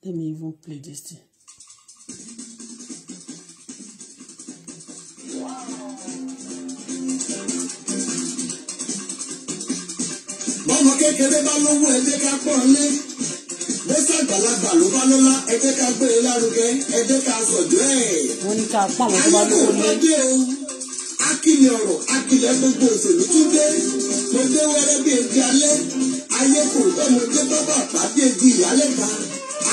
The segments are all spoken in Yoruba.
Let me even play this thing. Bọ́mọ kékeré bá lówó ẹ jẹ́ ká pọ̀ lé. Bẹ́sẹ̀ àgbàlagbà ló bá lọ́lá ẹ jẹ́ ká gbé e lárugẹ ẹ jẹ́ ká sọ̀jọ́ ẹ̀. Wọ́n ní ká pọ̀ àwọn tó bá lówó lé. Ayé kò pàdé o akílẹ̀ ọ̀rọ̀ akílẹ̀ gbogbo òṣèlú tún dé mo dé wẹ́rẹ́ bíi ẹgbẹ́ alẹ́ ayé kò tọ́ mo dé bábà pàdé di ìyálẹ́ta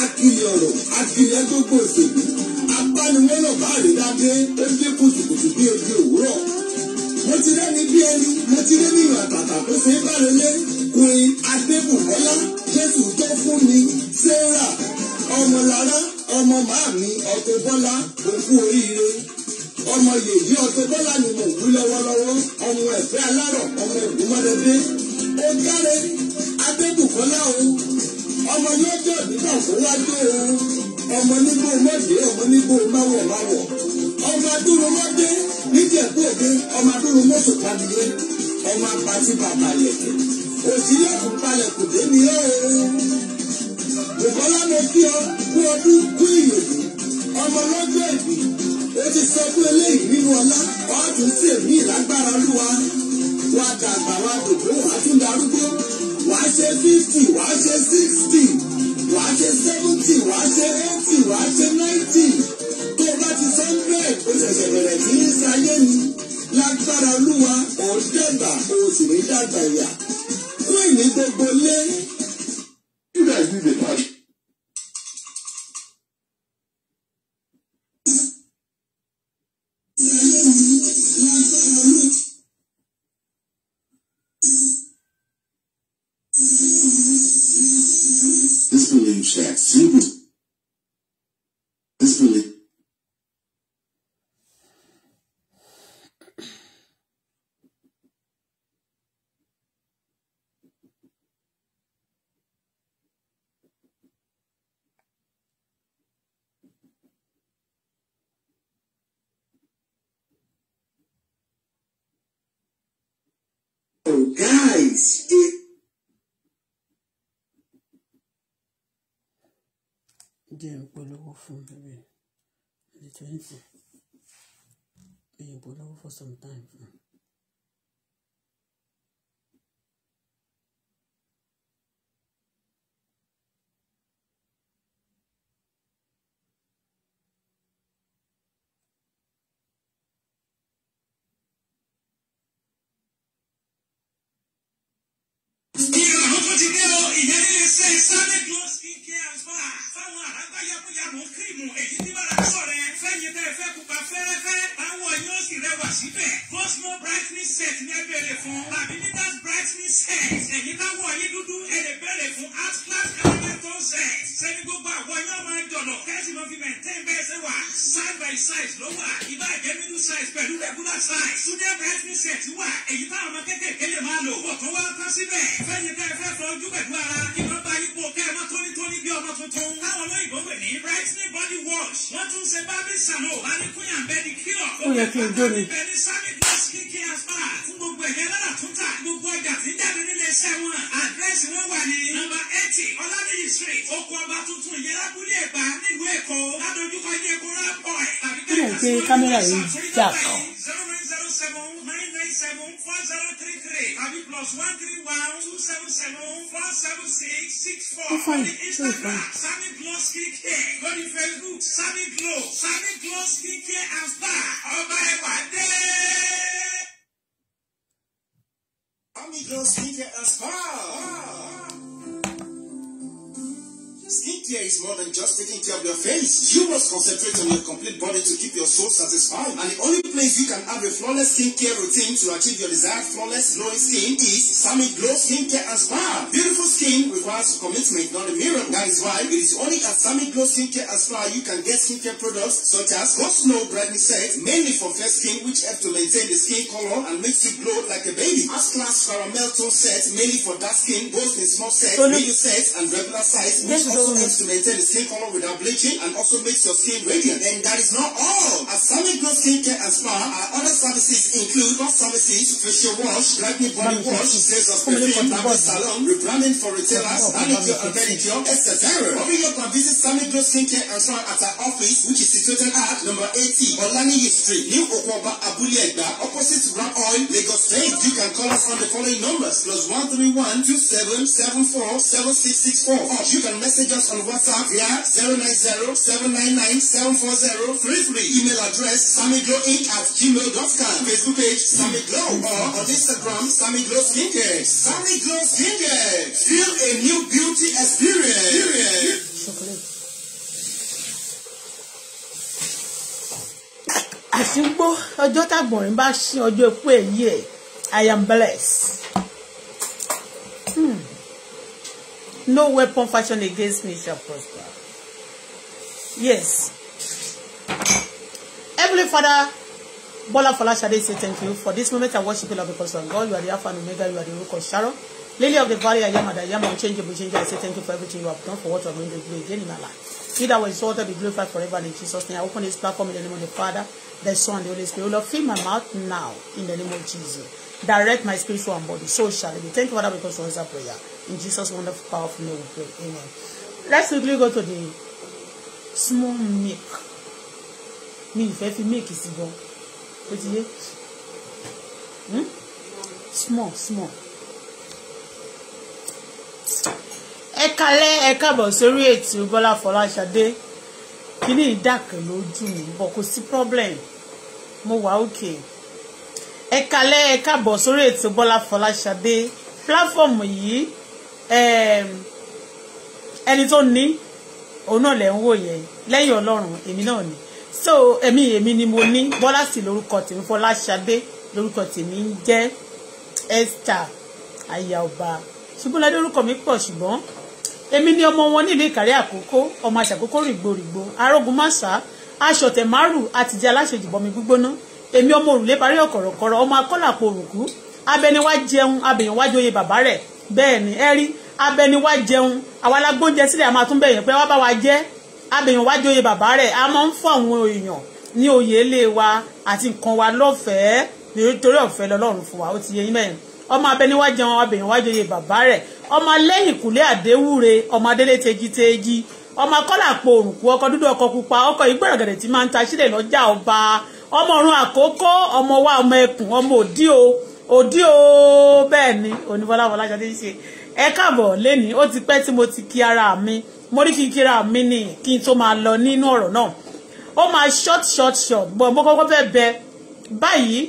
akilẹ̀ ọ̀rọ̀ akilẹ̀ gbogbo òṣèlú apániwọ́nà bá rè dáadé ó dé kùtùkùtù bí ojú òwúrọ̀ mo ti rẹ́ni bí ẹni mo ti rẹ́ni ìwà tàtà tó ṣe é bá rẹ lé kùnrin adébùmọ́lá jésù tó fún mi sarah ọmọlára ọmọ màámi ọkọ bọ́lá òkú oríire ọmọ yèyí ọtọ bọ́lá ni mo wú lọ́wọ́lọ́wọ́ ọmọ ẹ̀fẹ́ alárọ̀ ọmọ ògùnmọ́dẹ́dẹ́ ó dáre adébùkọ́lá o ọmọ yóò dé òdúrà síwájú òun ọmọ nígbò mọ́dé ọmọ nígbò máwọ̀ máwọ̀ ọmọ adúrú mọ́dé níjẹ̀kú òde ọmọ adúrú mọ́sọ̀ pàdé ọmọ apàtì bàbá lẹ̀kẹ̀ òsì lẹ́kùn palẹ̀ kò dé ní ọ̀run bùkọ́lá mo kí ọ kú ọdún kú ìyòdù ọmọ lọ́jọ́ ìbí ó ti sọ fún eléyìí nínú ọlá ọ̀ọ́dún sí èmi ìlágbára olúwa wàá dàgbà wàá dògbò wàá tún darúgbó wàá ṣe fifty wàá ṣe sixty wàá ṣe seventy wàá ṣe eighty wàá ṣe ninety tó o bá ti sọ bẹ́ẹ̀ o ṣẹ̀ṣẹ̀ bẹ̀rẹ̀ sí í ṣayé ni lágbára olúwa ò dẹ̀gbà o sì ní dàgbà ìyà fún ìní gbogbo lé. dé. díẹ̀ ń polówó fún bíbí ní twenty èyí polówó for some time. Hmm. States. size size ló wà ìbá jẹ́ middle size pẹ̀lú regular size student dressing set wà èyí táwọn ọmọ kékèké lè máa lò wọ̀ tó wá tán síbẹ̀ fẹ́ni ká ẹ fẹ́ ojú pẹ̀lú ara kí bá yípo kẹ́ ẹ mọ́ tónítóní bí ọmọ tuntun táwọn olóyìnbó pè ní brightening body wash wọ́n tún ṣe bábí sàmó alikunya bẹ́ni kíọ̀ ó yẹ kí n jó ni bẹ́ni sami gloss kíkí aspa fún gbogbo ẹ̀yẹ lọ́dà túntà gbogbo ọjà tí jáde nílé iṣẹ́ wọn àdírẹ́sì wọn wà ní nọ́mbà eighty ọlọ́dẹ̀yìn street oko ọba tuntun ìyẹn lábúlé ẹ̀gbá nílùú èkó ládojúkọ ilé epo rap oil kí three. ń pé kámẹ́rà yìí jà seven ó fà yìí tó ìfà yìí. Sami Gloss Skincare lórí Facebook Sami Glow Sami Gloss Skincare and Spa ọba ẹ̀wà dé. Sami Glow Skincare and Spa. Skincare is more than just taking care of your face. You must concentrate on your complete body to keep your soul satisfied. And the only place you can have a flawless skincare routine to achieve your desired flawless glowing skin is Sami Glow Skincare and Spa. Beautiful skin requires commitment, not a miracle. That is why it is only at Sami Glow Skincare and Spa you can get skincare products such as Ghost Snow Brightening Set, mainly for fair skin which help to maintain the skin color and makes you glow like a baby. As class caramel tone set, mainly for dark skin, both in small sets, medium sets, and regular size, which also helps to maintain the skin color without bleaching and also makes your skin radiant. And that is not all. Asamic Glow Skincare and Spa, our other services include bath services, facial wash, brightening body wash, sales of perfume, barber salon, rebranding for retailers, manicure and pedicure, etc. Hurry up and visit Samic Glow Skincare and Spa at our office, which is situated at number 80 Olaniyi Street, New Okwaba, Abule Egba, opposite Ram Oil, Lagos State. You can call us on the following numbers, plus one one three two seven seven four 131 six 7664. Or you can message message us on WhatsApp via 090-799-74033. Email address samigloinc at gmail.com. Facebook page Sammy Glow or on Instagram Sammy Glow Skincare. Sammy Glow Skincare. Feel a new beauty experience. Chocolate. àsìgbó ọjọ́ tàgbọ̀nrín bá ṣí ọjọ́ ikú ẹ̀ yí ẹ̀ I am blessed. No weapon fashioned against me shall prosper. Yes. Heavenly Father, Bola Falashade, say thank you for this moment I worship you, Lord, because of God, you are the Alpha and Omega, you are the Rook of Sharon. Lily of the Valley, I am, and I am unchangeable, changer. I say thank you for everything you have done, for what you are going to do again in my life. He that was exalted be glorified forever in Jesus' name. I open this platform in the name of the Father, the Son, the Holy Spirit. Lord, fill my mouth now in the name of Jesus. Direct my spiritual and body. So shall it be. Thank you, Father, because of this prayer. In Jesus' wonderful, powerful name we pray. Amen. Let's quickly go to the small milk. Mi ìfẹ́ fi milk good. What Ó ti Hmm? Small small. Ẹ kalẹ́ ẹ káàbọ̀ sórí ètò Bọ́lá Fọláṣadé. Kíní ìdàkẹ́ lójú mi, bọ̀ kò sí problem. Mo wà òkè. Ẹ kalẹ́ ẹ káàbọ̀ sórí ètò Bọ́lá Fọláṣadé. Pláfọ̀mù yìí ẹni tó ní òun náà lẹ̀ ń wò yẹn lẹ́yìn ọlọ́run èmi náà ni so èmi èmi ni mo ní bọ́lá sì lórúkọ tèmi fọláṣadé lórúkọ tèmi ń jẹ́ esther aya ọba ṣùgbọ́n ládé orúkọ mi pọ̀ ṣùgbọ́n èmi ni ọmọ wọn nílùú ìkàrẹ́ àkókò ọmọ àṣàkókò rìgbòrìgbò arógun máṣá aṣọ̀tẹ̀ márùn àtijọ́ aláṣejù bọmi gbígbóná èmi ọmọ òrùlé parí ọ̀kọ̀rọ̀kọ̀rọ̀ ọmọ akọ́làpọ̀ òrùkú abẹniwá jẹun abèyànwájú oyè bàbá rẹ̀ bẹ́ẹ̀ ni ẹ rí abẹni wá jẹun àwa la gbóúnjẹ sílẹ̀ a máa tún bẹ̀yẹn pé wá bá wa jẹ́ abẹ̀yàn wá jóye bàbá rẹ̀ a máa ń fún àwọn èèyàn ní oyè ilé wa àti nǹkan wa lọ́fẹ̀ẹ́ nítorí ọ̀fẹ́ lọ́lọ́run fún wa ó ti yẹ yín mẹ́rin ọmọ abẹni wá jẹun abẹ̀yàn wá jóye bàbá rẹ̀ ọmọ lẹ́yìn kùlé àdéwúre ọmọ adélé tejiteji ọmọ akọ́là po òrùkú ọkọ dúdú ọkọ pupa ọkọ ìgbọ̀rọ̀gẹ̀dẹ̀ tí máa ń ta sílẹ̀ lọ́jà ọba ọmọ ọ̀run àkókò ọmọ wa ọmọ ẹkùn ọmọ òdí o òdí o bẹ́ẹ̀ ni onífọláwọlá ṣadé ń ṣe ẹ káàbọ̀ lẹ́ni ó ti pẹ́ tí mo ti kí ara mi mo rí kí n kíra mi ni kí n tó máa lọ nínú ọ̀rọ̀ náà ó máa short short short bọ̀ mo kọ́kọ́ fẹ́ bẹ báyìí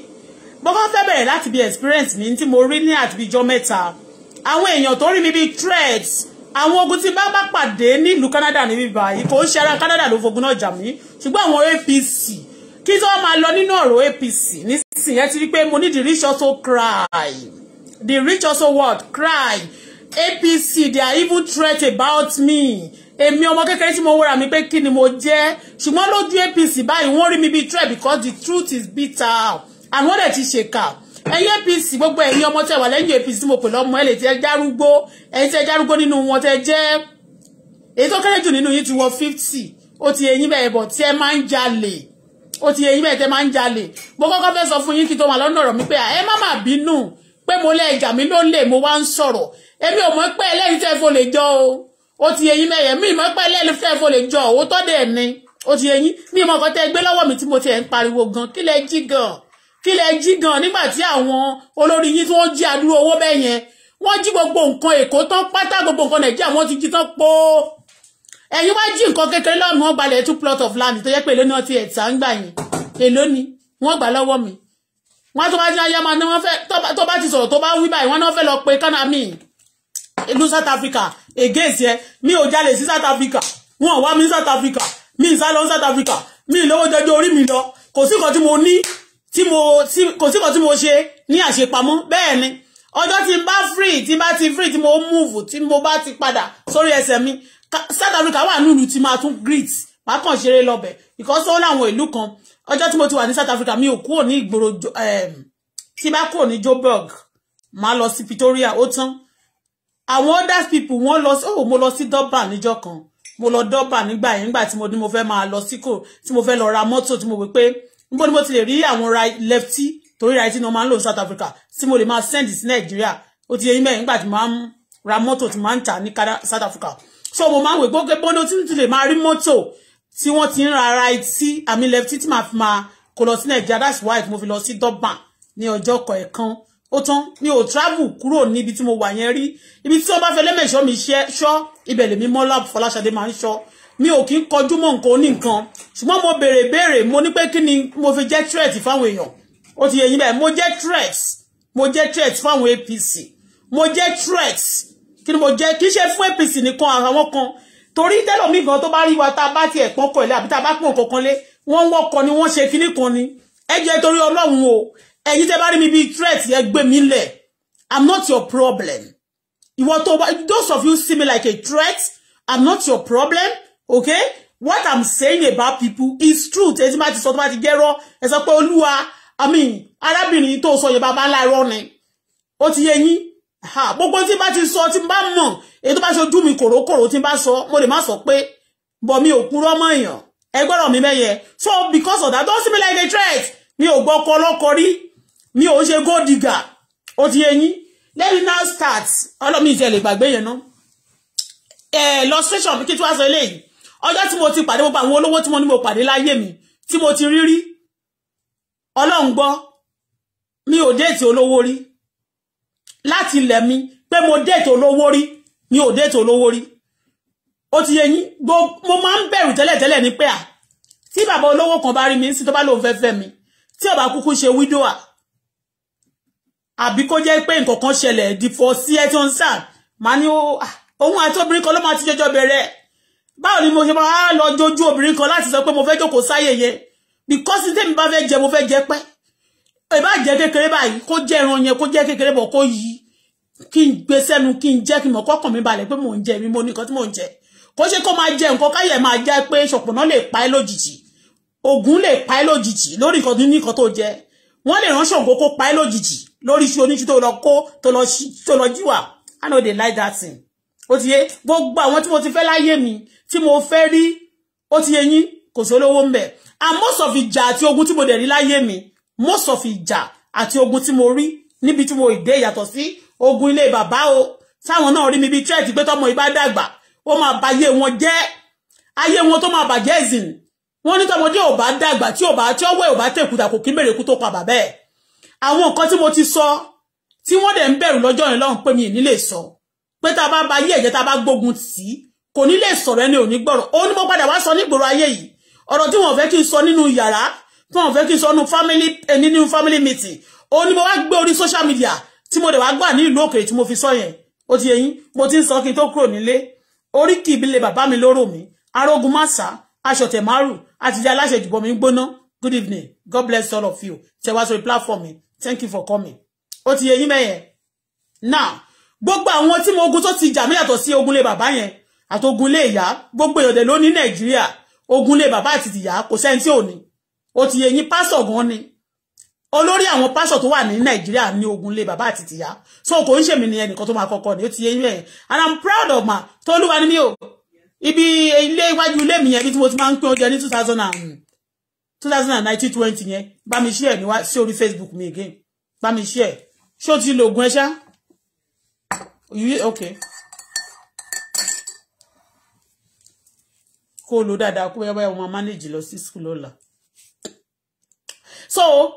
mo kọ́kọ́ fẹ́ bẹ̀rẹ̀ láti bí experience mi tí mo rí ní àti bí ijọ́ mẹ́ta àwọn èèyàn tó rí mi bí threats àwọn ogun tí bá bá pàdé nílùú Canada níbí báyìí kò ń ṣe ara Canada ló fogun náà jà mí ṣùgbọ́n àwọn APC kí tó máa lọ nínú ọ̀rọ̀ APC nísìnyẹn ti rí pé mo ní the rich also cry the rich also what cry APC they are even threat about me èmi ọmọ kékeré tí mo wúra mi pé kí ni mo jẹ́ ṣùgbọ́n lójú APC báyìí wọ́n rí mi bíi threat because the truth is bitter and wọ́n dẹ̀ ti ṣèkà ẹ̀yin APC gbogbo ẹ̀yin ọmọ tẹ́ wà lẹ́yìn APC tí mo pè lọ́mọ ẹ̀ lè tẹ́ járúgbó ẹ̀yin tẹ́ járúgbó nínú wọn tẹ́ jẹ́ èyí tó kéré jù nínú yín ti wọ fifty ó ti eyín bẹ́ẹ̀ bọ̀ tí ẹ máa ń jalè o ti yẹ yín bẹ́ẹ̀ tẹ́ máa ń jalè mo kọ́kọ́ fẹ́ sọ fún yín kí tó wà lọ́nà ọ̀rọ̀ mi pé ẹ má má bínú pé mo lẹ́ ìjà mi ló lè mo wá ń sọ̀rọ̀ èmi ò mọ̀ pé ẹlẹ́rìí tẹ́ fò lè jọ o ó ti yẹ yín bẹ́ẹ̀ mi mọ̀ pé ẹlẹ́rìí tẹ́ fò lè jọ o tọ́ dẹ̀ ni ó ti yẹ yín mi mọ̀ kọ́ tẹ́ gbé lọ́wọ́ mi tí mo ti ẹ̀ ń pariwo gan kí lẹ jí gan kí lẹ jí gan nígbà tí àwọn olórí yín tí wọ́n jí adúrú owó bẹ́ẹ̀ yẹn wọ́n gbogbo nǹkan èkó tán pátá gbogbo nǹkan nàìjíríà wọ́n ti jí tán pòó ẹ̀yin wá jí nǹkan kékeré lọ́mù wọn gbalẹ̀ two plot of land tó yẹ pé èló ni wọ́n ti ẹ̀tà ń gbà yẹn èló ni wọ́n gbà lọ́wọ́ mi wọ́n tó bá ti ayé máa ní wọ́n fẹ́ tó bá ti sọ̀rọ̀ tó bá wí báyìí wọ́n náà fẹ́ lọ pé kánà mi ìlú South Africa against yẹn mi ò jalè sí South Africa wọn ò wá mi South Africa mi ì sá lọ South Africa mi ì lówó jọjọ orí mi lọ kò sí nǹkan tí mo ní tí mo kò sí nǹkan tí mo ṣe ní àṣepamọ́ bẹ́ẹ̀ ni ọjọ́ tí n bá free tí n bá ti free tí mo move tí mo bá ti padà sórí ẹsẹ̀ mi South Africa wà nínú tí máa tún greet máa kàn ṣeré lọ́bẹ̀ because ó láwọn ìlú kan ọjọ́ tí mo ti wà ní South Africa mi ò kúrò ní ìgboro ehm, tí bá kúrò ní Joburg máa lọ sí Pretoria ó tán àwọn other people wọ́n lọ sí oh mo lọ sí Durban níjọ́ kan mo lọ Durban nígbà yẹn nígbà tí mo ní mo fẹ́ máa lọ síkò tí mo fẹ́ lọ ra mọ́tò tí mo wí pé níbo ni mo ti lè rí àwọn lefty torí ra ẹtí ni wọ́n máa ń lò ní South Africa tí mo lè máa send sí Nàìjíríà ó ti yẹ yín mẹ́rin nígbà tí mo máa ń ra mọ́tò tí mo máa ń tà ní South Africa so mo máa ń wè gbógbé bọ́nà tí ti lè máa rí mọ́tò tí wọ́n ti ń ra ara etí àmì left tí màá fi máa kó lọ sí that's why mo fi lọ sí Durban ní ọjọ́ kọ̀ọ̀kan ó tán mi ò travel kúrò níbi tí mo wà yẹn rí ibi tí wọ́n bá fẹ́ lẹ́mẹ̀ṣọ́ mi ṣẹ́ ṣọ́ ibẹ̀ lèmi mọ́lá fọláṣadé máa ń ṣọ́ mi ò kí ń kọjú mọ́ nǹkan oníkan ṣùgbọ́n mo bere bere. mo ní pé kí ni mo fi jẹ́ threat fáwọn èèyàn ó ti yẹ yín mo jẹ́ threat mo jẹ́ threat fáwọn APC mo jẹ́ threat kí ni mo jẹ́ kì ṣe fún APC nìkan àwọn kan torí tẹ́lọ̀mí gan tó bá rí wa tá a bá tiẹ̀ pọ́n ilé àbí tá a bá pọ́n kankan lé wọ́n wọ́kọ ni wọ́n ṣe kinní kan ni ẹ jẹ́ torí ọlọ́run o ẹ̀yin tẹ́ bá rí mi bíi threat ẹ gbé mi lẹ̀ I'm not your problem ìwọ tó bá those of you see me like a threat I'm not your problem okay what I'm saying about people is truth èyí tí máa ti sọ tó bá ti jẹ́rọ́ ẹ sọ pé olúwa I mean arábìnrin tó sọ yẹn bàbá ńlá irọ́ ni ó ti yẹ yín ha gbogbo tí bá ti sọ tí bá mọ̀ èyí tó bá ṣojú mi kòrókòrò tí bá sọ mo lè má sọ pé bọ̀ mi ò kúrọ́ mọ́ èèyàn ẹgbọ́rọ̀ mi mẹ́yẹ so because of that don't see me like a threat mi ò gbọ́ ọkọ ọlọ́kọ rí mi ò ṣe gold digger ó ti yé yín let me now start ọlọ́mi ìṣẹ̀ lè gbàgbé yẹn ná ẹ lọ station mi kí tí wàá sọ eléyìí ọjọ́ tí mo ti pàdé gbogbo àwọn olówó tí mo ní mo pàdé láyé mi tí mo ti rí rí ọlọ́run gbọ́ mi ò déètì olówó rí láti ilẹ̀ mi pé mo déètò olówó rí mi ò déètò olówó rí ó ti yẹ yín mo máa ń bẹ̀rù tẹ́lẹ̀tẹ́lẹ̀ ni pé à tí bàbá olówó kan bá rí mi sí tó bá lóun fẹ́ fẹ́ mi tí ó bá kúkú ṣe wídòwà àbí kó jẹ́ pé nǹkan kan ṣẹlẹ̀ dìfọ́ sí ẹ tó ń sà máa ní oh, òun àti obìnrin kan ló máa ti jọjọ bẹ̀rẹ̀ báwo ni mo ṣe máa lọ jojú obìnrin kan láti sọ pé mo fẹ́ jókòó sáyẹyẹ because tèmi bá fẹ́ jẹ mo fẹ́ jẹ pẹ́ ẹ bá jẹ́ kékeré báyìí kó jẹ́ ẹran yẹn kó jẹ́ kékeré bọ̀ kó yí kí n gbé sẹ́nu kí n jẹ́ kí n mọ̀ kọ́kàn mi balẹ̀ pé mò ń jẹ mi mo ní nǹkan tí mò ń jẹ kó ṣe kó máa jẹ nǹkan káyẹ̀ máa jẹ́ pé ṣọ̀pọ̀nà lè pa ẹ́ lójijì ògùn lè pa ẹ́ lójijì lórí nǹkan ní nǹkan tó jẹ wọ́n lè ránṣọ́ nǹkan kó pa ẹ́ lójijì lórí iṣu oníṣu tó lọ kó tó lọ jíwà I know they like that thing ó ti yé gbogbo àwọn tí mo ti fẹ́ láyé mi tí mo fẹ́ rí ó ti yé yín kò sí olówó ń bẹ and most of ìjà àti ogun tí mo dẹ̀ rí láyé mi most of ìjà àti ogun tí mo rí níbi tí mo ìdé yàtọ̀ sí ogun ilé bàbá o táwọn náà rí mi bí church pé tọmọ ìbá dàgbà ó máa ba ayé wọn jẹ́ ayé wọn tó máa bàjẹ́ ìsìn wọn ní tọmọdé ò bá dàgbà tí ò bá tí ọwọ́ ẹ̀ ò bá tẹ̀kùtà kò kí mèrè kú tó pa bàbá ẹ̀ àwọn nǹkan tí mo ti sọ tí wọ́n dẹ̀ ń bẹ̀rù lọ́jọ́ yẹn lọ́hùn mi ì ní lè sọ pé ba ayé ẹ̀jẹ̀ tá a bá gbógun tì í kò ní lè sọ̀rọ̀ ẹni ò ní gbọ́rọ̀ mo padà wá sọ nígboro ayé yìí ọ̀rọ̀ tí wọ́n fẹ́ kí n sọ nínú yàrá tó ń fẹ́ kí n sọ eh, nínú family meeting ó ní mo wá gbé orí social media tí mo dẹ̀ wá gbà ní ìlú òkèèrè tí mo fi sọ yẹn ó ti yẹyìn mo ti ń sọ kí n tó kúrò nílé orí kì í bílẹ̀ bàbá mi lóró mi arógun màsà aṣọ̀tẹ̀ márù àtijọ́ aláṣẹ ìjùbọ̀ mi gbóná good evening god bless all of you tẹ wá sórí platform mi thank you for coming ó ti yẹyìn mẹ́yẹn now gbogbo àwọn tí mo ogun tó ti jà mí yàtọ̀ sí ogun lé bàbá yẹn àti ogun lé ìyá gbogbo èèyàn dẹ̀ ló nàìjíríà ogun bàbá àti tìyá kò sẹ́ni tí ò ní ó ti yẹ yín pásọ̀ gan ni olórí àwọn pásọ̀ tó wà ní nàìjíríà ní ogun lé bàbá àti tìyá so kò ń ṣèmi ní ẹnìkan tó máa kọ́kọ́ ni ó ti yẹ yín and i'm proud of my tolúwa ni mí o ibi ilé iwájú ilé mi yẹn bí tí mo ti máa ń pín oúnjẹ ní two thousand and two thousand and nineteen twenty yẹn bá mi share ní wá sí orí facebook mi again bá mi share ṣé o ti lo oògùn ẹ ṣá okay kó o lo dáadáa kó bẹ́ẹ̀ bá ẹ̀ manage lọ sí school lọ́la so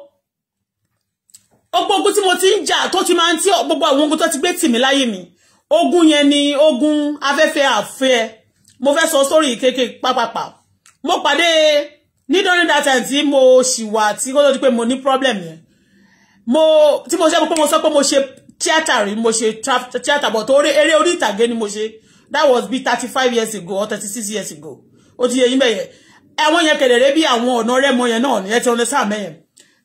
gbogbo ogun tí mo ti ń jà tó ti máa ń tí gbogbo àwọn ogun tó ti gbé tì mí láyé mi ogun yẹn ni ogun afẹ́fẹ́ àfẹ́ mo fẹ́ so story keke pápápá mo pàdé ní during that time tí mo ṣì wà tí kó tó di pé mo ní problem yẹn mo ti mo ṣe pé mo sọ pé mo ṣe theatre rí mo ṣe theatre but eré orí ìtàgé ni mo ṣe that was be thirty five years ago or thirty six years ago ó ti yẹ yín bẹ́yẹn ẹ̀wọ̀n yẹn kẹ̀lẹ̀rẹ́ bí àwọn ọ̀nà rẹ́mọ yẹn náà ẹ ti ọ̀nà sáàmẹ́ yẹn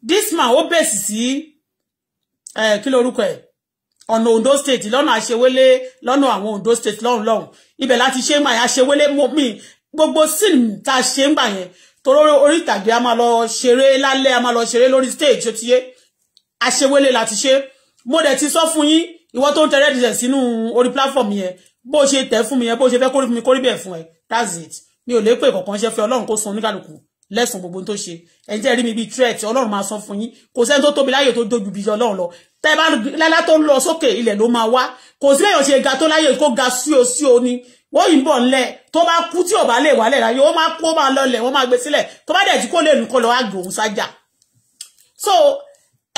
this man ó bẹ̀sì sí kí lorúkọ ẹ̀ ọ̀nà Ondo state lọ́nà àṣewélé lọ́nà àwọn Ondo state lọ́hùn lọ́hùn ibẹ̀ láti ṣe máa àṣewélé mi gbogbo sin tá a ṣe ń gbà yẹn torí orí ìtàgé a máa lọ ṣeré lálẹ́ a máa lọ ṣeré lórí stage tó ti yé àṣewélé láti ṣe mo dẹ̀ ti sọ fún yín ìwọ tó ń tẹ rẹ́dìsẹ̀ sínú platform yẹn bó ṣe tẹ̀ fún mi yẹn bó ṣe fẹ́ kórìí mi kórìí bẹ̀ fún ẹ that's it mi ò lépè kankan ṣe fẹ́ ọlọ́run kó san oníkàlùkù lẹ́sùn gbogbo tó ṣe ẹni tẹ́ rí mi bíi threat ọlọ́run máa san fún yín kò sẹ́ni tó tóbi láyè tó dojú bíi ọlọ́run lọ tẹ́ bá lálá tó ń lọ sókè ilẹ̀ ló máa wá kò sí lẹ́yìn ṣe ga tó láyè kó ga sí o sí o ni wọ́n yìí ń bọ̀ ńlẹ̀ tó bá kú tí ò bá lè wálẹ̀ ráyè ó máa kú ó máa lọlẹ̀ wọ́n máa gbé sílẹ̀ tó bá dẹ̀ tí kò lè nù kọ́ lọ wá gbòòrùn sájà so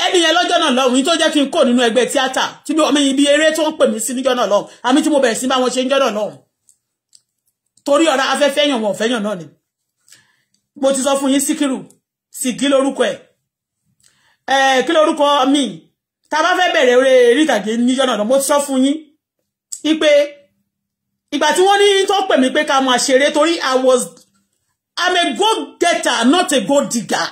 ẹni yẹn lọ́jọ́ náà lọ́run yìí tó jẹ́ kí n kó nínú ẹgbẹ́ tíátà tí bí ọmọ yìí bí eré tó ń pè mí sí níjọ́ náà lọ́run àmì tí mo bẹ̀rẹ̀ sí bá wọn ṣe níjọ́ náà lọ́run torí ọ̀rá afẹ́fẹ́ yàn wọn ọ̀fẹ́yàn náà ni mo ti sọ fún yín síkírù sìgí lórúkọ ẹ̀ ẹ̀ kí lórúkọ mi ta bá fẹ́ bẹ̀rẹ̀ eré eré ìtàgé níjọ́ náà mo ti sọ fún yín wípé ìgbà tí wọ́n ní tó pè mí pé ká máa ṣeré torí I was I'm a go getter not a go digger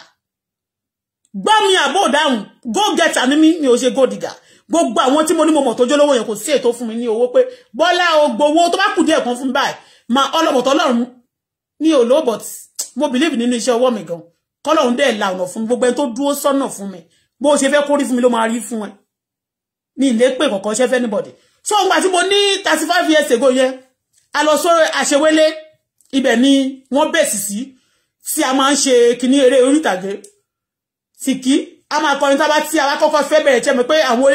gbọ́ mi àbò dáhùn go getter ni mí mi ò ṣe go digger gbogbo àwọn tí mo ní mo mọ̀ tó jólówó yẹn kò sí ètò fún mi ní owó pé bọ́lá o gbowó tó bá kù díẹ̀ kan fún báyìí máa ọlọ́bọ̀tọ̀ ọlọ́run ni olóbọ̀t mo believe nínú iṣẹ́ ọwọ́ mi gan kọ́lọ́run dẹ̀ la ọ̀nà fún mi gbogbo ẹni tó dúró sọ́nà fún mi bó ṣe fẹ́ kórí fún mi ló máa rí fún ẹ ní ilé pè kọ̀ọ̀kan ṣẹ́ fẹ́ anybody so ngbà tí mo ní thirty five years ago ye. a lọ so àṣewélé ibẹ̀ ni wọ́n bẹ̀sì si tí a máa ń ṣe kinní eré orí ìtàgé sìkí a máa kọrin tábà tí a bá kọ́kọ́ fẹ́ bẹ̀rẹ̀ jẹ́ mi pé àwọn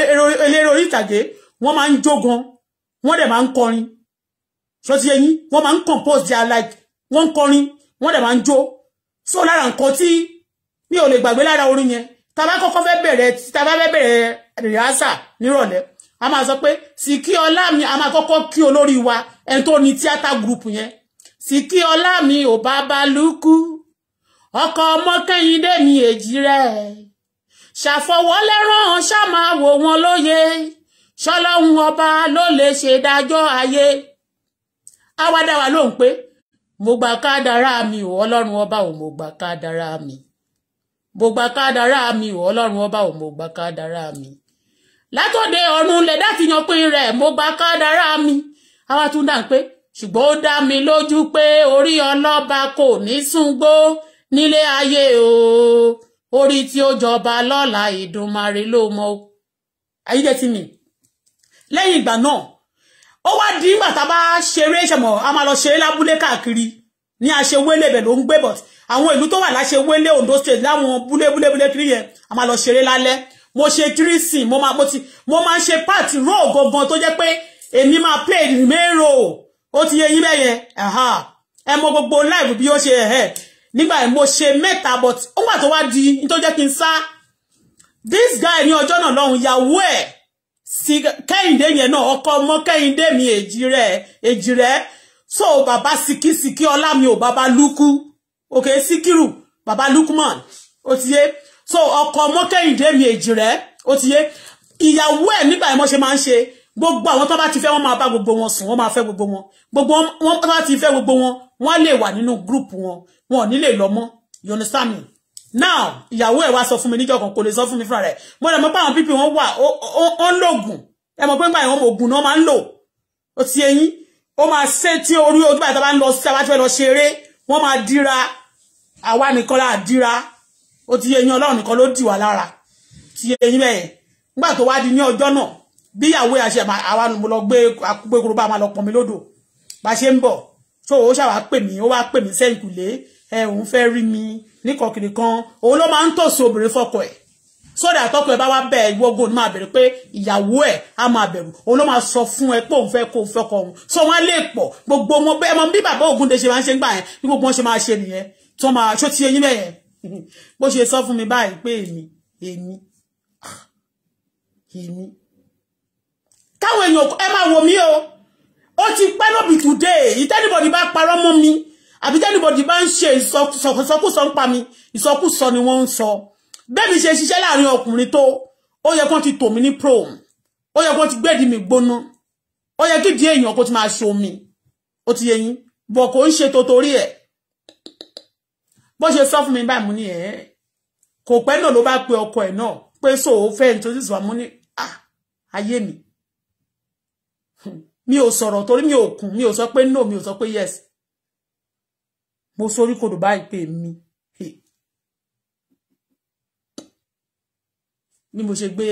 eléré orí ìtàgé wọ́n máa ń jó gan wọ́n so ti yín wọ́n máa compose their like wọ́n kọrin wọ́n dẹ̀ máa ń jó so lára nǹkan tí mi o le gbàgbé lára orin yẹn tá bá kọ́kọ́ fẹ́ bẹ̀rẹ̀ tá bá fẹ́ bẹ̀rẹ̀ rìhásà nírọ̀lẹ́ a máa sọ pé Síkí ọlá mi a máa kọ́kọ́ kí olórí wa ẹni tó ní tíátà group yẹn Síkí ọlá mi ò Babalúkú ọkọ ọmọ Kẹ́hìndé mi èjì rẹ̀ ṣàfọwọ́lẹ́rán ṣá máa wò wọn lóye ṣọlọ́run ọba ló lè ṣèdájọ́ ayé á wá dá wa lóhùn pé mo gbà kádàrá mi ò ọlọ́run ọba ò mo gbà kádàrá mi mo gbà kádàrá mi ò ọlọ́run ọba ò mo gbà kádàrá mi látòde ọ̀run lẹ̀dá ti yan pín rẹ̀ mo gbà kádàrá mi àwa tún dà ń pé ṣùgbọ́n ó dá mi lójú pé orí ọlọ́ba kò ní súngbó nílé ayé o orí tí ó jọba lọ́la Ìdùmarè ló mọ ayíjẹ́ mi lẹ́yìn ìgbà náà ó wá di ìgbà tá a bá ṣeré ṣẹmọ̀ a máa lọ ṣeré lábúlé káàkiri ní aṣewélé ibẹ̀ ló ń gbé bọ̀t àwọn ìlú tó wà láṣewélé Ondo state láwọn búlébúlébúlé kiri yẹn a máa lọ ṣeré lálẹ́ mo ṣe tírísìn mo máa mo máa ṣe pààtì róò gangan tó jẹ́ pé èmi máa play mẹ́rò ó ti yẹ yín bẹ́yẹn ẹ mọ gbogbo live bí ó ṣe ẹ̀hẹ́ nígbà yẹn mo ṣe mẹ́ta but ó wà tó wá di ní tó jẹ́ kí n sá this guy ní ọjọ́ náà lọ́hùn ìyàwó ẹ̀ sí kẹ́hìndé yẹn náà ọkọ ọmọ kẹ́hìndé mi èjìrẹ́ èjìrẹ́ so bàbá sikisiki ọlá mi ò bàbá lukú òkè okay, síkírù bàbá lukman ó ti yé so ọkọ ọmọ kẹ́hìndé mi èjìrẹ́ ó ti yé ìyàwó ẹ̀ nígbà yẹn mo ṣe máa ń ṣe gbogbo àwọn tó bá ti fẹ́ wọ́n máa bá gbogbo wọn sùn wọ́n máa fẹ́ gbogbo wọn gbogbo wọn tó bá ti fẹ́ gbogbo wọn wọ́n lè wà nínú gúrùpù wọn wọn ò ní lè lọ mọ́ you understand me now ìyàwó ẹ̀ wa sọ fún mi níjọ́ kan kò lè sọ fún mi fúnra rẹ̀ mo rẹ̀ mọ́ pé àwọn pípì wọn wà ó ń lògùn ẹ mọ̀ pé nígbà ìwọ̀n ògùn náà máa ń lò ó ti eyín ó máa ṣe tí orí ojú bàtà bá ń lọ sí abájọ́ lọ ṣeré wọ́n máa dira àwa nìkan láà dira ó ti eyín ọlọ́run nìkan ló dì wá lára ti eyín bẹ́ẹ̀ nígbà tó wá di ní ọjọ́ náà bí ìyàwó àṣẹ àwa mo lọ gbé akúgbé kúrò bá máa lọ pọnmi lódò bá ṣe ń bọ̀ tó o ṣàwá pè mí ó wá pè mí sẹ́yìn ẹ òun fẹ́ rí mi ní kọkìnì kan òun ló máa ń tòsí obìnrin fọkọ ẹ̀ sódà àtọkọ ẹ̀ bá wá bẹ gbogbo ní máa bẹ̀rẹ̀ pé ìyàwó ẹ̀ á máa bẹ̀rù òun ló máa sọ fún ẹ pé òun fẹ́ kó fọkọ òun sọ wọn lè pọ̀ gbogbo wọn bẹ ẹmọ bí bàbá Ògúndé ṣe máa ń ṣe gbà yẹn bí gbogbo wọn ṣe máa ṣe nìyẹn tí wọn máa ṣó ti eyín bẹyẹn bó ṣe sọ fún mi báyìí pé èmi èmi ah, èmi táwọn èèyàn ẹ máa wò mí o ó ti pẹ́ lóbi today if anybody bá parọ́ mọ́ mi àbí tẹ́nibọ̀dì bá ń ṣe ìsọkúsọ ń pa mi ìsọkúsọ ni wọ́n ń sọ bẹ́ẹ̀ mi ṣe ṣiṣẹ́ láàrin ọkùnrin tó ó yẹ kó ti tò mí ní prom ó yẹ kó ti gbẹ́dì mi gbóná ó yẹ kí di èèyàn kó ti máa ṣe omi ó ti yẹ yín bọ̀ kò ń ṣe totori ẹ̀ bó ṣe sọ fún mi báyìí mo ní ẹ̀ kò pẹ́ náà ló bá pe ọkọ ẹ̀ náà pé sòwò fẹ́ nítorí sọ mo ní ayé mi mi ò sọ̀rọ̀ torí mi ò kùn mi ò sọ pé no mi ò sọ pé yes mo sorí kodò báyìí pé mi ni mo ṣe gbé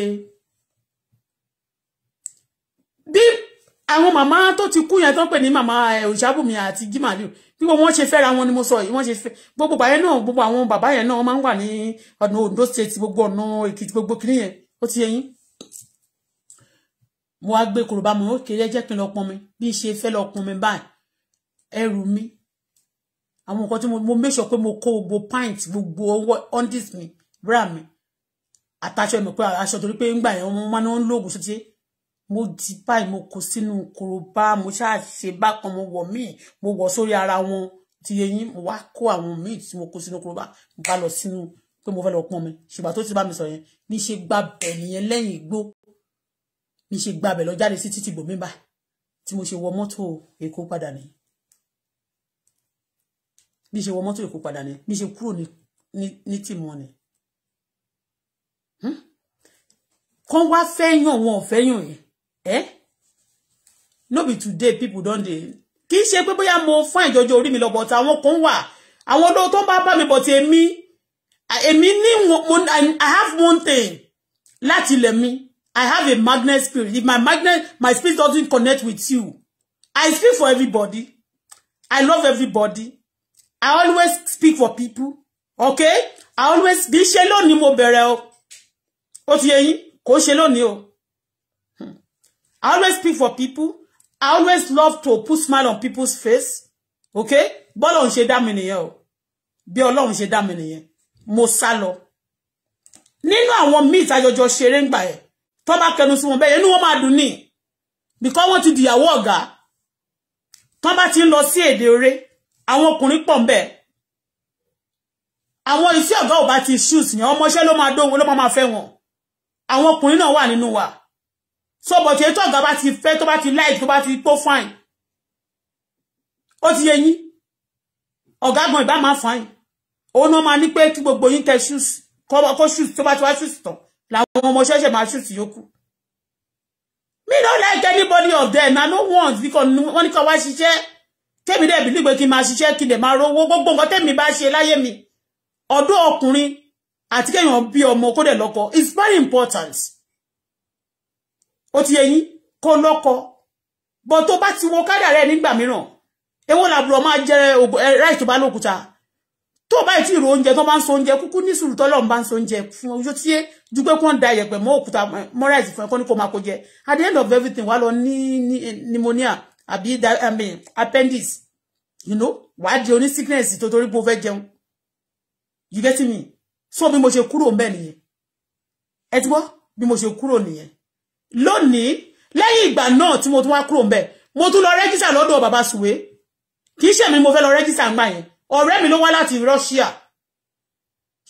bí àwọn màmá tó ti kú yẹn tó ń pè ní màmá eh, òṣàbùnmi àti jimaliu bí wọ́n ṣe fẹ́ra wọn ni mo sọ yìí wọ́n ṣe fẹ́ gbogbo bàbá yẹn náà gbogbo àwọn bàbá yẹn náà wọ́n máa ń wà ní state gbogbo ọ̀nà ekiti gbogbo kìnì yẹn ó ti yẹyìn mo wá gbé kòròbá mo ó kéré jẹ́ kí n mi bí n ṣe fẹ́ lọ mi báyìí ẹrù mi àwọn nǹkan tí mo make sure pé mo kó gbogbo pint gbogbo undis mi bra mi àtàṣọ mi pé aṣọ torí pé ńgbà yẹn mo máa ń lo oògùn ṣe mo di báyìí mo kó sínú kòròbá mo ṣáà ṣe bákan mo wọ̀ míì mo wọ̀ sórí ara wọn ti yẹyin mo wá kó àwọn míì tí mo kó sínú kòròbá mo bá lọ sínú pé mo fẹ́ lọ pọn mi ṣùgbọ́n tó ti bá mi sọ yẹn níṣe gbàbẹ̀ nìyẹn lẹ́yìn igbó níṣe gbàbẹ̀ lọ jáde sí títì bòmíbà tí mo ṣe wọ mọ́tò Èkó padà nìyẹn bí ṣe wọ mọ́tò èkó padà ni bí ṣe kúrò ní tìmọ ni hmm? kan wá fẹ́yàn wọn ò fẹ́yàn yẹn ẹ eh? no be today people don dey kì í ṣe pé bóyá mo fún àìjọjọ orí mi lọ bọ̀tà àwọn kan wà àwọn olówó tó ń bá bá mi bọ̀tà èmi èmi ní i have one thing láti ilẹ̀ mi i have a magnet spirit if my magnet my spirit doesn't connect with you i speak for everybody i love everybody I always speak for people. Okay? I always be ṣe ni mo bẹ̀rẹ̀ o. Ó ti yé yín kò ṣe o. Hmm. I always speak for people. I always love to put smile on people's face. Okay? Bọ́lọ́run ṣe dá mi nìyẹn o. Bí Ọlọ́run ṣe dá mi nìyẹn. Mo sá lọ. Nínú àwọn míì tajọjọ ṣeré ń gbà ẹ̀. Tọ́ bá kẹnu sí wọn bẹ́ẹ̀ inú wọn máa dùn Because wọ́n ti dìyàwó ọ̀gá. Tọ́ bá ti ń lọ sí èdè oré àwọn ọkùnrin pọ̀ ń bẹ̀ àwọn iṣẹ́ ọ̀gá ò bá ti shoot yẹn ọmọọṣẹ́ ló máa dóhun ló máa fẹ́ wọn àwọn ọkùnrin náà wà nínú wa so bọ̀tí ètò ọ̀gá bá ti fẹ́ tó bá ti láì tó bá ti tó fine ó ti yẹ yín ọ̀gá gan ìbá máa fine òun náà máa ní pé kí gbogbo yín tẹ shoot kó shoot tó bá ti wá shoot tán làwọn ọmọọṣẹ́ ṣe máa shoot yòókù me no like anybody of them i no want because wọ́n ní kó wá ṣiṣẹ́ tèmi dẹ̀ bí nígbè kí n máa ṣiṣẹ́ kí n dẹ̀ gbogbo nǹkan tèmi bá ṣe láyé mi ọ̀dọ́ ọkùnrin àti kéèyàn bí ọmọ kó dẹ̀ lọ́kọ it's very important ó ti yẹ yín kó lọ́kọ bọ́ tó ti wo kádà rẹ̀ nígbà mìíràn èwo làbúrò máa je ráì to bá lókúta To ba ti ro nje to bá ń so oúnjẹ kúkú ní sùúrù tọ́lọ̀ ń bá ń so oúnjẹ fún ojú tí ju pé kán da yẹ̀pẹ̀ mọ́ òkúta mọ́ ráì fún ẹ kọ́ ní kó máa kó at the end of everything wà lọ ni pneumonia àbí I mean appendix you know wàá the only sickness tó torí pé you get me so bí mo ṣe kúrò mbẹ nìyẹn ẹ ti gbọ́ bí mo ṣe kúrò nìyẹn lónìí lẹ́yìn ìgbà náà tí mo tún wá kúrò mbẹ mo tún lọ rẹ́gísà lọ́dọ̀ bàbá Suwe kì í ṣèmi mo fẹ́ lọ rẹ́gísà ńgbà yẹn ọ̀rẹ́ mi ló wá láti Russia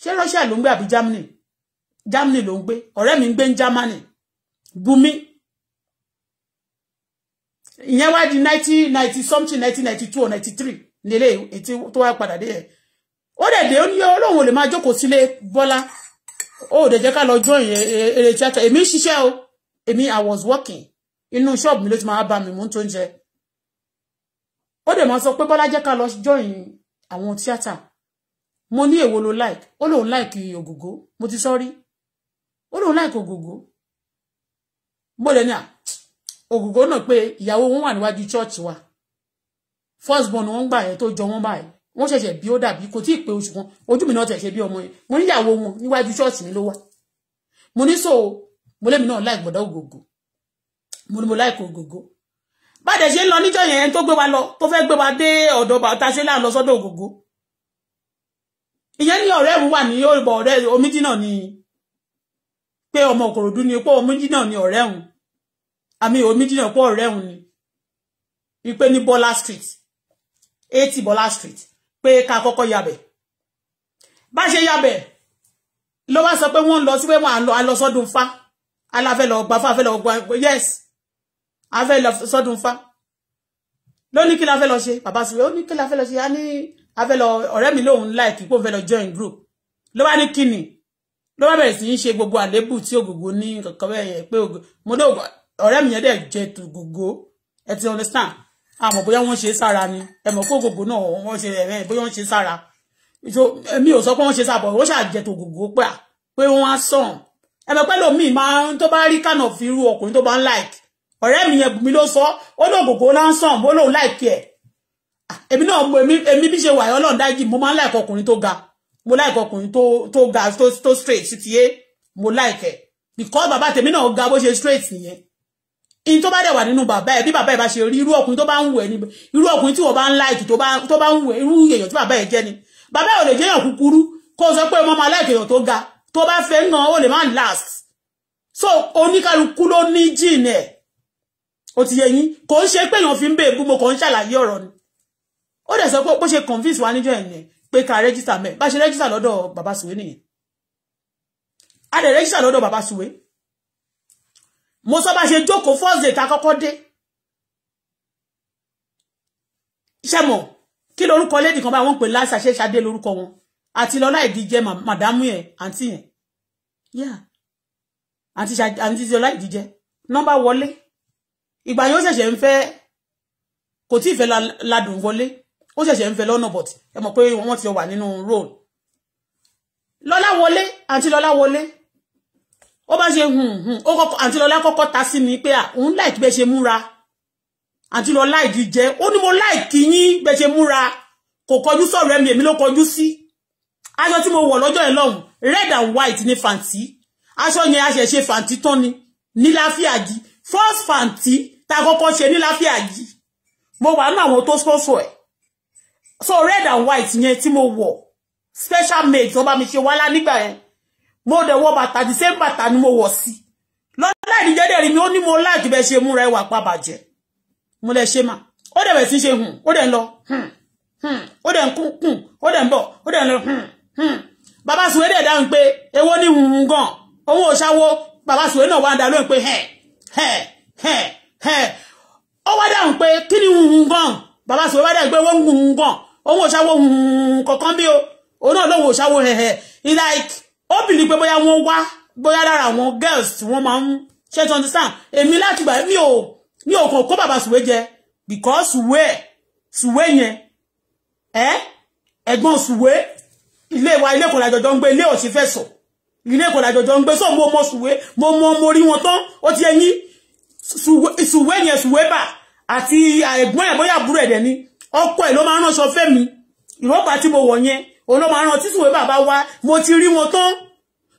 ṣé Russia ló ń gbé Germany Germany ló ń gbé ọ̀rẹ́ mi ń Germany Bumi ìyẹn wá di nineteen ninety something nineteen ninety two or ninety three nílé ètí tó wá padà dé yẹn ó dẹ̀ dé ó ní olóhùn ò lè máa jókòó sílé bọ́lá ó dẹ̀ jẹ́ ká lọ join eh, eh, eré tíátà èmi ń ṣiṣẹ́ o èmi i was working inú ṣọ́ọ̀bù mi ló ti máa bá mi mú tó ń jẹ ó dẹ̀ máa sọ pé bọ́lá jẹ́ ká lọ join àwọn tíátà mo ní èwo ló like ó lóun like ògògó mo ti sọ rí ó lóun like ògògó mo dẹ̀ ní à ògùgó náà pé ìyàwó wọn wà níwájú church wa first born wọn gbà yẹn tó jọ wọn báyìí wọn ṣẹ̀ṣẹ̀ bí ó dàbí kò tí ì pé oṣù kan ojú mi náà tẹ̀ bí ọmọ yẹn mo níyàwó wọn níwájú church mi ló wà mo ní so mo lèmi náà láì gbọ́dọ̀ ògògò mo ní mo láì kó ògògò bá dẹ̀ ṣe ń lọ níjọ́ yẹn tó gbé wa lọ tó fẹ́ gbé wa dé ọ̀dọ̀ bàtà ṣe láà lọ sọ́dọ̀ ògògò ìyẹn ní ọ̀rẹ́ mi wà ní ọ̀rẹ́ omijì náà ni pé ọmọ òkòròdú ni pé omijì náà ni ọ̀rẹ́ òun àmì omidiyan pọ̀ rẹ̀hùn ni wípé ní Bọ́lá street eighty Bọ́lá street pé ká kọ́kọ́ yabẹ̀ bá ṣe yabẹ̀ ló wá sọ pé wọ́n ń lọ sí pé wọ́n á lọ sọ́dún fa aláfẹ́ lọ gbafá afẹ́ lọ gba yes afẹ́ lọ sọ́dún fa ló ní kí la fẹ́ lọ ṣe bàbá sùwé ó ní kí la fẹ́ lọ ṣe á ní afẹ́ lọ ọ̀rẹ́ mi lòun láìkí pé òun fẹ́ lọ join group ló bá ní kíni ló bá bẹ̀rẹ̀ sí í ṣe gbogbo àlébù tí ògògó ní kankan bẹ́ẹ̀ yẹn pé mo dé ọ̀rẹ́ mi yẹn dẹ̀ jẹ gògó ẹ ti understand àmọ́ bóyá wọ́n ṣe sára ni ẹ mọ̀ kó gògó náà wọ́n ṣe ẹ̀rẹ́ bóyá wọ́n ṣe sára so èmi ò sọ pé wọ́n ṣe sára bọ̀ wọ́n ṣàjẹ tó gògó pé à pé wọ́n á sàn ẹ mọ̀ pé lómi máa ń tó bá rí kànà fi irú ọkùnrin tó bá ń like ọ̀rẹ́ mi yẹn bùnmi ló sọ ó lóò gògó náà ń sàn bó lóun like ẹ̀ èmi náà mo èmi bí ṣe wàyọ́ lọ́n dájì mo máa ń like ọkùnrin tó ga mo like ọkùnrin tó ga tó straight ti yé mo like ẹ̀ because bàbá tèmi náà ga bó ṣe straight nìyẹn in tó bá dẹ̀ wà nínú bàbá ẹ̀ bí bàbá ẹ̀ bá ṣe rí irú ọkùnrin tó ba ń wù ẹ́ ni irú ọkùnrin tí wọ́n bá ń láìkì tó bá ń wù ẹ́ irú èèyàn tí bàbá ẹ̀ ni bàbá ẹ̀ ò lè jẹ́yàn kúkúrú kó o sọ pé ọmọ aláìkì èèyàn tó ga tó bá fẹ́ nà ó le má last so oníkálukú ló ní jìn ẹ̀ ó ti yẹ yín kò ń ṣe pé èèyàn fi ń bè mo kàn ń ṣàlàyé ọ̀rọ̀ ni ó dẹ̀ sọ pé bó ṣe convince wa níjọ́ ẹ̀yẹn pé ká rẹ́gísítà mẹ́ bá ṣe rẹ́gísítà lọ́dọ̀ bàbá Sùwé nìyẹn a dẹ̀ rẹ́gísítà lọ́dọ̀ bàbá Sùwé mo sọ bá ṣe jókòó first day ta kọ́kọ́ dé iṣẹ́ mọ̀ kí lorúkọ lady kan bá wọn pè láṣà ṣe ṣadé lorúkọ wọn àti lọ́lá ìdíje màdámù yẹn àǹtí yẹn yeah àǹtí àǹtí lọ́lá ìdíje nọ́mbà wọlé ìgbà yẹn ó ṣẹ̀ṣẹ̀ ń fẹ́ kò tí ì fẹ́ ládùn wọlé ó ṣẹ̀ṣẹ̀ ń fẹ́ lọ́nà but ẹ mọ̀ pé wọ́n ti wà nínú role lọ́lá wọlé àǹtí lọ́lá wọlé ó bá ṣe hmm, hmm, ó kọ́kọ́ àǹtí lola kọ́kọ́ ta sí mi pé ah, òun láìkí bẹ́ẹ̀ ṣe múra àǹtí lọ́lá ìdí jẹ́ ó ní mo láìkí yín bẹ́ẹ̀ ṣe múra kò kọjú sọ̀rọ̀ ẹ̀mí èmi ló kọjú sí aṣọ tí mo wọ̀ lọ́jọ́ yẹn lọ́hùn red and white ní fancy, aṣọ yẹn a ṣẹ̀ ṣe fàǹtí tán ni ní láfíàjì first fancy, ta kọ́kọ́ ṣe ní láfíàjì mo wà nínú àwọn tó sponsor ẹ̀ so red and white yẹn ti mo wo, special made tó bá mi ṣe wálá nígbà yẹn mo dẹ̀ wọ bàtà the same ni mo wọ̀ sí lọ́dọ̀ ìdíjẹ́dẹ̀ rí mi ó ní mo láàjù bẹ́ẹ̀ ṣe múra ẹwà pa bàjẹ́ mo lẹ ó dẹ̀ bẹ̀ sí ṣe ó dẹ̀ ń lọ ó dẹ̀ ń kún ó dẹ̀ ń ó dẹ̀ ń bàbá pé ewo ni gan bàbá wá pé ni gan bàbá sùwé wá dáhùn pé wọ́n hùn gan o ó bìlí pé bóyá wọ́n wá bóyá lára àwọn girls tí wọ́n máa ń ṣe tó ń sàn èmi láti gbà mí ò mi ò kàn kó bàbá sùwé jẹ because sùwé sùwé yẹn ẹ ẹ̀gbọ́n sùwé ilé wa ilé kan lájọjọ ń gbé ilé òsì fẹ́ sọ ilé kan lájọjọ ń gbé so mo mọ sùwé mo mọ mo rí wọn tán ó ti ẹyin sùwé yẹn sùwé bà àti ẹ̀gbọ́n ẹ̀ bóyá àbúrò ẹ̀ dẹ̀ ni ọkọ ẹ̀ ló máa ń ránṣọ fẹ́ mi ìrọ́pàá tí mo wọ̀ yẹn olóma rántí sùn wípé bàbá wa mo ti rí wọn tán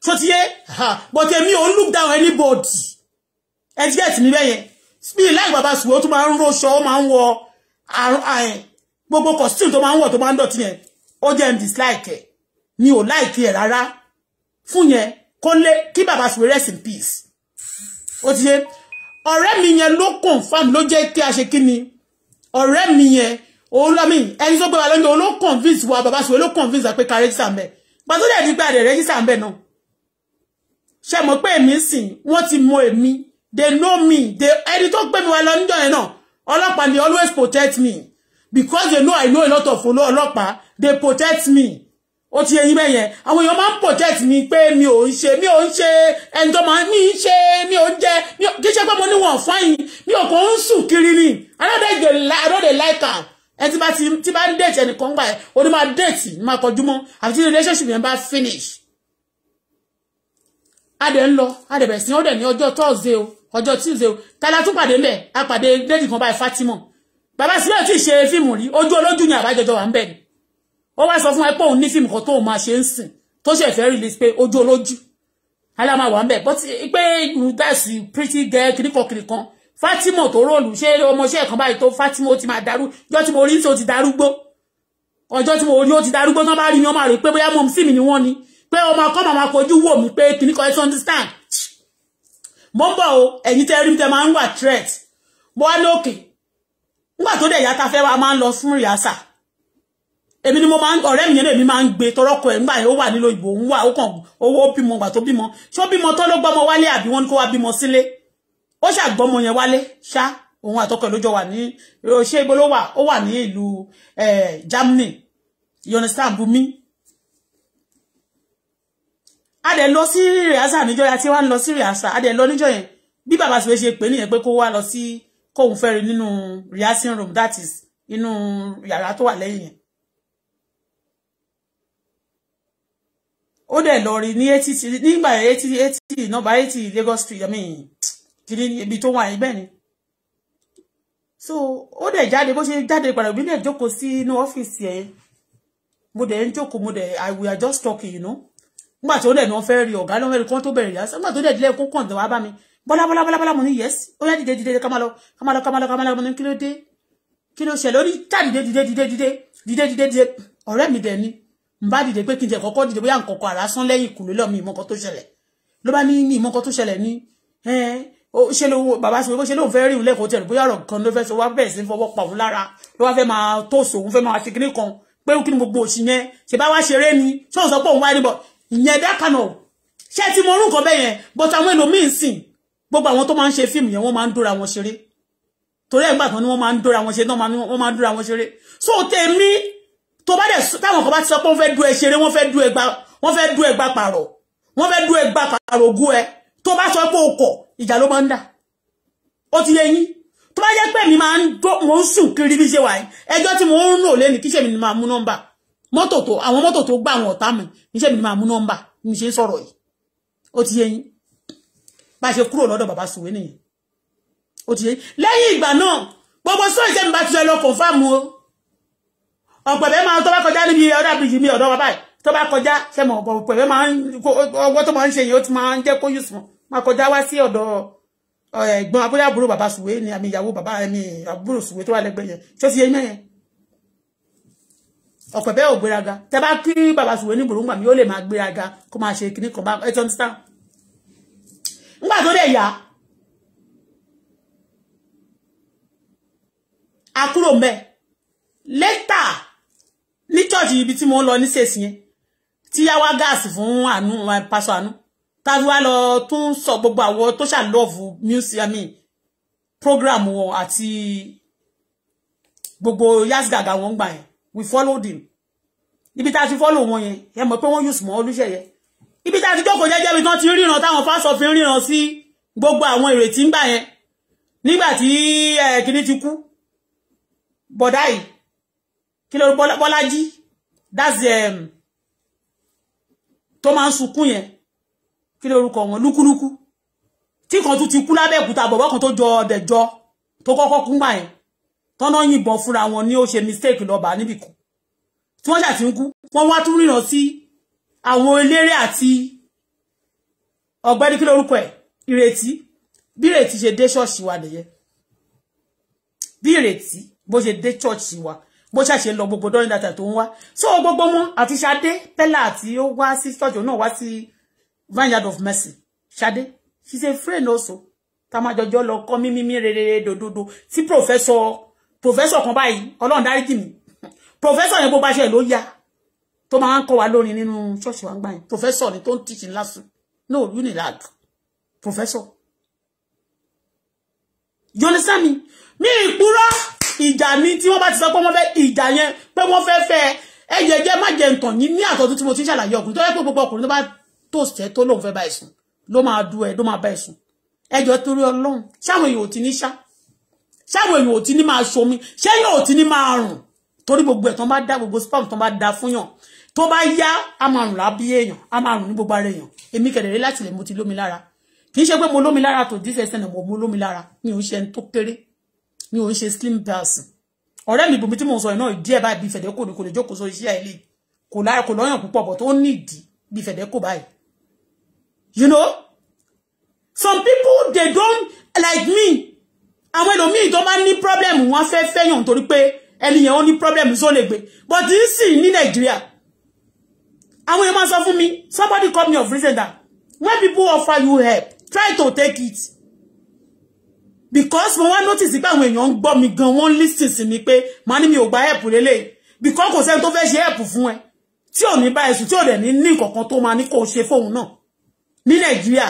tó ti yé but èmi ò look down anybody ẹgbẹ́ẹ̀tì mi bẹ́yẹn mi láì bàbá sùn ó tún máa ń róṣọ ó máa ń wọ gbogbo costume tó máa ń wọ tó máa ń dọ̀tí yẹn ó jẹ́ ń dislike ẹ̀ mi ò like ẹ̀ rárá fún yẹn kó lé kí bàbá sùn rest in peace ó ti yé ọ̀rẹ́ mi yẹn ló confam ló jẹ́ kí a ṣe kí ni mi yẹn òun lọ mi ẹni tó gbé wa lọ́jọ́ ló convince wa bàbá sùwé ló convince wa pé ká rẹ́jísà ń bẹ̀ gba tó dẹ̀ ní pé àdẹ̀ rẹ́jísà ń bẹ̀ náà ṣe mọ̀ pé èmi sìn wọ́n ti mọ èmi they know me they ẹni tó gbé mi wa lọ níjọ́ yẹn náà ọlọ́pàá they always protect me because they know I know a lot of olú ọlọ́pàá they protect me ó ti yẹ yín bẹ́ẹ̀ yẹn àwọn èèyàn máa ń protect mi pé mi ò ń ṣe mi ò ń ṣe ẹni tó máa mi ń ṣe mi ò ń jẹ mi ò kí ṣe pé mo níwọ̀n fáyín mi ò kò ń sùn kiri ni I don't they like am ẹ tí bá ti tí bá ń date ẹnìkan gbà ẹ o ní máa date ní máa kọjú mọ́ àti tí relationship yẹn bá finish. a dẹ̀ ń lọ a dẹ̀ bẹ̀rẹ̀ sí ó dẹ̀ ní ọjọ́ Thursday o ọjọ́ Tuesday o tala tún pàdé ńbẹ̀ a pàdé lady kan báyìí Fatima bàbá sílẹ̀ tí ì ṣe fíìmù rí ojú olójú ni àbájọjọ wà ń bẹ̀ ni ó wá sọ fún ẹ pé òun ní fíìmù kan tóun máa ṣe ń sìn tó ṣe fẹ́ release pé ojú olójú alá máa wà ń bẹ̀ but pé you that's pretty girl kìnnìkan kìnnìkan Fatima tó róòlù ṣé ọmọọṣẹ́ kan báyìí tó Fatima ó ti máa darú ọjọ́ tí mo rí ó ti darúgbó ọjọ́ tí mo rí ó ti darúgbó tán bá rí ni wọ́n máa rí pé bóyá mọ̀ sí mi ni wọ́n ni pé ọmọ kọ́ màmá kojú wò mí pé kìíní kan ẹ understand mo ń o ẹ̀yin tẹ́ rí mi tẹ́ máa ń wà threat mo wá lókè nígbà tó dẹ̀ yá ta fẹ́ wa máa ń lọ fún rìásà ni mo máa ń ọ̀rẹ́ mi yẹn lèmi máa ń gbé tọrọkọ ẹ̀ nígbà yẹn ó wà nílò ìbò ń wà ó kàn owó bímọ gbà tó bímọ ṣó bímọ tán ló gbọ́mọ wálé àbí wọ́n ní kó wá bímọ sílé ó ṣàgbọ́mọ yẹn wálé ṣá òun àtọkọ lójọ wà ní ṣé ibo ló wà ó wà ní ìlú Germany you understand bumi? a dẹ̀ lọ sí rìhásà níjọ́ yẹn àti wá ń lọ sí rìhásà a dẹ̀ lọ níjọ́ yẹn bí bàbá sì ṣe pè nìyẹn pé kó wá lọ sí kóun fẹ́ rí nínú rehearsing room that is inú yàrá tó wà lẹ́yìn yẹn ó dẹ̀ lọ rí ní eighty nígbà eighty eighty nọ́mbà eighty Lagos street I mean tìrí ibi tó wà yẹn bẹ́ẹ̀ ni so ó dẹ̀ jáde bó ṣe jáde padà òbí náà jókòó sí inú ọ́fíìsì ẹ̀ mo dẹ̀ ń jókòó mo dẹ̀ i we are just talking you know nígbà tó dẹ̀ ní wọ́n fẹ́ rí ọ̀gá lọ́wọ́ ẹ̀rí kan tó bẹ̀rẹ̀ yá nígbà tó dẹ̀ dílé kó kàn wá bá mi bọ́lá bọ́lá bọ́lá bọ́lá mo ní yẹ́sì ó yá dìde dìde kámálọ kámálọ kámálọ kámálọ mo ní kí ló dé kí ló ṣẹlẹ̀ ó ní tá dìde dìde dìde dìde dìde dìde dìde ọ̀rẹ́ mi dẹ̀ ni n bá dìde pé kí n jẹ kọ́kọ́ dìde bóyá nǹkan kan àrà sán lẹ́yìn ìkùlé lọ́mọ ìmọ̀kan tó ṣẹlẹ̀ ló bá ní ní ìmọ̀kan tó ṣẹlẹ̀ ní ó ṣe ló bàbá ṣe bó ṣe lóun fẹ́ rí òun lẹ́kọ̀ọ́ tẹ̀lé bóyá ọ̀rọ̀ kan ló fẹ́ sọ wá bẹ̀rẹ̀ sí fọwọ́ pa òun lára ló wá fẹ́ máa tóòsò òun fẹ́ máa ṣe kíní kan pé kí ni gbogbo òṣì yẹn ṣe bá wá ṣeré ni ṣé òun sọ pé òun wá níbọ̀ ìyẹn dákànà ṣé ti mo rú nǹkan bẹ́ẹ̀ yẹn but àwọn ẹlòmíín sìn gbogbo àwọn tó máa ń ṣe fíìmù yẹn wọ́n máa ń dóra wọn ṣeré torí ẹgbà kan ni wọ́n máa ń dóra wọn ṣeré náà wọ́n máa ń dóra wọn ṣeré so tèmi tó bá dẹ̀ táwọn kan bá ti sọ pé wọ́n fẹ́ dú ẹ ṣeré wọ́n fẹ́ dú ẹgbà wọ́n fẹ́ dú ẹgbà pààrọ̀ wọ́n fẹ́ dú ẹgbà pààrọ̀ ògú ẹ tó bá sọ pé o kọ̀ ìjà ló máa ń dà ó ti yé yín tó bá jẹ́ pé mi máa ń dó mo ń sùn kiri bí ṣe wà yìí ẹjọ́ tí mo ń rò lé ní kíṣẹ́ mi ni máa mú nọ́mbà mọ́tò tó àwọn mọ́tò tó gbà àwọn ọ̀tá mi níṣẹ́ mi ni máa mú nọ́mbà mi ṣe ń sọ̀rọ̀ yìí ó ti yé yín bá ṣe kúrò lọ́dọ̀ bàbá sùwé nìyẹn ó ti yé lẹ́yìn ìgbà náà gbogbo sọ ìṣẹ́ mi bá ti lọ kọ̀ǹfàmù o ọ̀pẹ̀bẹ̀ máa tó bá kọjá níbi ọ̀dọ̀ àbíjì mi ọ̀dọ̀ bàbá yìí tó bá kọjá ṣẹ́mọ̀ ọ̀pẹ̀bẹ̀ máa ń ọwọ́ tó máa ń ṣe yìí ó ti máa ń jẹ́ kó yùsùn máa kọjá wá sí ọ̀dọ̀ eh, ẹ̀gbọ́n abóyá àbúrò bàbá sùwé ni àmì ìyàwó bàbá ẹ̀mí àbúrò sùwé tó wà lẹ́gbẹ̀ẹ́ yẹn ṣé ti yẹ yín yẹn ọ̀pẹ̀ bẹ́ẹ̀ ò gbéraga tẹ bá kí bàbá sùwé ní gbòròǹgbà mi ó lè máa gbéraga kó máa ṣe kíní kan bá ẹ tọ́ níta nígbà tó dẹ̀ yá a kúrò mbẹ̀ lẹ́tà ní chọ́ọ̀chì ibi tí mo ń lọ nísinsìnyí tí yá wá gáàsì fún àánú eh, pásọ àánú tàbí wá lọ tún sọ gbogbo àwọn tó ṣà lọ́ọ̀fù music i mean program wọn àti gbogbo yasgaga wọn gbà yẹn we followed him ibi tá a ti follow wọn yẹn ẹ mọ̀ pé wọ́n use mọ́ olúṣẹ̀yẹ ibi tá a ti jókòó jẹ́jẹ́ ibi tán ti ríran táwọn fásọfin ríran sí gbogbo àwọn ìrètí ń gbà yẹn nígbà tí kìnní ti kú bọ̀dá yìí kí ló Bọ́lájí that's um, tó máa ń sunkún kí ló orúkọ wọn lúkúlúkú tí kan tún ti kú lábẹ́òkúta bọ̀bọ́ kan tó jọ ọ̀dẹ̀jọ tó kọ́kọ́ kú gbà yẹn tọ́nà yìnbọn fúnra wọn ní ó ṣe mistake lọ́ba níbì kan tí wọ́n ṣàti ń kú wọ́n wá tún ríran sí àwọn eléré àti ọ̀gbẹ́ni kí lórúkọ ẹ̀ ìrètí bí ìrètí ṣe dé ṣọ́ọ̀ṣì wa nìyẹn bí ìrètí bó ṣe dé ṣọ́ọ̀ṣì wa bó ṣàṣe lọ gbogbo dọ́rin dàtà tó ń wá so gbogbo wọn àti ṣadé pẹ́lá àti ó wá sí ṣọ́ọ̀ṣì náà wá sí Vineyard of Mercy. Ṣadé, she's a friend also. re, re, re, do, do, do. Tí professor, professor kan báyìí, Ọlọ́run dáríjì mi. Professor yẹn bó bá ṣe ló yá. Tó máa ń kọ́ wa lórin nínú church wa ń gbà yẹn. Professor ni tó teach in lásán. No, you need that. Professor. You understand me? Mi ìpúrọ́ ìjà mi tí wọ́n bá ti sọ pé wọ́n fẹ́ ìjà yẹn pé wọ́n fẹ́ fẹ́ ẹ jẹ́ jẹ́ má jẹ́ nǹkan yín ní àtọ́tún mo ti ṣàlàyé ọkùnrin tó yẹ pé gbogbo ọkùnrin tó bá toast ẹ tó lóun fẹ́ bá ẹ sùn ló máa du ẹ ló máa bá ẹ sùn ẹjọ́ torí ọlọ́run ṣáwọn èèyàn ò ti ní ṣá ṣáwọn èèyàn ò ti ní máa ṣomi ṣẹ́yìn ò ti ní máa rùn torí gbogbo ẹ̀ tán bá dá gbogbo spam tán bá dá fún yàn tó bá yá a máa rùn lábí èèyàn a máa rùn ní gbogbo ara èèyàn èmi kẹ̀dẹ̀rẹ́ láti lè mo ti lómi lára kì í ṣe pé mo lómi lára tó dísẹ̀ sẹ́nà mo mo lómi lára mi ò ń ṣe tó kéré mi ò ń ṣe slim person ọ̀rẹ́ mi bùnmi tí mo sọ ẹ̀ náà díẹ̀ báyìí bí fẹ̀dẹ́ kò ní kò lè jókòó sọ iṣẹ́ ẹ̀ lè kò lọ́yàn púpọ̀ bọ̀ tó ní ìdí bí fẹ̀dẹ́ kò báyìí You know? Some people, they don't, like me, àwọn ẹlòmíì tó bá ní problem wọn fẹ́ fẹ́yàn torí pé ẹnìyàn wọn ní problem so lè gbé but you see in Nigeria? And when you sọ for me, somebody call me a recent that when people offer you help try to take it because when one notice pé when you ń me mi one wọ́n listen sí me pay money me mi ò gba help lélẹ̀ because kò sẹ́ni tó fẹ́ ṣe help fún ẹ tí ò ní bá ẹ̀sùn tí ò dẹ̀ ní ní nǹkan kan tó Ni nàìjíríà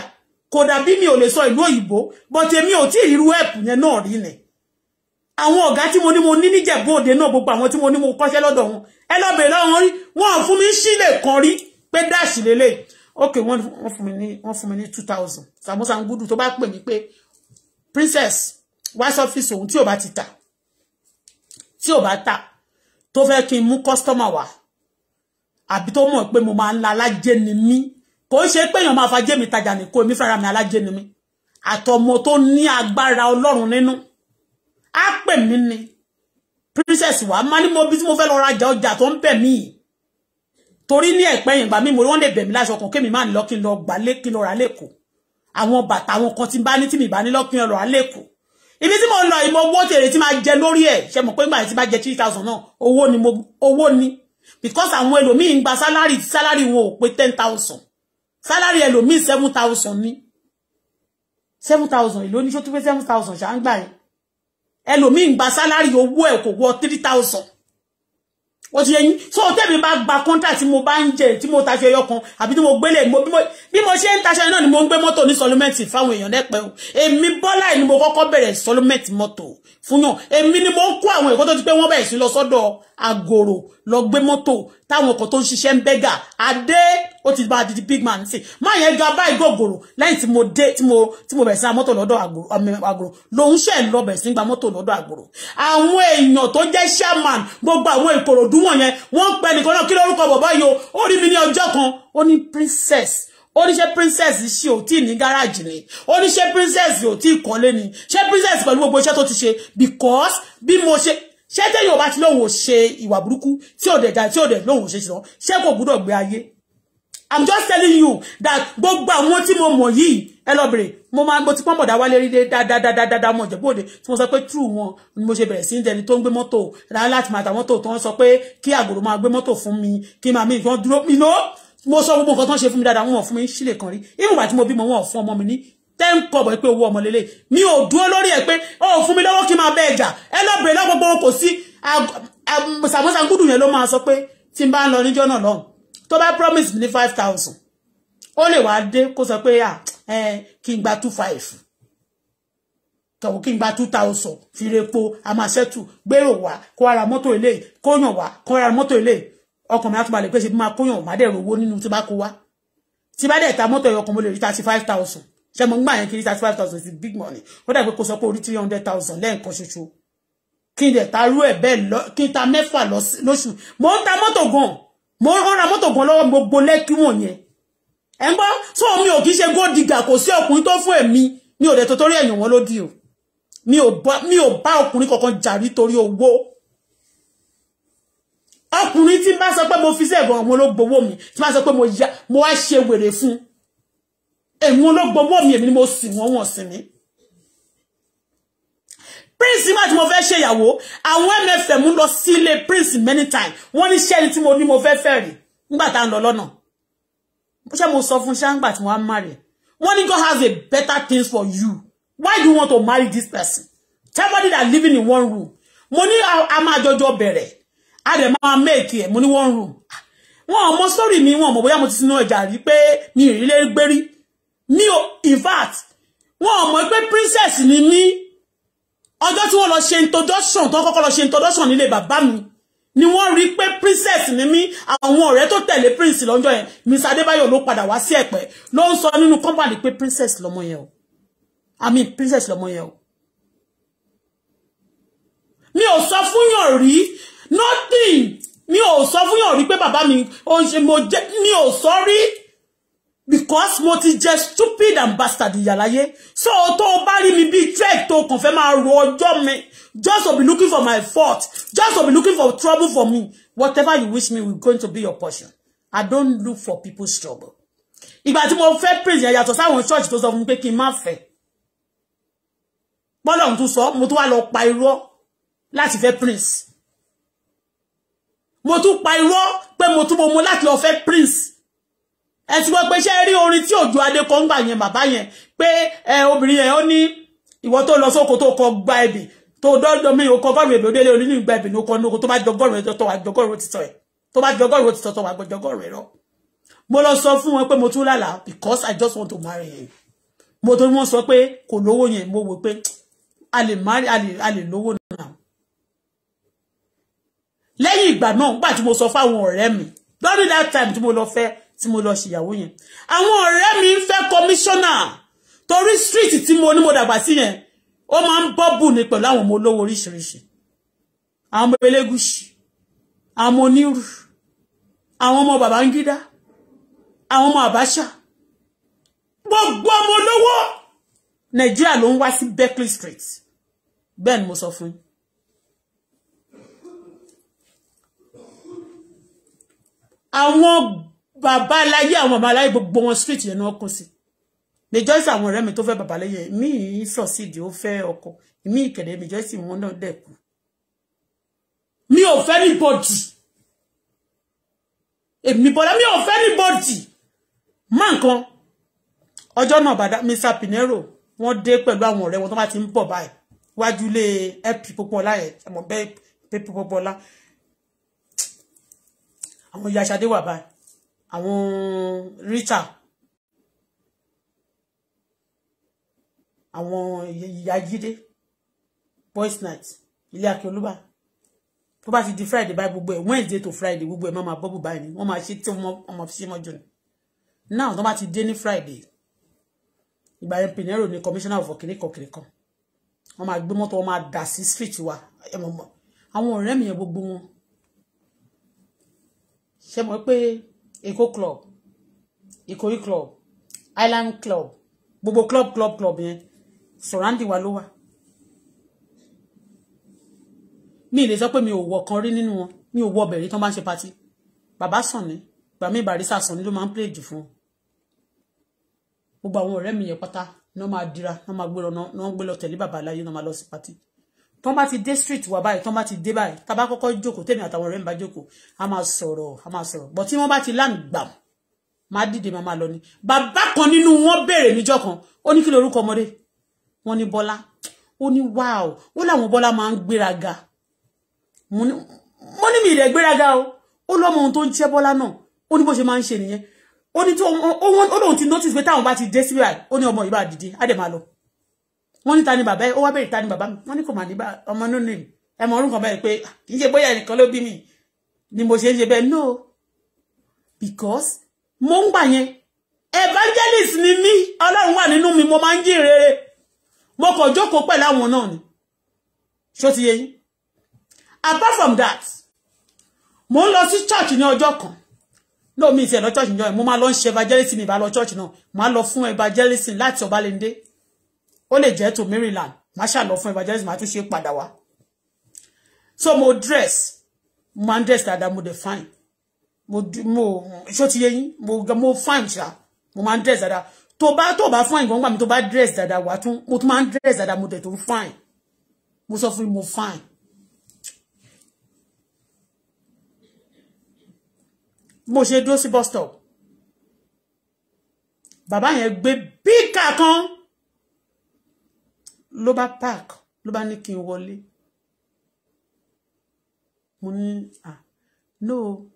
kódà bí mi ò lè sọ ìlú òyìnbó but èmi ò tí ì irú ẹ̀pù yẹn náà ni àwọn ọ̀gá tí mo ní mo ní níjẹ̀bú òde náà gbogbo àwọn tí mo ní mo kọ́ṣẹ́ lọ́dọ̀ wọn ẹ lọ bèèrè lọ́wọ́ rí wọn ò mi sílè kan rí pé dáàsì lélẹ̀ ok wọ́n fún mi ní wọ́n fún mi ní two thousand samusa ngudu tó bá pè mí pé princess wáṣọ ọ́fíìsì òun tí ò bá ti tà tí ò bá tà tó fẹ́ kí n mú kọ́sítọ́mà wá àbí tó mọ̀ mo máa ń la alájẹ́ ni mí kò ń ṣe pé èèyàn máa fa jémi tajà ní kó èmi fẹ́ra mi alájẹni mi àtọmọ tó ní agbára ọlọ́run nínú á pè mí ni princess wa má ní mo bí tí mo fẹ́ lọ rajà ọjà tó ń bẹ̀ mí torí ní ẹ̀pẹ́ yìnbà mi mo rí wọ́n lè bẹ̀ mí láṣọ kan kémi máa ń lọ kí n lọ gbà lé kí n lọ rà lẹ́kọ̀ọ́ àwọn bàtà àwọn kan tí bá ní tí mi bá ní lọ́kí n lọ rà lẹ́kọ̀ọ́ ibi tí mo lọ ìmọ̀ owó tèrè tí máa jẹ lórí ẹ̀ ṣe mọ̀ pé nígbà tí bá jẹ three thousand náà owó ni mo owó ni because àwọn ẹlòmíì ń gba sálárì sálárì wọn ò pé ten thousand sálárì ẹlòmíì seven thousand ní seven thousand ìlú oníṣó tún pé seven thousand ṣá ń gbà yẹn ẹlòmíì ń gba sálárì owó three thousand ó ti yẹn so tẹ́mi ba gba contract tí mo bá ń jẹ tí mo taṣọ ẹyọ kan àbí tí mo gbélé bí mo ṣe ń taṣọ náà ni mo moto ni mọ́tò ní solomẹ́ǹtì fáwọn èèyàn lẹ́pẹ́ o èmi bọ́lá ni mo kọ́kọ́ bẹ̀rẹ̀ solomẹ́ǹtì mọ́tò fún yàn ni mo ń kó àwọn ẹ̀kọ́ tó ti pé wọ́n bẹ̀rẹ̀ sí lọ sọ́dọ̀ àgòrò lọ gbé mọ́tò táwọn kan tó ń ṣiṣẹ́ ń bẹ́gà adé ó ti bá di big man sí máa yẹn ga báyìí gògòrò lẹ́yìn tí mo dé tí mo tí mo bẹ̀rẹ̀ sí ra mọ́tò lọ́dọ̀ àgbòrò um, lòun ṣe ń lọ bẹ̀rẹ̀ sí gba mọ́tò lọ́dọ̀ àgbòrò àwọn èèyàn tó jẹ́ chairman gbogbo àwọn ìkòròdú wọ̀nyẹn wọ́n ń pẹ́ nìkan náà kí lórúkọ bọ̀bá yìí o ó rí mi ní ọjọ́ kan ó ní princess oníṣẹ́ princess ṣe ò tí ní gáràjì rẹ̀ oníṣẹ́ princess ò tí kọ́lé ni ṣé princess pẹ̀lú gbogbo iṣẹ́ tó ti ṣe because bí mo ṣe ṣé téèyàn bá ti lóun ò ṣe ìwà burúkú tí ò ga tí ò dẹ̀ lóun ò ṣe ṣìnà ṣé kò gbúdọ̀ gbé i'm just telling you that gbogbo àwọn tí mo mọ̀ yìí ẹ mo máa mo ti pọ́n bọ̀dá wálé rí dáadáa mọ̀ jẹ̀bú òde tí mo sọ pé true wọn ni mo ṣe bẹ̀rẹ̀ sí ẹni tó ń gbé mọ́tò láti máa ta mọ́tò tó ń sọ pé kí àgòrò máa gbé mọ́tò fún mi kí màá mi ìkan dúró mi lọ mo sọ gbogbo nǹkan tó ń ṣe mi dáadáa wọn ò fún mi sílè kan rí ìwọ̀n àti mo bímọ wọn ò fún ọmọ mi ní ten kọ̀bọ̀ pé owó ọmọ lélẹ̀ mi ò dúró lórí ẹ̀ pé ó fún mi lọ́wọ́ kí n máa bẹ́ ẹjà ẹ lọ́bẹ̀rẹ̀ lọ́ gbogbo kò sí sàmúsàngúdù yẹn ló máa sọ pé tí n bá ń lọ níjọ́ náà lọ́hùn tó promise ni ní five thousand ó lè wá dé kó sọ eh kí n gba two five tọ̀wọ́ kí n gba two thousand fi repo àmàṣẹ́tù gbèrò wá kó ara mọ́tò eléyìí kóyàn wá kó ara mọ́tò eléyìí ọkàn mi á tún balẹ̀ pé ṣe bí máa kóyàn wá dẹ̀ rówó nínú tí bá kó wá tí bá dẹ̀ ta mọ́tò ẹ̀yọkàn mo lè rí thirty five thousand ṣe mo ń gbà yẹn kiri thirty thousand is big money ó dàgbé kó sọ pé orí three hundred thousand lẹ́ẹ̀kan ṣoṣo kí n dẹ̀ ta rú ẹ̀ bẹ́ẹ̀ lọ kí n ta mẹ́fà lóṣù mo ń ta mọ́tò gan mo ń ra mọ́tò gan lọ́wọ́ gbogbo lẹ́kí wọ̀nyẹn ẹ̀ ń gbọ́ sọ mi ò kí ṣe gódìgà kò sí ọkùnrin tó fún ẹ̀mí mi ò dẹ̀ tó torí ẹ̀yàn wọn lódì o mi ò bá ọkùnrin kankan jà nítorí owó ọkùnrin tí bá sọ pé mo fi sẹ́ẹ̀bọ̀n àwọn olóògbówó mi tí bá sọ pé mo wá ṣe wèrè fún un ẹ̀wọ̀n ló gbọ́wọ́ mi èmi ni mo sì wọ́n wọ̀n sí mi prince má tí mo fẹ́ ṣe àwọn mfm lọ sílé prince many times wọ́n ní ṣẹ́ni tí mo ní mo fẹ́ fẹ́ rí nígbà tá à ń lọ lọ́nà ṣé mo sọ fún ṣáńgbà tí wọ́n á marry wọ́n ní God has a better things for you why do you want to marry this person somebody that living in one room mo ní a máa jọjọ bẹ̀rẹ̀ a máa make ẹ̀ mo ní one room ah, wọn ò mọ sórí mi wọn ò mọ bóyá mo ti sinú ẹ̀jà rí pé mi ì lé gbérí mi o in fact wọn ò mọ̀ princess ni mi. ọjọ́ tí wọ́n lọ ṣe introduction tó kọ́kọ́ lọ ṣe introduction nílé bàbá mi ni wọ́n rí pé princess ni mi àwọn ọ̀rẹ́ tó tẹ̀lé prince lọ́jọ́ yẹn miss adébáyọ̀ ló padà wá sí ẹ̀pẹ́ ló ń sọ company pé princess lọmọ yẹn o i mean princess lọmọ yẹn o mi ò sọ fún yàn rí nothing mi o sọ fún yàn rí pé bàbá mi o ṣe mo jẹ mi ò sọ because mo ti jẹ stupid and bastard ìyàláyé so tó o bá rí mi bíi trek tó kàn fẹ́ máa ro ọjọ́ mi just to be looking for my fault just to be looking for trouble for me whatever you wish me will going to be your portion i don't look for people's trouble ìgbà tí mo fẹ́ praise yẹn yàtọ̀ sáwọn church tó sọ fún mi pé kí n má fẹ́ bọ́lọ̀ tún sọ mo tún wá lọ pa irọ́ láti fẹ́ prince mo tún pa irọ́ pé mo tún mo mú láti lọ prince ẹ ti gbọ́ pé ṣé rí orin tí òjò adé kan gbà yẹn bàbá yẹn pé ẹ obìnrin yẹn ó ní ìwọ tó lọ sóko tó kọ gba ẹbì tó dọ́dọ̀ mi ò kọ gọ́rùn èbì òdélé orí ní ẹbì ní kọ ní oko tó bá jọgọ́rùn ẹjọ́ tó wà jọgọ́rùn òtítọ́ ẹ̀ tó bá jọgọ́rùn òtítọ́ tó wà jọgọ́rùn ẹ̀rọ. mo lọ sọ fún wọn pé mo tún lálàá because I just want to marry him mo tó wọn sọ pé kò lówó yẹn mo wò pé a lè marry a lè lówó náà. lẹ́yìn ìgbà náà gbà tí mo sọ fáwọn ọ̀rẹ́ mi lọ́dún that time tí mo lọ fẹ́ tí mo lọ ṣèyàwó yẹn àwọn ọ̀rẹ́ mi ń fẹ́ kọmíṣánná torí street tí mo ní mo dàgbà sí yẹn ó máa ń bọ́bù ni pẹ̀lú àwọn ọmọ olówó oríṣiríṣi àwọn ọmọ elégùsì àwọn ọmọ onírù àwọn ọmọ babangida àwọn ọmọ àbáṣà gbogbo ọmọ olówó nàìjíríà ló ń wá sí Berkeley Street bẹ́ẹ̀ ni mo sọ fún yín. àwọn Baba laye àwọn bàbá aláyé gbogbo wọn street yẹn ni wọ́n kó sí majority àwọn ọ̀rẹ́ mi tó fẹ́ bàbá aláyé mí sọ̀sídìí ó fẹ́ Mi mí ìkẹ̀dẹ̀ majority wọn náà dẹ̀ kú mi ò fẹ́ anybody èmi bọ́lá mi ò fẹ́ anybody má nǹkan ọjọ́ náà bàdá Mr Pinero wọ́n dé pẹ̀lú àwọn ọ̀rẹ́ wọn tó bá ti ń bọ̀ báyìí wájú lé ẹ̀pì púpọ̀ láyẹ̀ ẹ̀mọ̀ bẹ́ẹ̀ pé púpọ̀ bọ́lá àwọn ìyá Ṣadé wà báyìí àwọn Rita àwọn ìyá Jídé boys night ilé Akínolúbà tó bá ti di Friday báyìí gbogbo ẹ̀ Wednesday to Friday gbogbo ẹ̀ máa máa bọ́bù báyìí ni wọ́n máa ṣe tí wọ́n máa fi ṣe mọ́jú ni now tó bá ti dé ní Friday ìgbà yẹn pinero ni commissioner of kìnìkan kìnìkan wọ́n máa gbé mọ́tò wọ́n máa dà sí street wa àwọn ọ̀rẹ́ mi yẹn gbogbo wọn ṣe mọ̀ pé Èkó club Ìkòyí club Island club gbogbo club club club yẹn surrounding wa ló wà mi lè sọ pé mi ò wọ kan rí nínú wọn mi ò wọ ọbẹ̀rí tán bá ń ṣe patí bàbá sàn ní gbàmí ìbàrísà sàn ní ló máa ń play jù fún gbogbo àwọn ọ̀rẹ́ mi yẹn pátá ní wọ́n máa dira ní wọ́n máa gbé lọ tẹ̀lé bàbá aláyé ní wọ́n máa lọ sí patí tọ́n bá ti dé street wa báyìí tọ́n bá ti dé báyìí tá bá kọ́kọ́ jókòó tèmi àtàwọn ọ̀rẹ́ mi bá jókòó a máa sọ̀rọ̀ a máa sọ̀rọ̀ but tí wọ́n bá ti land gbam máa dìde máa máa lọ ni bàbá kan nínú wọn béèrè níjọ́ kan ó ní kí lorúkọ ọmọdé wọ́n ní Bọ́lá ó ní wow ó làwọn Bọ́lá máa ń gbéraga mo ní mi ìdẹ̀ gbéraga o ó lọ́mọ ohun tó ń tiẹ́ Bọ́lá náà ó ní bó ṣe máa ń ṣe nìyẹn ó ní tó ó lóun ti notice pé táwọn bá ti dé síbẹ̀ ó ní ọmọ ìbá dìde á dẹ̀ máa lọ wọ́n ní ta ni bàbá ẹ̀ ó wá bẹ̀rẹ̀ ta ni bàbá mi wọ́n ní kò mà ní bá ọmọ nínú ni ẹ mọ orúkọ báyìí pé kì í ṣe bóyá ẹnìkan ló bí mi ni mo ṣe ń ṣe bẹ́ẹ̀ no because mo ń gbà yẹn evangelist ni mí ọlọ́run wà nínú mi mo máa ń jí rere mo kàn jókòó pẹ̀lú àwọn náà ni ṣó ti yẹ yín apart from that mo ń lọ sí church ní ọjọ́ kan no mi ìṣẹ̀lọ church ní ọjọ́ yẹn mo máa lọ ń ṣe evangelism ìbá lọ church náà máa lọ fún evangelism láti ọ̀bálẹ́ndé ó lè jẹ́ to Maryland má ṣà lọ fún evangelism má ṣe padà wá so mo dress mo dress dáadáa mo dẹ̀ fine mo mo ṣó ti yé mo mo fine ṣá mo máa ń dress dáadáa tó bá tó bá fine gbọ́ngbà mi tó bá dress dáadáa wà tún mo tún máa ń dress dáadáa mo dẹ̀ tó fine mo sọ fún mo fine mo ṣe dúró sí bus stop bàbá yẹn gbé big car ló bá park ló bá ní kí n wọlé mo ní à no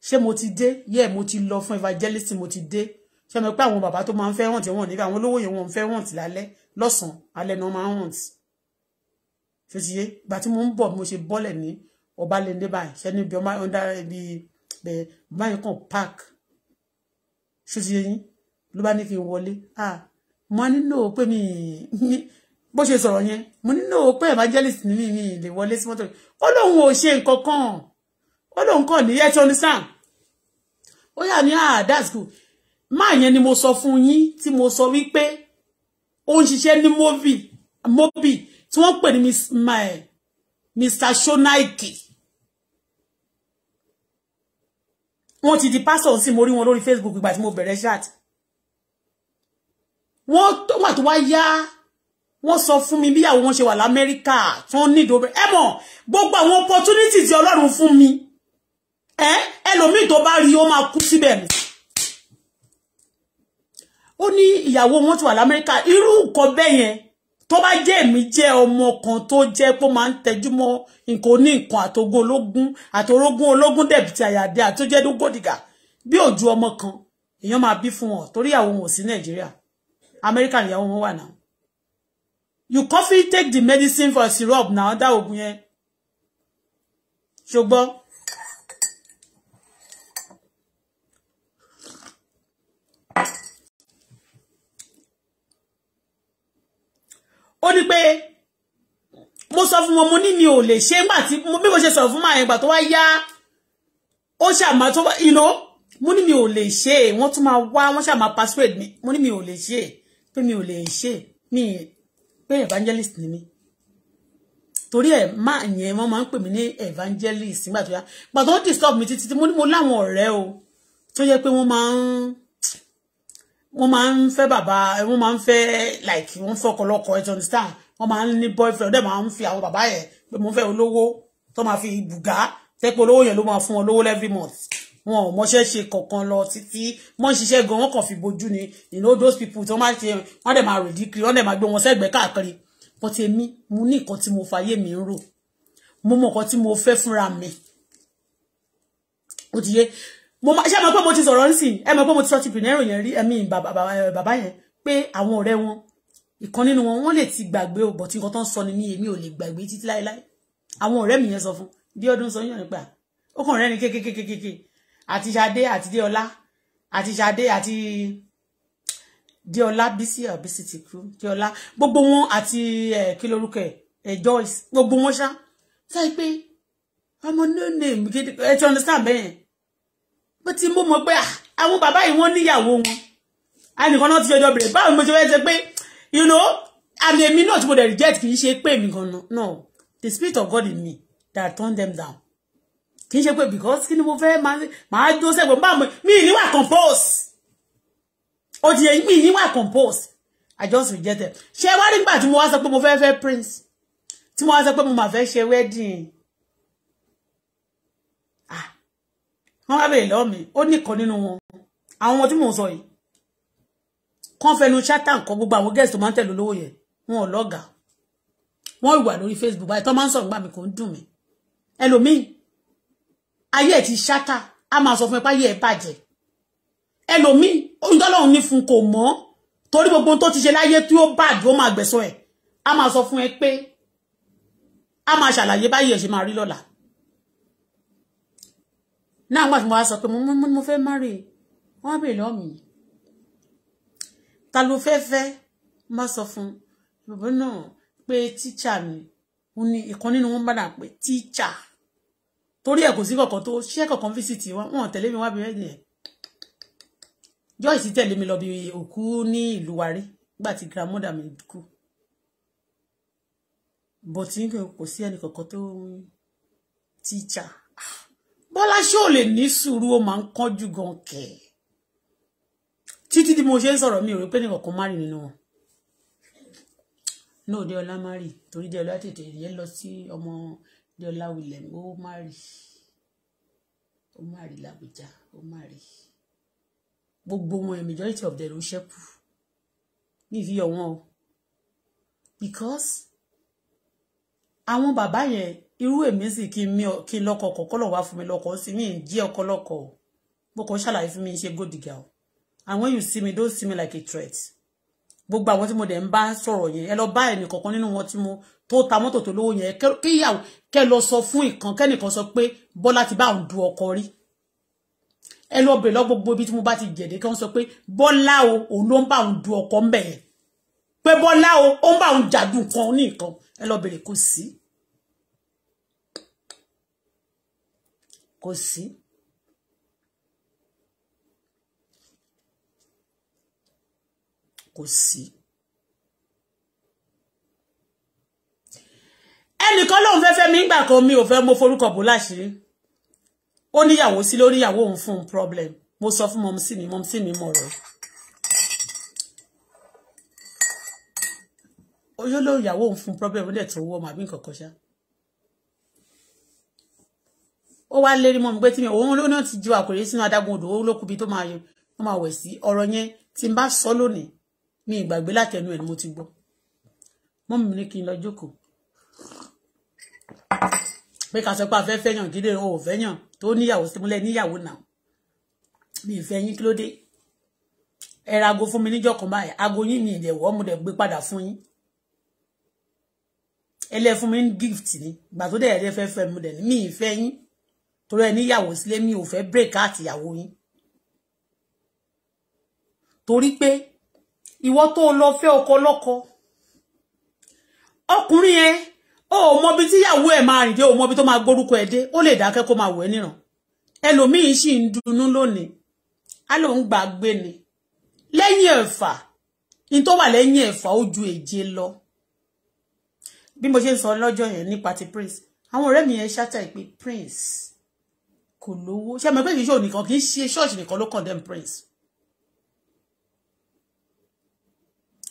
ṣé mo ti dé yẹ mo ti lọ fún evangelist mo ti dé ṣé mo pé àwọn bàbá tó máa ń fẹ́ hàn tí wọ́n níbi àwọn olówó yẹn wọ́n ń fẹ́ hàn tí lálẹ́ lọ́sàn-án alẹ́ náà máa ń hàn tí ṣe ti yé ìgbà tí mo ń bọ̀ mo ṣe bọ́lẹ̀ ní ọbalẹ̀ndé báyìí ṣe níbi ọmọ ọ̀dà ibi bẹ́ẹ̀ báyìí kan park ṣe ti yé yín ló bá ní kí wọlé ah mo nílò pé mi bó ṣe sọ̀rọ̀ yẹn mo nílò pé evangelist ni mi mi lè wọlé sí mọ́tò ó lóun ò ṣe nǹkan kan ó lóun kàn ní yẹ́tí onísàn ó yà ní ah that's good máa yẹn ni mo sọ fún yín tí mo sọ wípé ó ń ṣiṣẹ́ ní mobi mobi tí wọ́n pè ní Mr. Shonaiki wọ́n ti di pásọ̀ sí mo rí wọn lórí Facebook ìgbà tí mo bẹ̀rẹ̀ ṣáàtì wọ́n tó wà tó wá yá wọ́n sọ fún mi bíyàwó wọn ṣe wà l'Amẹ́ríkà tí wọ́n ní ìdòbẹ̀ ẹ mọ̀ gbogbo àwọn opportunity tí Ọlọ́run fún mi ẹ ẹlòmíì tó bá rí ó máa kú síbẹ̀ mi ó ní ìyàwó wọn ti wà l'Amẹ́ríkà irú nǹkan bẹ́ẹ̀ yẹn tó bá jẹ́ èmi jẹ́ ọmọ kan tó jẹ́ pé máa ń tẹjúmọ́ nǹkan oní nǹkan àtogún ológun àtorógún ológun dẹ̀bìtì àyàdé àtójẹ́dógódìgà bí òjú ọmọ kan èèyàn máa bí fún wọn torí àwọn wọn ò Nàìjíríà America ìyàwó wọn wà náà you coffee take the medicine for syrup now. That oògùn yẹn ṣùgbọ́n ó ní pé mo sọ fún wọn mo ní mi ò lè ṣe nígbà tí bí mo ṣe sọ fún màá yẹn gbà tó wá yá ó ṣàmà tó wá you know mo ní mi ò lè ṣe wọ́n tún máa wá wọ́n ṣàmà password mi mo ní mi ò lè ṣe pé mi ò lè ṣe mi pé evangelist ni mi torí ẹ má yẹn wọn máa ń pè mí ní evangelist nígbà tó yá pàtó ó disturb mi títí mo ní mo láwọn ọ̀rẹ́ o tó yẹ pé wọ́n máa ń wọ́n máa ń fẹ́ bàbá wọ́n máa ń fẹ́ like wọ́n fẹ́ ọkọlọkọ ẹ tó ń sàn wọ́n máa ń ní boyfriend ọdẹ máa ń fi àwọn bàbá yẹn pé mo fẹ́ olówó tó máa fi bùgá tẹpẹ olówó yẹn ló máa fún wọn lówó every month wọn ò mọṣẹ́ ṣe kankan lọ títí wọ́n ń ṣiṣẹ́ gan wọ́n kàn fi bojú ni you know those people tó máa ṣe wọ́n dẹ̀ máa rò dí kiri wọ́n dẹ̀ máa gbé wọn sẹ́gbẹ̀ẹ́ káàkiri but èmi mo ní nǹkan tí mo fàyè mi ń rò mo mọ nǹkan tí mo fẹ́ fúnra mi ó ti yé mo máa ṣe mọ̀ pé mo ti sọ̀rọ̀ nísìnyí ẹ mọ̀ pé mo ti sọ ti pìnẹ́rò yẹn rí ẹ̀mí bàbá yẹn pé àwọn ọ̀rẹ́ wọn ìkan nínú wọn wọn lè ti gbàgbé o tí nǹkan tó ń sọ ni mí èmi ò lè gbàgbé títí láéláé àwọn ọ̀rẹ́ mi yẹn sọ fún bí ọdún sọ yàn nípa ó kàn rẹ́ni kékékékéké àti jade, àti diola, àti jade, àti diola. Bísí àbísí ti kú Déọlá gbogbo wọn àti ẹ eh, kí lorúkọ ẹ ẹ eh, Joyce gbogbo wọn ṣá sáì pé ọmọ no name gidi ẹ eh, ti understand bẹ́ẹ̀ bó ti mú mọ pé ah, àwọn bàbá yìí wọ́n níyàwó wọn ànìkan náà ti jọjọ bèrè báwo ni mo ṣe fẹ́ ṣe pé you know àmì èmi náà tí mo dẹ̀ reject kì í ṣe pé èmi gan-an no the spirit of God in me that turn them down kì í ṣe pé because kí ni mo fẹ́ máa dó sẹ́gbọ̀n bá mi mi níwà compose ó ti yẹ mi níwà compose I just rejected ṣé wá nígbà tí mo wá sọ pé mo fẹ́ fẹ́ prince tí mo wá sọ pé mo máa fẹ́ ṣe wedding ah wọ́n wá bèèrè lọ́wọ́ mi ó nìkan nínú wọn àwọn ọmọ tí mò ń sọ yìí kán fẹnu ṣátà nǹkan gbogbo àwọn guest tó máa ń tẹ̀lé olówó yẹn wọn ò lọ́gàá wọ́n ìwà lórí Facebook báyìí tó máa ń sọ̀rọ̀ nígbà mi kò ń dùn mí ẹlòmíì ayé ẹ̀ ti ṣáká a máa sọ fún ẹ páyé ẹ̀ bàjẹ́ ẹlòmíì olùdọ́lọ́run ní fún kò mọ́ torí gbogbo tó ti ṣe láyé tí ó bàjẹ́ ó máa gbẹ̀sọ́ ẹ̀ a máa sọ fún ẹ pé a máa ṣàlàyé báyé ẹ̀ ṣe máa rí lọ́la náà wà tí mo wá sọ pé mo fẹ́ marry wọ́n bèèrè lọ́wọ́ mi ta ló fẹ́ fẹ́ má sọ fún bàbá náà pé tíṣà mi òun ni ìkan nínú wọn bá dà pé tíṣà torí ẹ̀ kò sí kankan tó ṣé kankan fíṣítì wọn wọn tẹ̀lé mi wá bí wẹ́ẹ̀dì yẹn Joyce tẹ̀lé mi lọ bí òkú ní ìlú wa rí nígbà tí grandmother mi kú bó ti ń kò sí ẹnì kankan tó ń tíjà Bọ́lá ṣé ò lè ní sùúrù ó máa ń kánjú gan kẹ̀ títí tí mo ṣe ń sọ̀rọ̀ mi ò rí pé nìkan kan má nínú wọn náà dé ọlá má torí dé ọlá tètè yẹ lọ sí ọmọ ní Ọláwilẹ̀ ó má rí ó má rí làbújá ó má rí gbogbo wọn majority of them ló ṣẹ́kù ní ìfiyọ̀ wọn o because àwọn bàbá yẹn irú èmi sì kí n lọ́kọ̀ kọ̀ọ̀kọ́ lọ́wọ́ wá fún mi lọ́kọ̀ ó sì mí jí ọkọ lọ́kọ̀ o bó kọ́ ṣàlàyé fún mi ṣe gòdìgà o and when you see me don't see me like a threat gbogbo àwọn tí mo dẹ̀ ń bá sọ̀rọ̀ yẹn ẹ lọ bá ẹnì kọ̀ọ̀kan nínú wọn tí mo tó ta mọ́tò tó lówó yẹn kíyàwó kẹ lọ sọ fún ìkan kẹ́nìkan sọ pé Bọ́lá ti bá òun du ọkọ rí ẹ lọ bèrè lọ gbogbo ibi tí mo bá ti jẹ̀dẹ̀ kí wọ́n sọ pé Bọ́lá o òun ló ń bá òun du ọkọ ń bẹ̀ pé Bọ́lá o ó ń bá òun jàdùn kan ní nǹkan ẹ lọ bèrè kò sí kò sí. kò sí. ẹnìkan lóun fẹ́ fẹ́ mi ń gbà kan mi ò fẹ́ mo forúkọ bò láṣìírí ó níyàwó sí lórí ìyàwó òun fún un problem mo sọ fún mọ̀mísì mi mọ̀mísì mi mọ̀ rẹ̀. oyó ló ìyàwó òun fún problem ó dẹ̀ tó wọ́ màbí nǹkan kan ṣá. ó wá lérí mọ́ mi pé tí mi òun ló náà ti ju àkòrè sínú adágún odò ó lókùbí tó máa wẹ̀ sí ọ̀rọ̀ yẹn tí n bá sọ lónìí mi ìgbàgbé látẹnu ẹ̀ ni mo ti gbọ́ mọ́mì mi ní kí n lọ jókòó pé ká sọ pé a fẹ́ fẹ́yàn kí lè o ò fẹ́yàn tó níyàwó símúlẹ̀ níyàwó náà mi ìfẹ́ yín kí ló dé ẹ ra ago fún mi níjọ́ kan báyìí ago yín mi ìdẹ̀wọ́ mo dẹ̀ gbé padà fún yín ẹlẹ́ fún mi ní gift ni ìgbà tó dẹ̀ ẹ̀rẹ́ fẹ́ fẹ́ mu dẹ̀ ní mi ìfẹ́ yín torí ẹ níyàwó sílé mi ò fẹ́ break out ìyàwó yín torí pé ìwọ tó lọ fẹ́ ọkọ lọ́kọ ọkùnrin yẹn ó mọ bí tíyàwó ẹ̀ máa rìn dé ó mọ bí tó máa gbórúkọ ẹ̀ dé ó lè dákẹ́ kó máa wẹ̀ níran ẹlòmíín sì ń dunnú lónìí á lòun gbàgbé ni lẹ́yìn ẹ̀fà ní tó wà lẹ́yìn ẹ̀fà ó ju èje lọ bí mo ṣe ń sọ lọ́jọ́ yẹn nípa ti prince àwọn ọ̀rẹ́ mi yẹn ṣáta ìpè prince kò lówó ṣé ẹ mọ̀ pé kì í ṣe òní kan kì í ṣe ṣọ́ọ̀ṣì nìkan ló condemn prince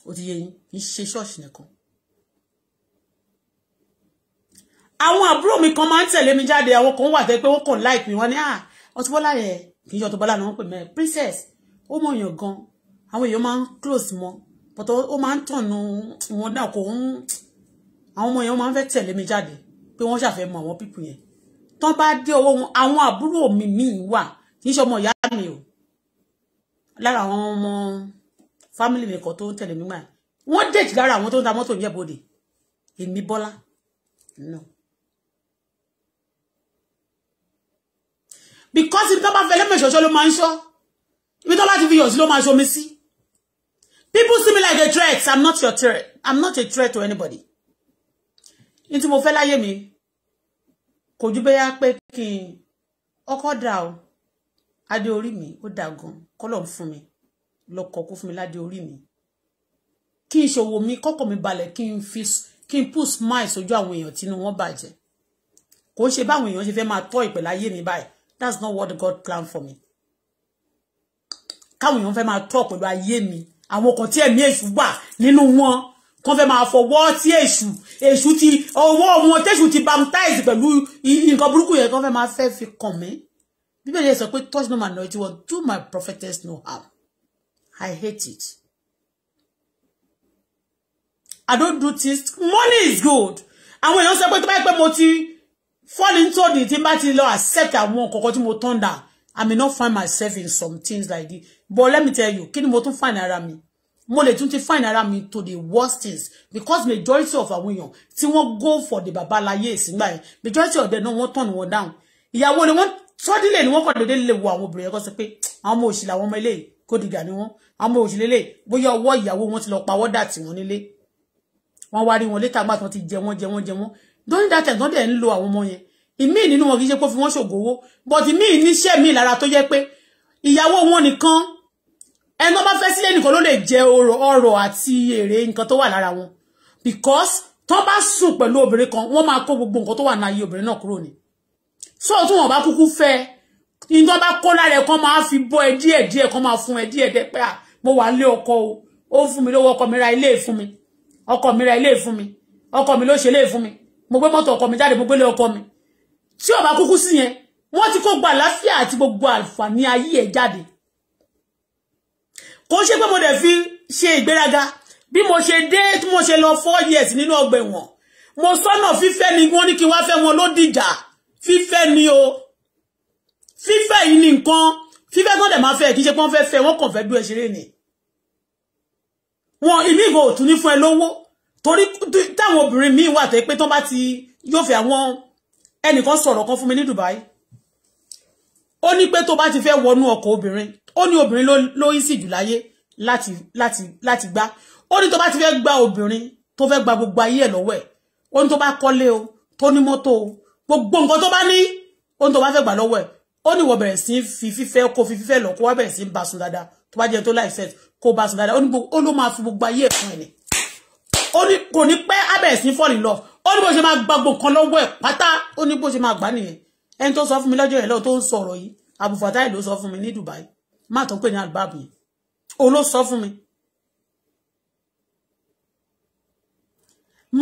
ó ti yé yín kì í ṣe ṣọ́ọ̀ṣì mi kan máa ń mi jade àwọn kan wà tẹ́ pé wọ́n kàn like mi wọ́n ní ah Auto Bola yẹn kì í ṣe Bola ni wọ́n pè mẹ́rin princess ó mọ̀ èèyàn gan àwọn èèyàn máa close mo, but ó máa ń tọ̀nù wọn náà kò ń àwọn ọmọ yẹn máa ń fẹ́ tẹ̀lé mi jáde pé wọ́n ṣàfẹ́ mọ people. pípù yẹn tán bá dé ọwọ́ wọn àwọn àbúrò mi wa, wà kì í ṣe mi o lára àwọn ọmọ family mi kan tó ń tẹ̀lé mi gbà wọ́n dèjì lára àwọn tó ń ta mọ́tò ní ẹ̀bọ̀dè èmi bọ́lá no. because ibi tó bá fẹ́ lẹ́mọ̀ ìṣọ̀ṣọ́ ló máa ń ṣọ́ ibi tó bá ti fi yọ̀ sí ló máa ṣomi sí people see me like a threat i'm not your threat i'm not a threat to anybody Into tí mo fẹ́ láyé mi kò ju bẹ́yà pé kí n o adé orí mi ó dà gan kọ́lọ̀ fún mi lọkọ kó fún mi ládé orí mi kí n ṣòwò mi kọ́kọ́ mi balẹ̀ kí n fi kí n put smile sójú àwọn èèyàn tínú wọn bàjẹ́ kò ṣe báwọn èèyàn ṣe fẹ́ máa tọ́ ìpẹ̀lú ayé mi báyìí that's not what God planned for me káwọn èèyàn fẹ́ máa tọ́ pẹ̀lú ayé mi àwọn kan tí ẹ̀mí èṣù wà nínú wọn kan fẹ́ máa fọwọ́ tí èṣù èṣù ti ọwọ́ wọn tẹ̀ṣù ti baptize pẹ̀lú nǹkan burúkú yẹn kan fẹ́ máa fẹ́ fi kàn mí bíbélì sọ pé touch no man no do my prophetess no harm I hate it. I don't do things. Money is good. and when you pé tó bá pẹ́ mo ti fall into the tí bá ti lọ accept that kọ̀ọ̀kan tí mo turn down. I may not find myself in some things like this. But let me tell you, kí you mo find around me. Mo don't find around me to the worst things because majority of our èèyàn tí wọ́n go for the babaláyé ìsìngbà yẹn majority of them don't want to turn one down. Ìyàwó ni wọ́n sọ́dílé ni one kọ̀ dédé lè wo àwọn obìnrin ẹ̀kọ́ sí pé àwọn ọmọ òṣìlẹ̀ àwọn ọmọ eléyìí kódìgà ni wọ́n àwọn ọmọ òṣìlélẹ̀ bóyá ọwọ́ ìyàwó wọn ti lọ pawọ́ dà tí wọ́n nílé wọ́n wá rí wọn létà gbà tí wọ́n ti jẹ wọ́n jẹ wọ́n jẹ wọ́n dóní dátẹ̀ tó dẹ̀ ń lo àwọn ọmọ yẹn ìmíì nínú wọn kì í ṣe pé fi wọ́n ṣògo owó but ìmíì níṣẹ́ míì lára tó jẹ́ pé ìyàwó wọn nìkan ẹni tó bá fẹ́ sílé nìkan ló lè jẹ ọrọ̀ àti èrè nǹkan tó wà lára wọn because tó bá sùn pẹ̀lú obìnrin kan wọ́n máa kó gbogbo nǹkan tó wà náà ayé obìnrin náà kúrò ni so tí wọn bá kúkú fẹ́ in tó bá kó lára ẹ̀ kan máa fi bọ́ ẹ díẹ̀ díẹ̀ kan máa fún ẹ díẹ̀ díẹ̀ pé à mo wà lé ọkọ o ó fún mi lówó ọkọ mi ra ilé fún mi ọkọ mi ra ilé fún mi ọkọ mi ló ṣe ilé fún mi mo gbé mọ́tò ọkọ mi jáde mo gbé lé ọkọ mi tí ó bá kúkú sí yẹn wọ́n ti kó gba àlàáfíà àti gbogbo àǹfààní ayé ẹ̀ jáde kò ṣe pé mo de fi ṣe ìgbéraga bi mo ṣe dé tí mo ṣe lọ four years nínú ọgbà ẹ̀wọ̀n mo sọ́nà fífẹ́ ni wọ́n ní kí wá fẹ́ wọn ló dìjà fífẹ́ ni o fífẹ́ yìí ní nǹkan fífẹ́ kan dẹ̀ máa fẹ́ kí ṣe pọ́n fẹ́ fẹ́ wọ́n kàn fẹ́ bí ẹ ṣeré ni wọn ìmí ìgò òtún ní fún ẹ lówó torí táwọn obìnrin míì wà tẹ́ pé tán bá ti yóò fẹ́ àwọn ẹnìkan sọ̀rọ̀ kan fún mi ní Dubai ó ní pé tó bá ti fẹ́ wọnú ọkọ̀ obìnrin ó ní obìnrin ló ń sì jù láyé láti láti láti gbá ó ní tó bá ti fẹ́ gba obìnrin tó fẹ́ gba gbogbo ayé ẹ̀ lọ́wọ́ ẹ̀ ó ní tó bá kọ́lé o tó ní mọ́tò o gbogbo nǹkan tó bá ní ó ní tó bá fẹ́ gbà lọ́wọ́ ẹ̀ ó ní wọ́n bẹ̀rẹ̀ sí fi fífẹ́ kó fi fífẹ́ lọ kó wá bẹ̀rẹ̀ sí bá sùn dáadáa tó bá jẹ́ tó láì sẹ́t kó bá sùn dáadáa ó ló máa fi gbogbo ayé ẹ̀fún ẹ̀ ni ó ní kò ní pẹ́ á bẹ̀rẹ̀ sí fall in love ó ní bó ṣe máa gba gbogbo kan lọ́wọ́ ẹ̀ pátá ó ní bó ṣe máa gbà nìyẹn ẹni tó sọ fún mi lọ́jọ́ yẹn lọ́wọ́ tó ń sọ̀rọ̀ yìí àbùfàtáì ló sọ fún mi ní Dubai má tó pè ní albab yẹn òun ló sọ fún mi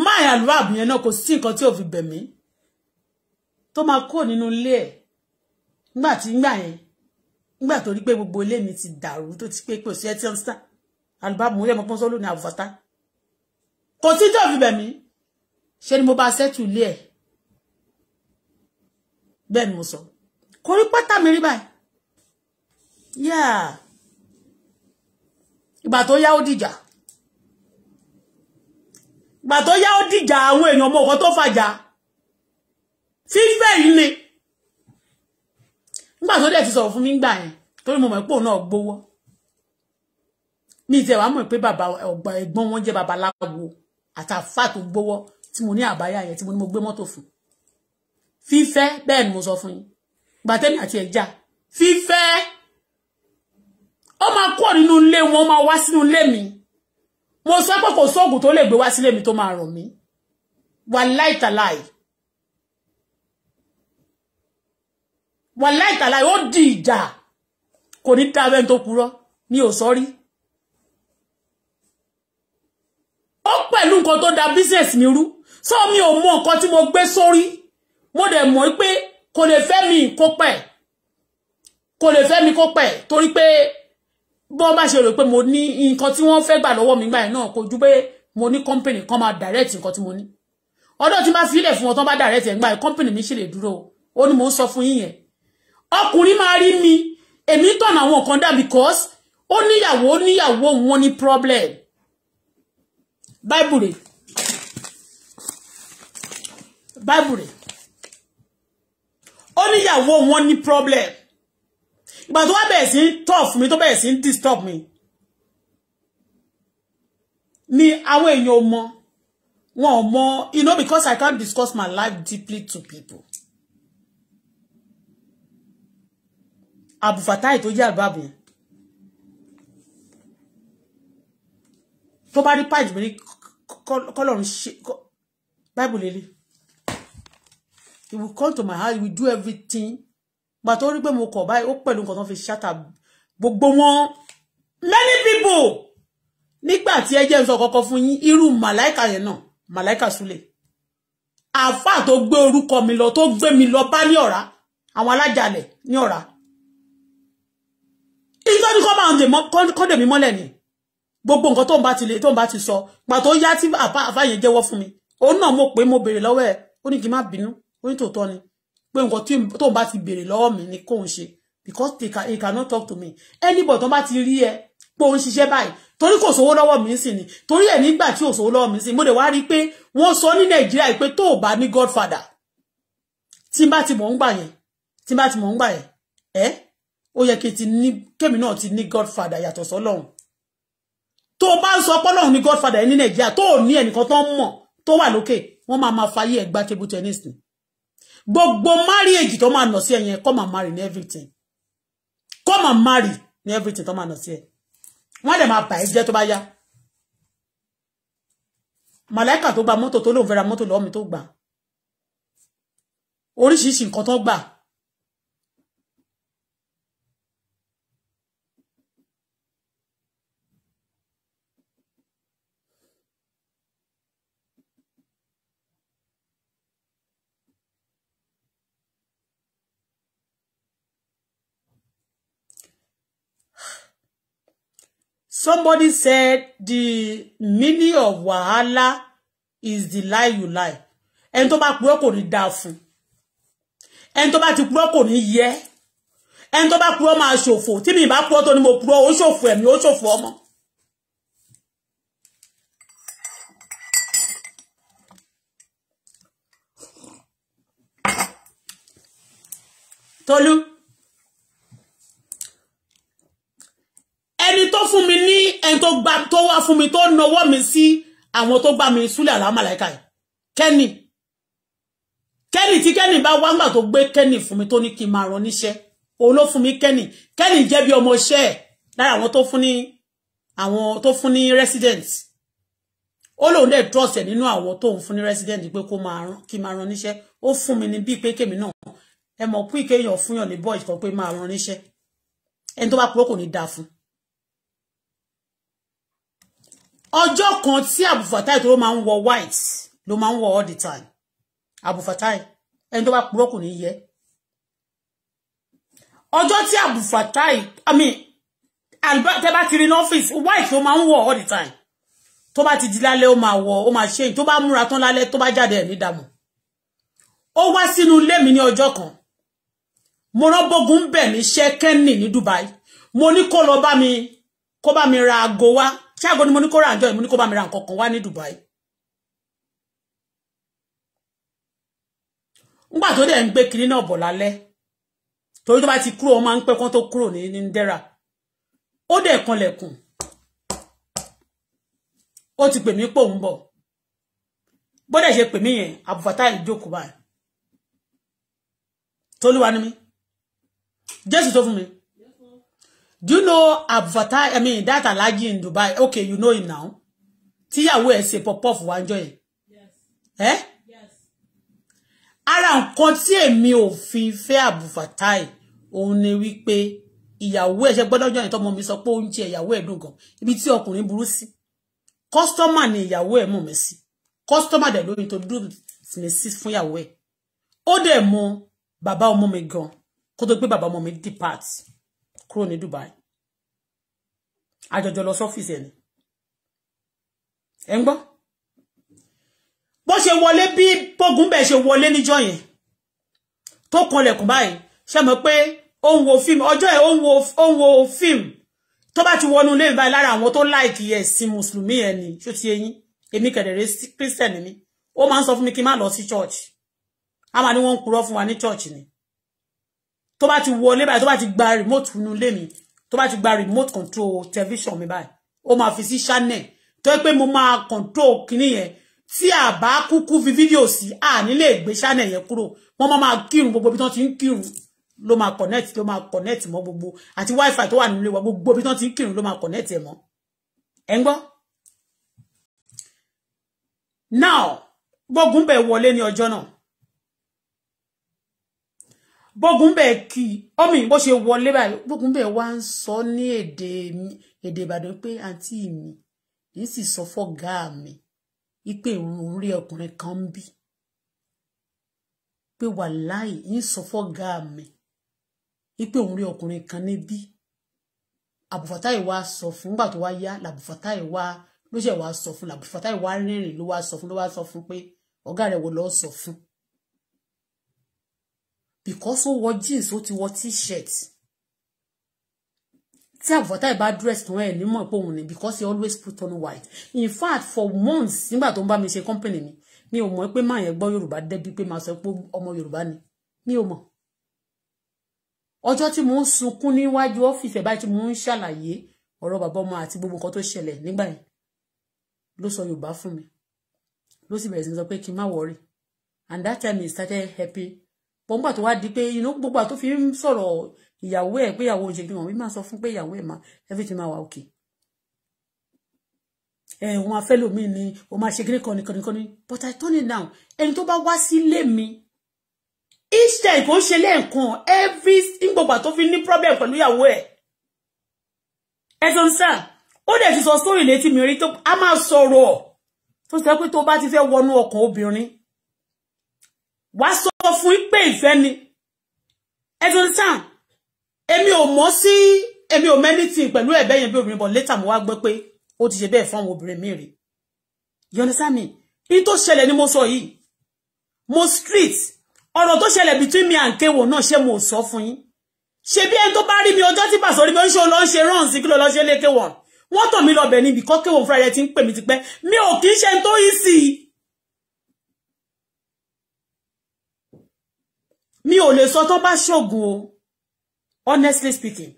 máa albab yẹn náà kò sí nǹkan tí ò fi bẹ̀ mí tó máa kó nínú ilé ẹ̀ nígbà tí ngbà yẹn nígbà tó rí pé gbogbo ilé mi ti dàrú tó ti pé kò sí ẹ ti ń sá alùbámu rẹ mọpọ́n sọ́lù ní àbùfátá kò sí tó fi bẹ̀ mí ṣe ni mo bá ṣẹ́tù ilé ẹ̀ bẹ́ẹ̀ ni mo sọ kò rí pátá mi rí báyìí yáà ìgbà tó yá ó dìjà ìgbà tó yá ó dìjà àwọn èèyàn ọmọ ọkọ tó fàjà fífẹ́ yìí ni nígbà tó dẹ̀ ti sọ̀rọ̀ fún mi gbà yẹn torí mo mọ̀ pé òun náà gbowó mi ìtẹ̀ wàá mọ̀ pé bàbá ọ̀gbà ẹ̀gbọ́n wọn jẹ́ babaláwo àtàfà tó gbowó tí mo ní àbáyá yẹn tí mo ní mo gbé mọ́tò fún fífẹ́ bẹ́ẹ̀ ni mo sọ fún yín gbàtẹ́mi àti ẹ̀já fífẹ́ ó máa kúrò nínú ilé wọn ó máa wá sínú ilé mi mo sọ pé kò sóògùn tó lè gbé wá sílé mi tó máa ràn mí wà láìtàláì wà láìtàlá ó di ìjà kò ní dá abẹ́ni tó purọ́ mi ò sọ́rí ó pẹ̀lú nǹkan tó da business mi rú sọ mi ò mọ nǹkan tí mo gbé sórí mo dẹ̀ mọ̀ pé kò lè fẹ́ mi kó pẹ̀ kò lè fẹ́ mi kó pẹ̀ torí pé bó bá ṣe rò pé mo ní nǹkan tí wọ́n fẹ́ gbà lọ́wọ́ mi gbà yẹn náà kò ju pé mo ní company kan máa direct nǹkan tí mo ní ọdọ́ tí máa fi ilẹ̀ fún wọn tán bá direct ẹ̀ ń gbà yẹn company mi ṣì lè dúró o ní mo ń sọ fún yín yẹn ọkùnrin máa rí mi èmi tọ̀nà àwọn kan dà because ó níyàwó ó níyàwó wọn ní problem Bible. rè báìbù rè ó níyàwó wọn ní problem ìgbà tó wá bẹ̀rẹ̀ sí tọ̀ fún mi tó bẹ̀rẹ̀ sí disturb mi ni àwọn èèyàn ò mọ wọn ò mọ you know because I can't discuss my life deeply to people àbùfàtáì tó jẹ́ àbábù tó bá rí páìtì mi ní kọ́lọ̀run ṣe báìbù lélẹ̀ he will come to my house he will do everything gba tó rí pé mo kọ̀ báyìí ó pẹ̀lú nǹkan tó fi ṣáta gbogbo wọn many people nígbà tí ẹ jẹ́ n sọ kọ́kọ́ fún yín irú màláìka yẹn náà màláìka súlẹ̀ àáfàá tó gbé orúkọ mi lọ tó gbé mi lọ bá ní ọ̀rá àwọn alájàlẹ̀ ní ọ̀rá nítorí kọ́ máa ń dè kọ́dẹ̀ mi mọ́lẹ̀ ni gbogbo nǹkan tó ń bá ti lè tó ń bá ti sọ pàtó yá tí àfáàyè jẹ́wọ́ fún mi òun náà mo pé mo béèrè lọ́wọ́ ẹ̀ ó ní kí n má bínú ó ní tòótọ́ ni pé nǹkan tó ń bá ti béèrè lọ́wọ́ mi ni kò ń ṣe because they he cannot talk to me anybody tó bá ti rí ẹ pé ó ń ṣiṣẹ́ báyìí torí kò sówó lọ́wọ́ mi sì ni torí ẹ̀ nígbà tí ò sówó lọ́wọ́ mi sì mo dẹ̀ wá rí i pé wọ́n sọ ní nàìjíríà pé tó o bá ní godfather tí n bá ti mọ̀ ń gbà yẹn tí n bá ti mọ̀ ń gbà yẹn ẹ́ eh? ó yẹ kí ti ní kémi náà ti ní godfather yàtọ̀ sọ́lọ́run tó bá ń sọ pọ́lọ́run ní godfather ní nàìjíríà tó ní ẹnìkan tó ń mọ̀ tó wà lókè wọ́n máa máa fayé ẹgbà table tennis ni gbogbo marriage tó máa nà sí ẹ̀yẹn come and marry ní everything come and marry ní everything tó máa nà sí ẹ̀ wọ́n dẹ̀ máa bà ẹ́ jẹ́ tó bá yá màláìkà tó gba mọ́tò tó lóun fẹ́ ra mọ́tò lọ́wọ́ tó gbà oríṣiríṣi nǹkan tó gbà Somebody said the meaning of wahala is the lie you lie. Ẹni tó bá purọ́ kò ní dáa fún. Ẹni tó bá ti purọ́ kò ní yẹ. Ẹni tó bá purọ́ máa ṣòfò. Tí mi bá purọ́ tó ni mo purọ́, ó ṣòfò ẹ̀mí, ó ṣòfò ọmọ. Tolu. fún mi ní ẹni tó gba tó wá fún mi tó nawọ́ mi sí àwọn tó gbá mi súlẹ̀ àlámàláìka yìí kẹ́nì kẹ́nì tí kẹ́nì bá wá ńgbà tó gbé kẹ́nì fún mi tó ní kí n máa rán níṣẹ́ òun ló fún mi kẹ́nì kẹ́nì jẹ́ bí ẹ̀ lára àwọn tó fún ní àwọn tó fún ní resident ó lóun dẹ̀ trust ẹ̀ nínú àwọn tóun fún ní resident pé kó máa rán kí n máa rán níṣẹ́ ó fún mi ní bíi pé kémi náà ẹ mọ̀ pé kéèyàn fúnyàn ní boys kan pé máa rán níṣẹ́ ẹni tó bá purọ́ kò ní dáa fún un ọjọ́ kan tí Abufatai tó máa ń wọ white ló máa ń wọ all the time Abufatai ẹni tó bá purọ́ kò ní yẹ ọjọ́ tí Abufatai i mean tẹ bá ti rí ní ọ́fíìsì white ló máa ń wọ all the time tó bá ti di lálẹ́ ó máa wọ ó máa ṣe tó bá múra tán lálẹ́ tó bá jáde ẹ̀mí dààmú ó wá sínú ilé mi ní ọjọ́ kan mo rán bógun bẹ̀ mí ṣẹ́ kẹ́nì ní Dubai mo ní kó lọ bá mi kó bá mi ra aago wá ṣáàgó ni mo ní kó ra àjọ yìí mo ní kó bá mi ra nǹkan kan wá ní Dubai ngbà tó dẹ̀ ń gbé kinní náà bọ̀ lálẹ́ torí tó bá ti kúrò wọn máa ń pẹ́ kán tó kúrò ní ní dẹ́ra ó dẹ̀ kanlẹ̀kùn ó ti pè mí pò ń bọ̀ bọ́dẹ̀ ṣe pè mí yẹn àbùfàtà ìjókòó báyìí tolúwa ni mí Jésù tó fún mi do you know advertise i mean that alaji in Dubai okay you know him now tíyàwó ẹ̀ ṣe pop off wájọ Yes. Eh? Yes. nǹkan tí èmi ò fi fẹ́ àbùfàtàì òun ni wípé ìyàwó ẹ̀ ṣe gbọ́dọ̀ jọ ìtọ́mọ mi sọ pé oúnjẹ ìyàwó ẹ̀ dùn gan ibi tí ọkùnrin burú sí kọ́sítọ́mà ni ìyàwó ẹ̀ mọ̀ mí sí kọ́sítọ́mà dẹ̀ ló introduce mi sí fún ìyàwó ẹ̀ ó dẹ̀ mọ bàbá ọmọ mi gan kó tó gbé bàbá ọmọ mi depart kúrò ní Dubai àjọjọ lọ sọ́fíìsì ẹ̀ ni ẹ̀ ń gbọ́ bó ṣe wọlé bí Bógúnbẹ̀ ṣe wọlé níjọ́ yẹn tó kanlẹ̀kùn báyìí ṣe mọ̀ pé ó ń wo fíìmù ọjọ́ ẹ̀ ó ń wo fíìmù tó bá ti wọnú ilé ìbáyìí lára àwọn tó láìkì ẹ̀sìn mùsùlùmí ẹ̀ ni ṣó ti eyín èmi kẹ̀dẹ̀rẹ́ kírísítẹ̀nì ni ó máa ń sọ fún mi kí n má lọ sí chọ́ọ̀chì a máa ní wọ́n ń purọ́ fún wa ní chọ́ọ̀chì ni tó bá ti wọlé báyìí tó bá ti gba remote nínú ilé mi tó bá ti gba remote control television mi báyìí ó máa fi sí channel tó pé mo máa control kinní yẹn tí a bá kúkú fi fídíò sí à nílé ìgbé channel yẹn kúrò wọ́n máa máa kírun gbogbo ibi tí wọ́n ti ń kírun ló máa connect ló máa connect mọ́ gbogbo àti wifi tó wà nínú ilé wa gbogbo ibi tí wọ́n ti ń kírun ló máa connect ẹ̀ mọ́ ẹ̀ ń gbọ́. now gbógun bẹ̀ wọlé ní ọjọ́ náà bógun bẹ́ẹ̀ kì í ọmọ ìbò ṣe wọlé báyìí bógun bẹ́ẹ̀ wá ń sọ ní èdè èdè ìbàdàn pé àǹtí mi yìí sì sọ fọ́gá mi wípé òun rí ọkùnrin kan ń bí pé wàláì yìí sọ fọ́gá mi wípé òun rí ọkùnrin kan níbí àbùfàtàì wa sọ fún gbà tó wá yá làbùfàtàì wa ló ṣẹ̀ wá sọ fún làbùfàtàì wa rìnrìn ló wá sọ fún ló wá sọ fún pé ọ̀gá rẹ̀ wò lọ́ọ́ sọ fún because ó wọ jeans ó ti wọ t-shirt tí àbọ̀tá ìbá dress tó ẹ̀ nímọ̀ pé òun ni because he always put on white in fact for months nígbà tó ń bá mi ṣe company mi mi ò mọ̀ pé máa yẹn gbọ́ yorùbá débi pé máa sọ pé ọmọ yorùbá ni mi ò mọ̀ ọjọ́ tí mo ń sunkún níwájú ọ́fíìsì ẹ̀ báyìí tí mo ń ṣàlàyé ọ̀rọ̀ bàbá ọmọ àti gbogbo nǹkan tó ṣẹlẹ̀ nígbà yẹn ló sọ yorùbá fún mi ló sì bẹ̀rẹ̀ sí sọ pé kí n má wọrí and that time he started helping bọ́ńgbà tó wá di pé inú gbogbo àtó fi ń sọ̀rọ̀ ìyàwó ẹ̀ pé ìyàwó òjèkì wọn máa sọ fún pé ìyàwó ẹ̀ máa everything máa wà òkè ẹ̀ wọn afẹ́lòmíì ni o máa ṣe kíní kọ́ni kọ́ni kọ́ni but I turn it down ẹni tó bá wá sílé mi each time kò ń ṣe lẹ́ẹ̀kan every gbogbo àtó fi ní problem pẹ̀lú ìyàwó ẹ̀ ẹ̀ tó ń sà ó dẹ̀ ti sọ sórí létí mi rí tó a máa sọ̀rọ̀ tó sọ pé tó bá ti fẹ́ wọnú ọkàn obìnrin wá sọ kọ́kọ́ fún yín pé ìfẹ́ ni ẹ̀sùn sàn èmi ò mọ̀ sí èmi ò mẹ́ni tì pẹ̀lú ẹ̀bẹ́ yẹn bí obìnrin bọ̀ létà mo wá gbọ́ pé ó ti ṣe bẹ́ẹ̀ fún àwọn obìnrin mi rè you understand me in tó ṣẹlẹ̀ ni mo sọ yìí mo street ọ̀rọ̀ tó ṣẹlẹ̀ between me and kéwò náà ṣé mo sọ fún yín ṣe bí ẹni tó bá rí mi ọjọ́ tí pàṣọ rí mi oníṣẹ́ lọ ń ṣe rán sí kí ló lọ ṣe lékè wọ̀n wọ́n tàn mí lọ bẹ̀ níbi kọ́kéwò fúnra rẹ̀ ti ń pè mí tipẹ́ mi ò kì í ṣe tó yìí sí i mi o le sọ tó bá ṣògùn o honestly speaking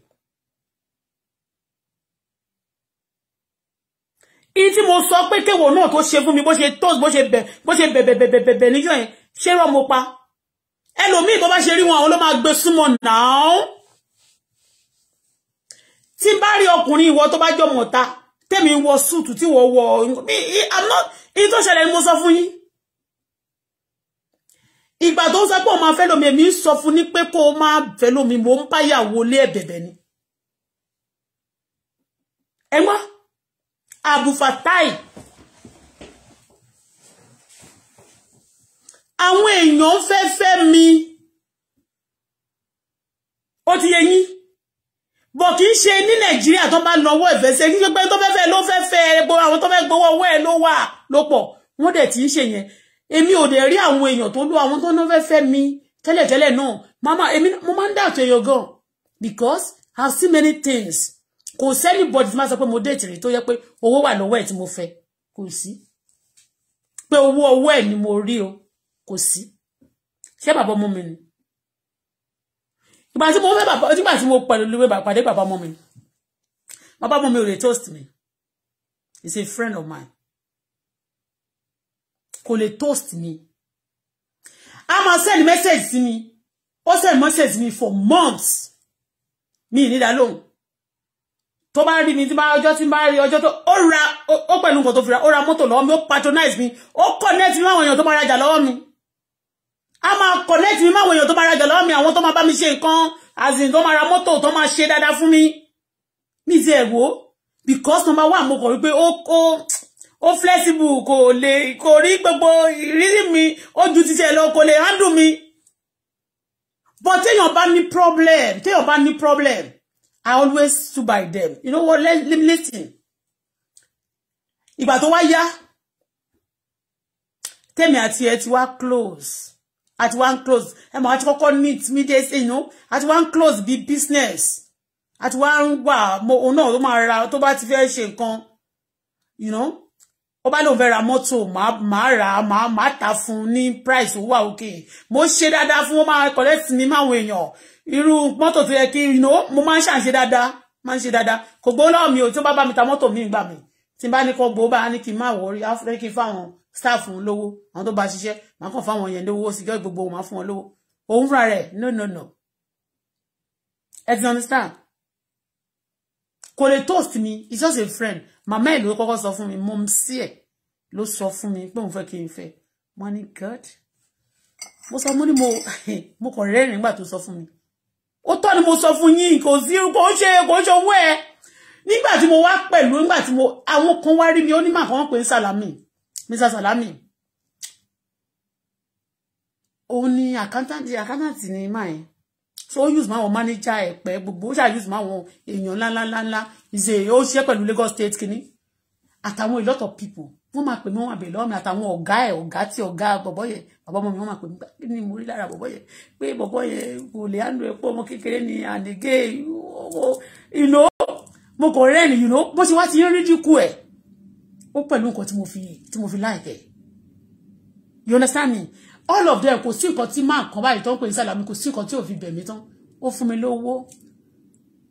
ìyí tí mo sọ pé kéwò náà tó ṣe fún mi bó ṣe tó bó ṣe be bó ṣe be be be be bẹ bẹ níjọ́ yẹn mo pa ẹlòmíì tó bá ṣe rí wọn àwọn ló máa gbé súnmọ́ náà ba n bá rí ọkùnrin ìwọ tó bá jọ mọ̀ta tèmi wọ súùtù tí wọ́n wọ ìyí tó ṣẹlẹ̀ ni mo sọ fún yín ìgbà tó ń sọ pé òun máa fẹ́ lómi èmi ń sọ fún ní pé kó o máa fẹ́ lómi mo ń báyàwó lé ẹ̀bẹ̀bẹ̀ ni ẹ wá Abufatai àwọn èèyàn fẹ́ fẹ́ mi ó ti yẹ yín bọ̀ kì í ṣe ní nàìjíríà tó bá lọ́wọ́ ẹ̀fẹ́ ṣe kí pé tó fẹ́ fẹ́ ló fẹ́ fẹ́ gbogbo àwọn tó fẹ́ gbowó owó ẹ̀ ló wà ló pọ̀ ti ń ṣe Emi ò dẹ̀ rí àwọn èèyàn tó lọ àwọn to náà fẹ́ fẹ́ mi tẹ́lẹ̀tẹ́lẹ̀ no, mama Emi, mo máa ń dà tó because I've seen many things kò sẹ́ni bọ́dì tí so sọ pé mo dé ìtìrì tó yẹ pé owó wà lọ́wọ́ ẹ̀ tí mo fẹ́ kò sí pé owó ọwọ́ ẹ̀ ni mo rí o kò sí ṣé bàbá ọmọ mi ni ìgbà tí mo fẹ́ bàbá nígbà tí mo pẹ̀lú pàdé bàbá ọmọ mi bàbá ọmọ mi ò lè toast mi he's a friend of mine kò lè toast me. a send message sí mi ó send message me for months mi ní ìdálóhùn tó bá rí mi tí bá ọjọ́ tí bá rí ọjọ́ tó ó ra ó pẹ̀lú nǹkan tó fi ra ó ra mọ́tò lọ́wọ́ mi ó patronize mi ó connect mi máwọn èèyàn tó máa rajà lọ́wọ́ mi a máa connect mi máwọn èèyàn tó máa rajà lọ́wọ́ mi àwọn tó máa bá mi ṣe nǹkan àzìn tó máa ra mọ́tò tó máa ṣe dáadáa fún mi mi ti ẹ̀ wò because number one mo kàn rí pé ó ó ó flexible kò lè kò rí gbogbo ìrírí mi ó ju ti tiẹ̀ lọ kò lè handle mi but téèyàn bá ní problem téèyàn bá ní problem I always stood by them you know what let me listen ìgbà tó wá yá tèmi àti ẹ ti wá close àti wá ń close ẹ mọ̀ àti kọ́kọ́ ní intermediate you know àti wá ń close Be business àti wá ń wà mo òun náà ló máa ra tó bá ti fẹ́ ṣe nǹkan you know ó bá lóun fẹ́ ra ma màá rà á màá màá tà fún price ó wà òkè mo ṣe dáadáa fún wọn máa collect ní máwọn èèyàn irú mọ́tò tó yẹ kí iná mo máa ń ṣàṣe dáadáa máa ń ṣe dáadáa kò gbowó mi ò tí ó bá bá mi ta mọ́tò mi gbà mí tí n bá ní kó gbowó bá ní kí n máa wọrí áfúrẹ́ kí n fáwọn staff ń lówó àwọn tó bá ṣiṣẹ́ màá kàn fáwọn yẹn lówó gbogbo wọn máa fún wọn lówó òun fúnra no no no ẹ ti understand kò lè toast me he's just a friend màmá ẹ̀ ló kọ́kọ́ sọ fún mi mọ́ sí ẹ̀ ló sọ fún mi pé òun fẹ́ kí n mo ní god mo sọ mo ní mo mo kàn rẹ́rìn nígbà tó sọ fún mi ó tọ́ ni mo sọ fún yín kò sí kò ṣe kò ṣe owó ẹ̀ nígbà tí mo wá pẹ̀lú nígbà tí mo àwọn kan wá rí mi ó ní màá kàn pé sàlámì mr sàlámì òun ni àkántáǹtì àkántáǹtì ni máa yẹn so use my own manager ẹ̀pẹ́ gbogbo ó ṣáà use máa wọn èèyàn ńláńláńlá ìṣe ó ṣiṣẹ́ pẹ̀lú Lagos state kínní àtàwọn a lot of people wọ́n máa pè mí wọ́n àbẹ̀ lọ́wọ́ mi àtàwọn ọ̀gá ẹ̀ ọ̀gá tí ọ̀gá bọ̀bọ̀ yẹn bàbá ọmọ mi wọ́n máa pè mí kí ni mo rí lára bọ̀bọ̀ yẹn pé bọ̀bọ̀ yẹn kò lè àánú ẹ̀ pé ọmọ kékeré ni àdégé ìlò mo kò You know, bó ṣe wá ti rí dínkù ẹ̀ ó pẹ̀lú nǹkan tí mo fi láìpẹ́ you understand me all of them kò sí nǹkan tí máa kàn báyìí tó ń pè ní sálàmù kò sí nǹkan tí ò fi bẹ̀ mí tán ó fún mi lówó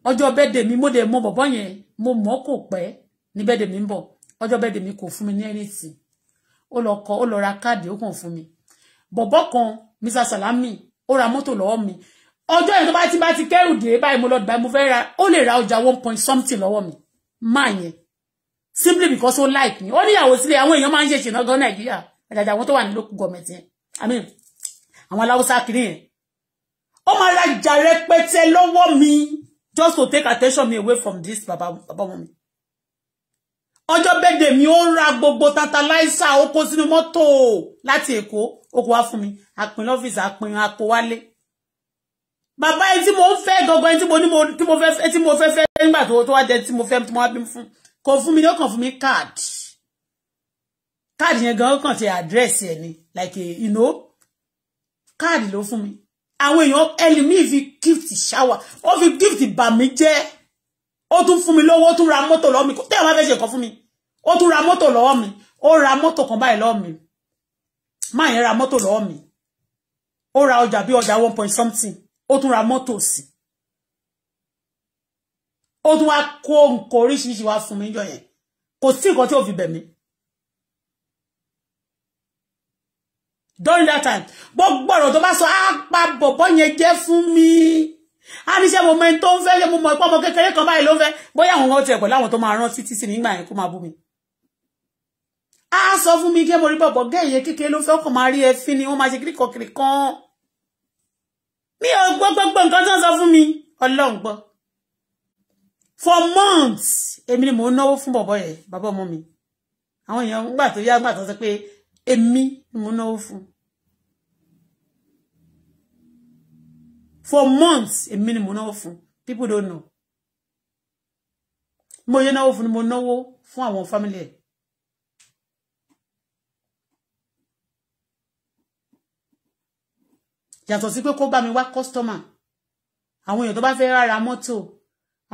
ọjọ́ bẹ́ẹ̀dẹ̀ mi mo dẹ̀ mọ bọ̀bọ́ yẹn mo mọ̀ kò pẹ́ ní bẹ́ẹ̀dẹ̀ mi ń bọ̀ ọjọ́ bẹ́ẹ̀dẹ̀ mi kò fún mi ní anything ó lọ kọ ó lọ ra káàdì ó kàn fún mi bọ̀bọ́ kan mr salami ó ra mọ́tò lọ́wọ́ mi ọjọ́ yẹn tó bá ti bá ti kẹ́rù dé báyìí mo lọ dìbà mo fẹ́ ra ó lè ra ọjà one point something lọ́wọ́ mi máa yẹn simply because ó like me ó níyàwó sílé àwọn èèyàn máa ń ṣe ìṣìnà gan nàìjíríà àjàjà àwọn tó wà ní local government yẹn i mean àwọn aláwùsá kìíní yẹn ó máa ra ìjà rẹpẹtẹ lọ́wọ́ mi just to take attention me away from this baba baba wọn mi ọjọ́ bẹ́ẹ̀dẹ̀ mi ó ra gbogbo tantalizer ó sínú mọ́tò láti èkó ó wá fún mi àpín lọ́fíìsì àpín àpò wálé bàbá ẹni tí mo ń fẹ́ gangan ẹni tí mo ní tí tí mo fẹ́ fẹ́ nígbà tó tó wá jẹ tí mo fẹ́ tí mo wá bí fún kò fún mi ní ó kàn fún mi káàdì káàdì yẹn gan kàn ti àdírẹ́sì ẹ̀ ni like eh, you know káàdì ló fún mi àwọn èèyàn ẹlòmíì fi gift shower ó fi gift bà mí jẹ́ ó tún fún mi lówó ó tún ra mọ́tò lọ́wọ́ mi tẹ́wọ́n bá fẹ́ ṣe nǹkan fún mi ó tún ra mọ́tò lọ́wọ́ mi ó ra mọ́tò kan báyìí lọ́wọ́ mi máa yẹn ra mọ́tò lọ́wọ́ mi ó ra ọjà bí ọjà one point something ó tún ra mọ́tò sí ó tún wá kó nǹkan oríṣiríṣi wá fún mi jọ yẹn kò sí nǹkan tí ò fi bẹ̀ mí during that time gbogbo ọ̀rọ̀ tó bá sọ á ah, pa bọ̀bọ̀ yẹn jẹ́ fún mi á ní ṣe mo mọ ẹni tó ń fẹ́ ṣe mo mọ ìpọ́nmọ kékeré kan báyìí ló ń fẹ́ bóyá àwọn ọtí ẹ̀pọ̀ láwọn tó máa rán títí sí nígbà yẹn kó máa bú mi. á sọ fún mi kí mo rí bọ̀bọ̀ gẹ́yẹ kékeré ló fẹ́ ọkàn máa rí ẹfin ni wọ́n máa ṣe kiri kọ̀kiri kan. mi ò gbọ́ gbogbo nǹkan tó ń sọ fún mi ọlọ́run gbọ́. for months èmi ni mò ń náwó fún bọ̀bọ̀ yẹn bàbá ọmọ mi àwọn èèyàn gbà tó yá gbà tó sọ pé èmi ni mò ń náwó fún un for months a minimum mo náwó people don't know mo ye na fún ni mo wo fun àwọn family ẹ̀. yàtọ̀ sí pé kó bá mi wa customer. àwọn èèyàn tó bá fẹ́ ra mọ́tò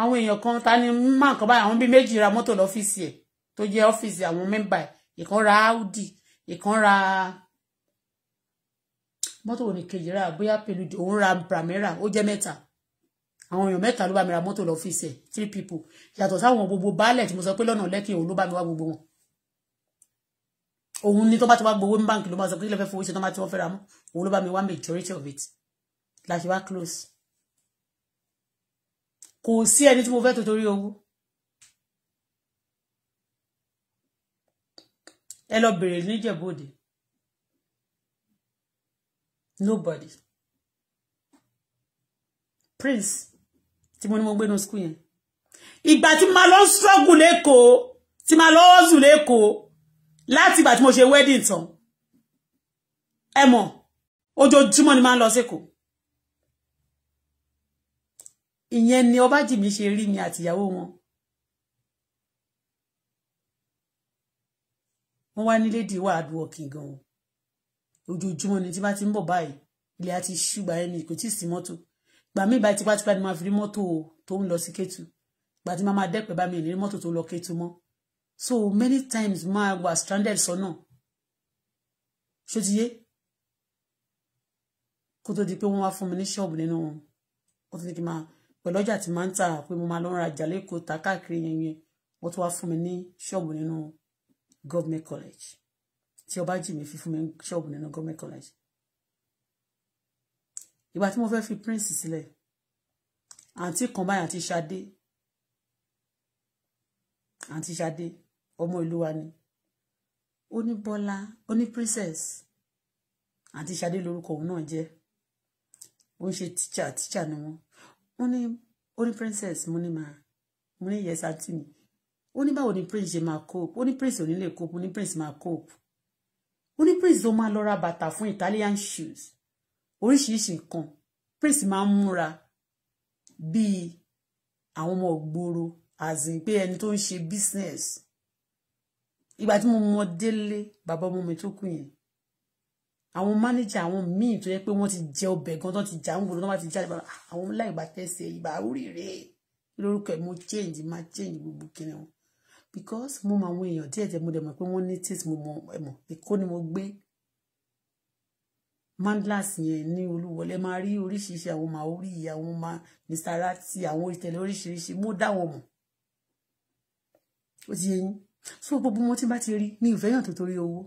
àwọn èèyàn kan ta ni má kan báyìí àwọn bíi méjì ra mọ́tò lọ́fíìsì ẹ̀ tó jẹ́ ọ́fíìsì àwọn mẹ́mbà ẹ̀ ìkan ra Audi ìkan ra mọ́tò wo ni kejì rà bóyá pẹ̀lú òun ra pramera ó jẹ́ mẹ́ta àwọn èèyàn mẹ́ta ló bá mi ra mọ́tò lọ́fíìsì ẹ̀ three people yàtọ̀ sáwọn gbogbo baálẹ̀ tí mo sọ pé lọ́nà lẹ́kì òun ló bá mi wá gbogbo wọn òun ni tó bá ti wá gbowó ní báńkì ló máa sọ pé kí fẹ́ fowó ṣe tó bá ti wọ́n fẹ́ ra mọ́ òun ló bá mi wá majority of it la ṣe wá close kò sí ẹni tí mo fẹ́ tó torí owó ẹ lọ bèrè níjẹ̀bọ́dẹ̀ nobody prince tí mo ní mo gbé nu school yẹn ìgbà tí ma lọ struggle lẹ́kọ̀ọ́ tí ma lọ hustle lẹ́kọ̀ọ́ láti ìgbà tí mo ṣe wedding tán ẹ mọ̀ ojoojúmọ́ ni máa ń lọ sẹ́kọ̀ọ́ ìyẹn ni ọbájìmí ṣe rí mi àtìyàwó wọn wọ́n wá ní lady wà working gan ojoojúmọ́ ni tí bá ti ń bọ̀ báyìí ilé àti ṣùgbà ẹni kò tí ì sí mọ́tò gbà mí báyìí tipátipá ni máa fi rí mọ́tò tó ń lọ sí Kétu gbà tí máa máa dẹ́pẹ́ bá mi ní rí mọ́tò tó lọ Kétu mọ́ so many times máa wà stranded sọ́nà ṣótiyé kó tó di pé wọ́n wá fún mi ní ṣọ́ọ̀bù nínú wọn ó tó di pé máa pẹ̀lú ọjà tí máa ń tà pé mo máa lọ ra àjàlẹ́kọ̀ọ́ ta káàkiri yẹn yẹn wọ́n tó wá fún mi ní ṣọ́ọ̀bù nínú government college tí ọba jì mí fi fún mi ṣọ́ọ̀bù nínú government college ìgbà tí mo fẹ́ fi prince sílẹ̀ àǹtí kan báyìí àǹtí Ṣadé àǹtí Ṣadé ọmọ ìlú wa ni ó ní Bọ́lá ó ní princess àǹtí Ṣadé lórúkọ òun náà jẹ́ ó ń ṣe tíṣà tíṣà ni wọ́n ó ní ó ní princess mo ní máa mo ní yẹsà tì mí ó ní báwo ni prince ṣe máa cope ó ní prince ò ní lè cope ó ní prince máa cope ó ní prince ló máa lọ ra bàtà fún italian shoes oríṣiríṣi nǹkan prince máa ń múra bíi àwọn ọmọ ògbóró àzìn pé ẹni tó ń ṣe business ìgbà tí mo mọ délé bàbá ọmọ mi tó kù yẹn àwọn mánéjà àwọn míì tó yẹ pé wọ́n ti jẹ ọbẹ̀ gan tó ti jà ń gbòòrò tó bá ti jáde bàbá àwọn láì bá tẹsẹ ìbá oríire lórúkọ ẹ mo change má change gbogbo kìnìún because mo mọ àwọn èèyàn díẹ̀ tẹ́ mo dẹ̀ mọ̀ pé wọ́n ní tíìsì mo mọ ẹ̀mọ̀ èkó ni mo gbé mandlas yẹn ní olúwọlé máa rí oríṣiríṣi àwọn maori àwọn ma mr rati àwọn ìtẹ̀lẹ̀ oríṣiríṣi mo dá wọn mọ̀ ó ti yẹ yín so gbogbo wọn tí bá ti rí ní ìfẹ́ yàn tó torí owó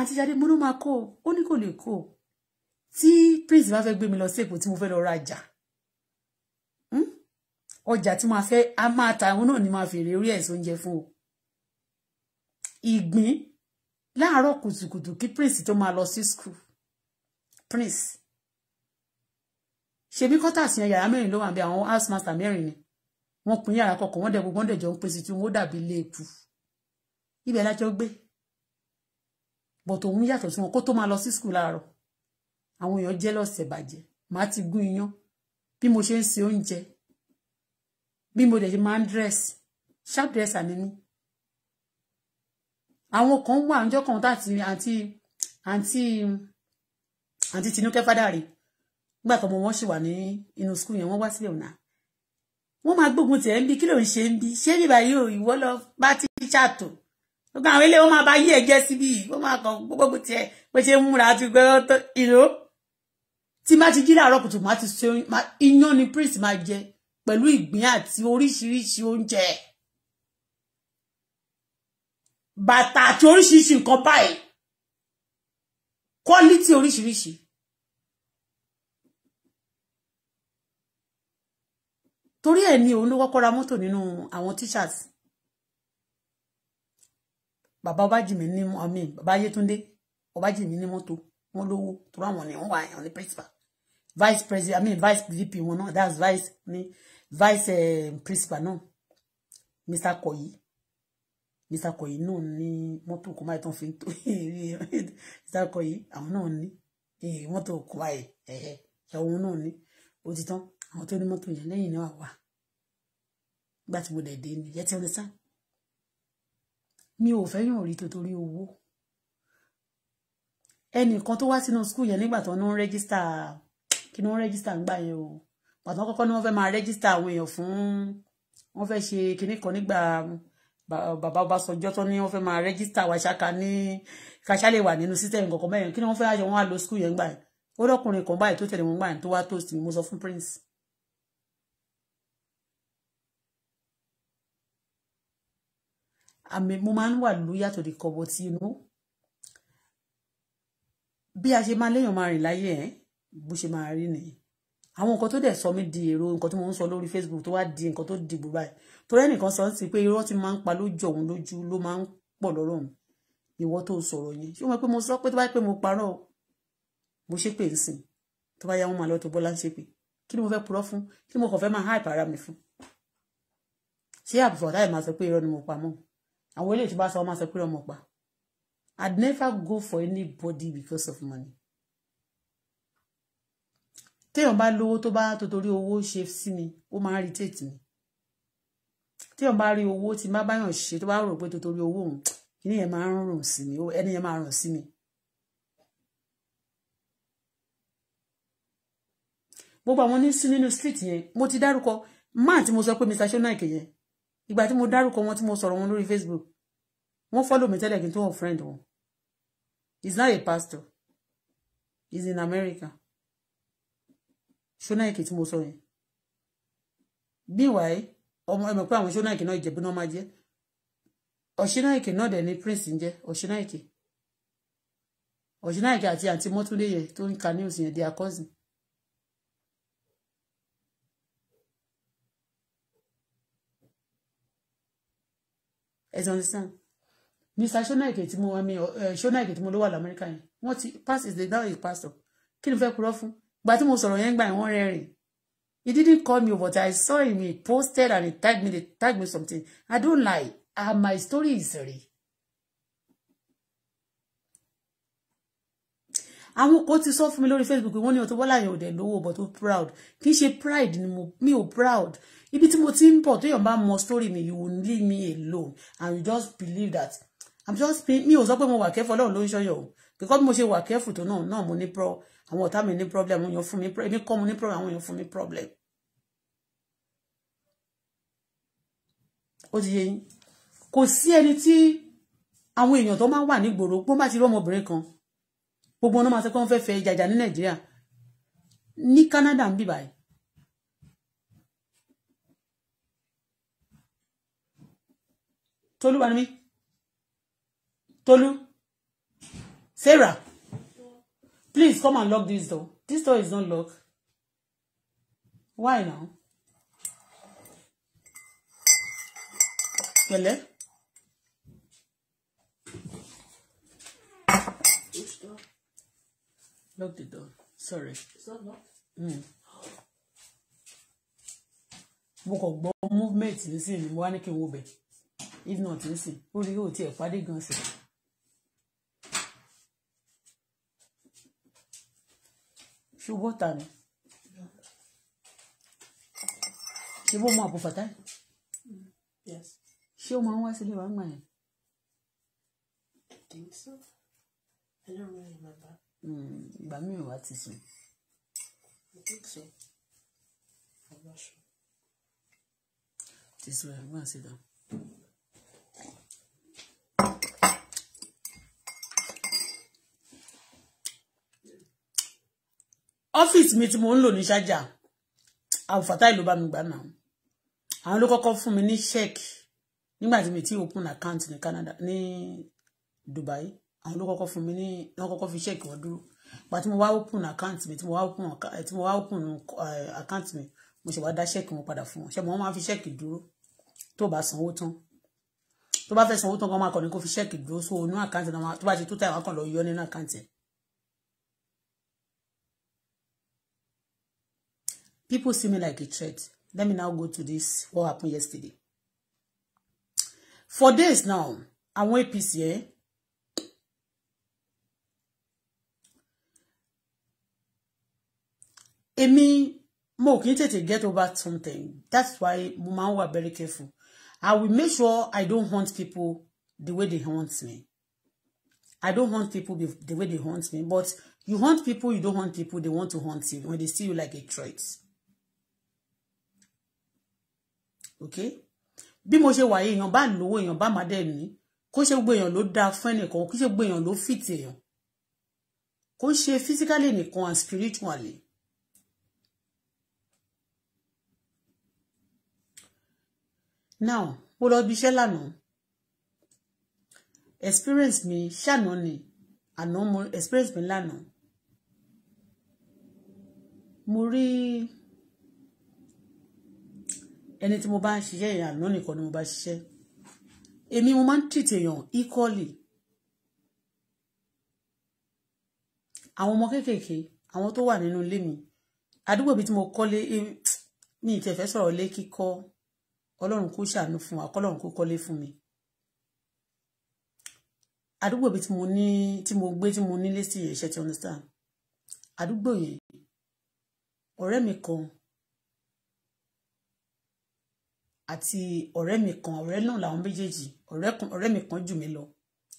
àtijọ́ mo ló máa kó o ó ní kò lè kó o tí prince bá fẹ́ gbé mi lọ sí èkó tí mo fẹ́ lọ rajà ọjà tí máa fẹ́ a máa ta àwọn náà ni máa fèrè orí ẹ̀sùn oúnjẹ fún o ìgbín láàárọ̀ kùtùkùtù kí prince tó máa lọ sí school prince ṣebí kọ́tà sí yàrá mẹ́rin ló wà bí àwọn house master mẹ́rin ni wọ́n pín yàrá kọ̀ọ̀kan wọ́n dẹ̀ gbogbo wọ́n dẹ̀ jọ ń pèsè tí wọ́n dàbí ilé eku ibẹ̀ lájọ gbé bọ̀ tòun yàtọ̀ sí wọn kó tó máa lọ sí school láàárọ̀ àwọn èèyàn jẹ́ lọ́sẹ̀ bàjẹ́ màá ti gún iyán bí mo ṣe ń se oúnjẹ bí mo dẹ̀ ṣe máa ń dress sharp dresser ni mí àwọn kan wà níjọ́ kan láti àǹtí àǹtí àǹtí tinúkẹ́ fádàrí nígbà tọmọ wọn ṣì wà ní inú skul yẹn wọ́n wá sílẹ̀ ọ̀nà wọ́n máa gbógun tẹ̀ ń bí kí ló ń ṣe ń bí ṣé bíbá yìí ò ìwọ lọ bá ti ṣàtò gbogbo àwọn ilé wọn máa bá yí ẹ̀jẹ̀ síbí wọ́n máa kàn gbogbo tiẹ̀ pé ṣe ń múra ti gbẹ ìró tí má ti jí láàárọ̀ kùtù má ti ṣe iyán ni prince máa jẹ pẹ̀lú ìgbín àti oríṣiríṣi oúnjẹ bàtà àti oríṣiríṣi nǹkan báyìí quality oríṣiríṣi. torí ẹ̀ ni òun ló kọ́kọ́ ra mọ́tò nínú àwọn teachers bàbá ọbájìmí ní ọmọ bàbá ayétúndé ọbájìmí ní mọ́tò wọn lówó torí àwọn ni wọn wà ní principal vice president i mean vice vp wọn náà that's vice ní vice eh, principal náà mr Koyi mr Koyi náà ní mọ́tò kó máa tán fi ń tó mr Koyi àwọn náà ní eh, mọ́tò kó máa ẹ̀ẹ́ ìyàwó náà ní ó ti tán àwọn tó ní mọ́tò yẹn lẹ́yìn náà wà gbà tí mo dẹ̀ dé ni yẹtí ọdún sáà mi ò fẹ́ yàn rí torí owó ẹnìkan tó wá sínú skul yẹn nígbà tó ń rẹ́gísítà kí ni wọ́n rẹ́gísítà ń gbà yẹn o pàtó kọ́kọ́ ni wọ́n fẹ́ máa rẹ́gísítà àwọn èèyàn fún wọ́n fẹ́ ṣe kinní kan nígbà bàbá Ọbásanjọ́ tó ní wọ́n fẹ́ máa rẹ́gísítà wa ṣáka ní kàṣà wà nínú sítẹ̀mù kọ̀ọ̀kan mẹ́rin kí ni wọ́n fẹ́ àṣẹ wọn á lọ skul yẹn gbà yẹn ó lọ́kùnrin kan báyìí tó tẹ̀lé wọn gbà yẹn tó wá toast ni mo sọ fún prince àmì mo máa ń wà lóyà tó di kọ̀bọ̀ tí inú bí a ṣe máa léèyàn máa rìn láyé ẹ̀ bó ṣe máa rí nìyẹn àwọn nǹkan tó dẹ̀ sọ mí di èrò nǹkan tí mo ń sọ lórí Facebook tó wá di nǹkan tó di gbogbo ẹ̀ torí ẹnìkan sọ sí pé irọ́ tí máa ń pa lójú òun lójú ló máa ń pọ̀ lọ́rọ̀ òun ìwọ tó sọ̀rọ̀ yẹn ṣé o mọ̀ pé mo sọ pé tó bá pé mo parọ́ mo ṣépè ń sìn tó bá yá wọn máa lọ tó bọ́lá ń ṣépè kí ni mo fẹ́ purọ́ fún kí ni mo kàn fẹ́ máa hype ara mi fún ṣé àbùfọ̀ táyà máa sọ pé irọ́ ni mo pa mọ́ àwọn eléyìí tó bá sọ wọn máa sọ pé irọ́ mo pa I'd never go for anybody because of money téèyàn bá lówó tó bá tòtórí owó ṣe sí mi ó máa ń rí tètè mi téèyàn bá rí owó tí má báyàn ṣe tó bá rò pé tòtórí owó òun kíní yẹn máa ń rùn sí mi ẹni yẹn máa rùn sí mi. gbogbo àwọn onísí nínú street yẹn mo ti dárúkọ máà tí mo sọ pé Mr. Shonaike yẹn ìgbà tí mo dárúkọ wọn tí mo sọ̀rọ̀ wọn lórí Facebook wọ́n follow mi tẹ́lẹ̀ kí n tó wọn friend wọn he's not a pastor he's in America ṣónáìkì tí mo sọ yẹn meanwhile ọmọ ẹ mọ̀ pé àwọn na náà ìjẹ̀bú náà máa jẹ́ ọ̀ṣínáìkì náà ni prince ń jẹ́ ọ̀ṣínáìkì ọ̀ṣínáìkì àti àǹtí mọ́túndé yẹn tó ń ka news yẹn their cousin ẹ̀sìn understand mr shonaike tí mo wa mí eh, shonaike tí mo ló wà lamẹ́ríkà yẹn wọ́n ti pass is the now is pastor kí ni fẹ́ purọ́ But tí mo sọ̀rọ̀ yẹn gbà wọ́n he didn't call me but I saw him he posted and he tagged me he tagged me something I don't lie ah my story is real. àwọn kan ti sọ fún mi lórí Facebook wọ́n ní Auto Bola yẹn ò dẹ̀ lówó but ó proud kì í pride ni mo proud ibi tí mo important. ń bọ̀ tó yàn story mi you will leave me alone and you just believe that i'm just mi ò sọ pé mo wà careful Ọlọ́run ló ń ṣọyọ o because mo ṣe wà careful tó náà náà mo ní àwọn ọ̀tá mi ní problem àwọn èèyàn fún mi èmi kọ́ mo ní problem àwọn èèyàn fún mi problem. ó ti yé yín kò sí ẹni tí àwọn èèyàn tó máa wà nígboro bó bá ti rí ọmọbìnrin kan gbogbo ọ̀nà máa sọ pé wọ́n fẹ́ fẹ́ jàjà ní nàìjíríà ní Canada ń bì báyìí. tolú wà ní mí tolú sarah Please come and lock this door. This door is not locked. Why now? Pẹ̀lẹ́. Which door? Lock the door. Sorry. It's not locked. Hmm. Mo kàn gbọ́ movement nísìnyí, mo wá ní kí n wo bẹ̀. If not nísìnyí, ó rí yóò tiẹ̀ pàdé gan-an sí ṣùgbọ́n ta ni ṣé bó mọ àbúfàtà yìí ṣé o máa ń wá sílé wa ń gbà yẹn. Hmm, ìgbà mi ò wá ti sùn. ti sùn ẹ̀ ń gbà sí i dán. ọ́fíìsì mi tí mo ń lò ní ṣájà àwòfàtà ìlú bá mi gbà náà àwọn ló kọ́kọ́ fún mi ní ṣẹ́ẹ̀kì nígbà tí mi ti open account ní Canada ní Dubai àwọn ló kọ́kọ́ fún mi ní wọ́n kọ́kọ́ fi ṣẹ́ẹ̀kì wọn dúró gba tí mo wá open account mi tí mo wá open tí mo wá open eh, account mi mo ṣe wá dá ṣẹ́ẹ̀kì wọn padà fún wọn ṣe mo máa fi ṣẹ́ẹ̀kì dúró tó bá sanwó tán tó bá fẹ́ sanwó tán kan máa kọ̀ ní kó fi ṣẹ́ẹ̀kì dúró so inú àkáǹtì náà tó bá ṣe tó tà ìwà kan lọ yọ nínú àkáǹtì ẹ̀ People see me like a threat. Let me now go to this, what happened yesterday. For days now, àwọn APC ẹ eh? Amy, mo kì í to get over something that's why mo máa ń very careful I will make sure I don't haunt people the way they haunt me I don't hunt people the way they haunt me but you haunt people you don't hunt people they want to haunt you when they see you like a threat. Ok, bí mo ṣe wà yìí èèyàn bá lówó èèyàn bá má dẹ̀ ní kó ṣe gbogbo èèyàn ló dáa fún ẹnìkan kó ṣe gbogbo èèyàn ló fìtì èèyàn kó ṣe physically nìkan and spiritually. now mo lọ bí iṣẹ́ lánàá experience mi ṣàná ni àná mo experience mi lánàá mo rí. Muri ẹni tí mo bá ṣiṣẹ́ yẹn àná nìkan ni mo bá ṣiṣẹ́ èmi mo máa ń treat èèyàn equally àwọn ọmọ kéékèèké àwọn tó wà nínú ilé mi àdúgbò bíi tí mo kọ́lé mi ìtẹ̀fẹ́ sọ̀rọ̀ lé kíkọ́ ọlọ́run kó ṣàánú fún wa kọ́lọ́run kó kọ́lé fún mi àdúgbò bíi tí mo ní tí mo gbé tí mo nílé sí yẹn ṣe ti understand àdúgbò yẹn ọ̀rẹ́ mi kan àti ọ̀rẹ́ mi kan ọ̀rẹ́ náà làwọn méjèèjì ọ̀rẹ́ mi kan jù mí lọ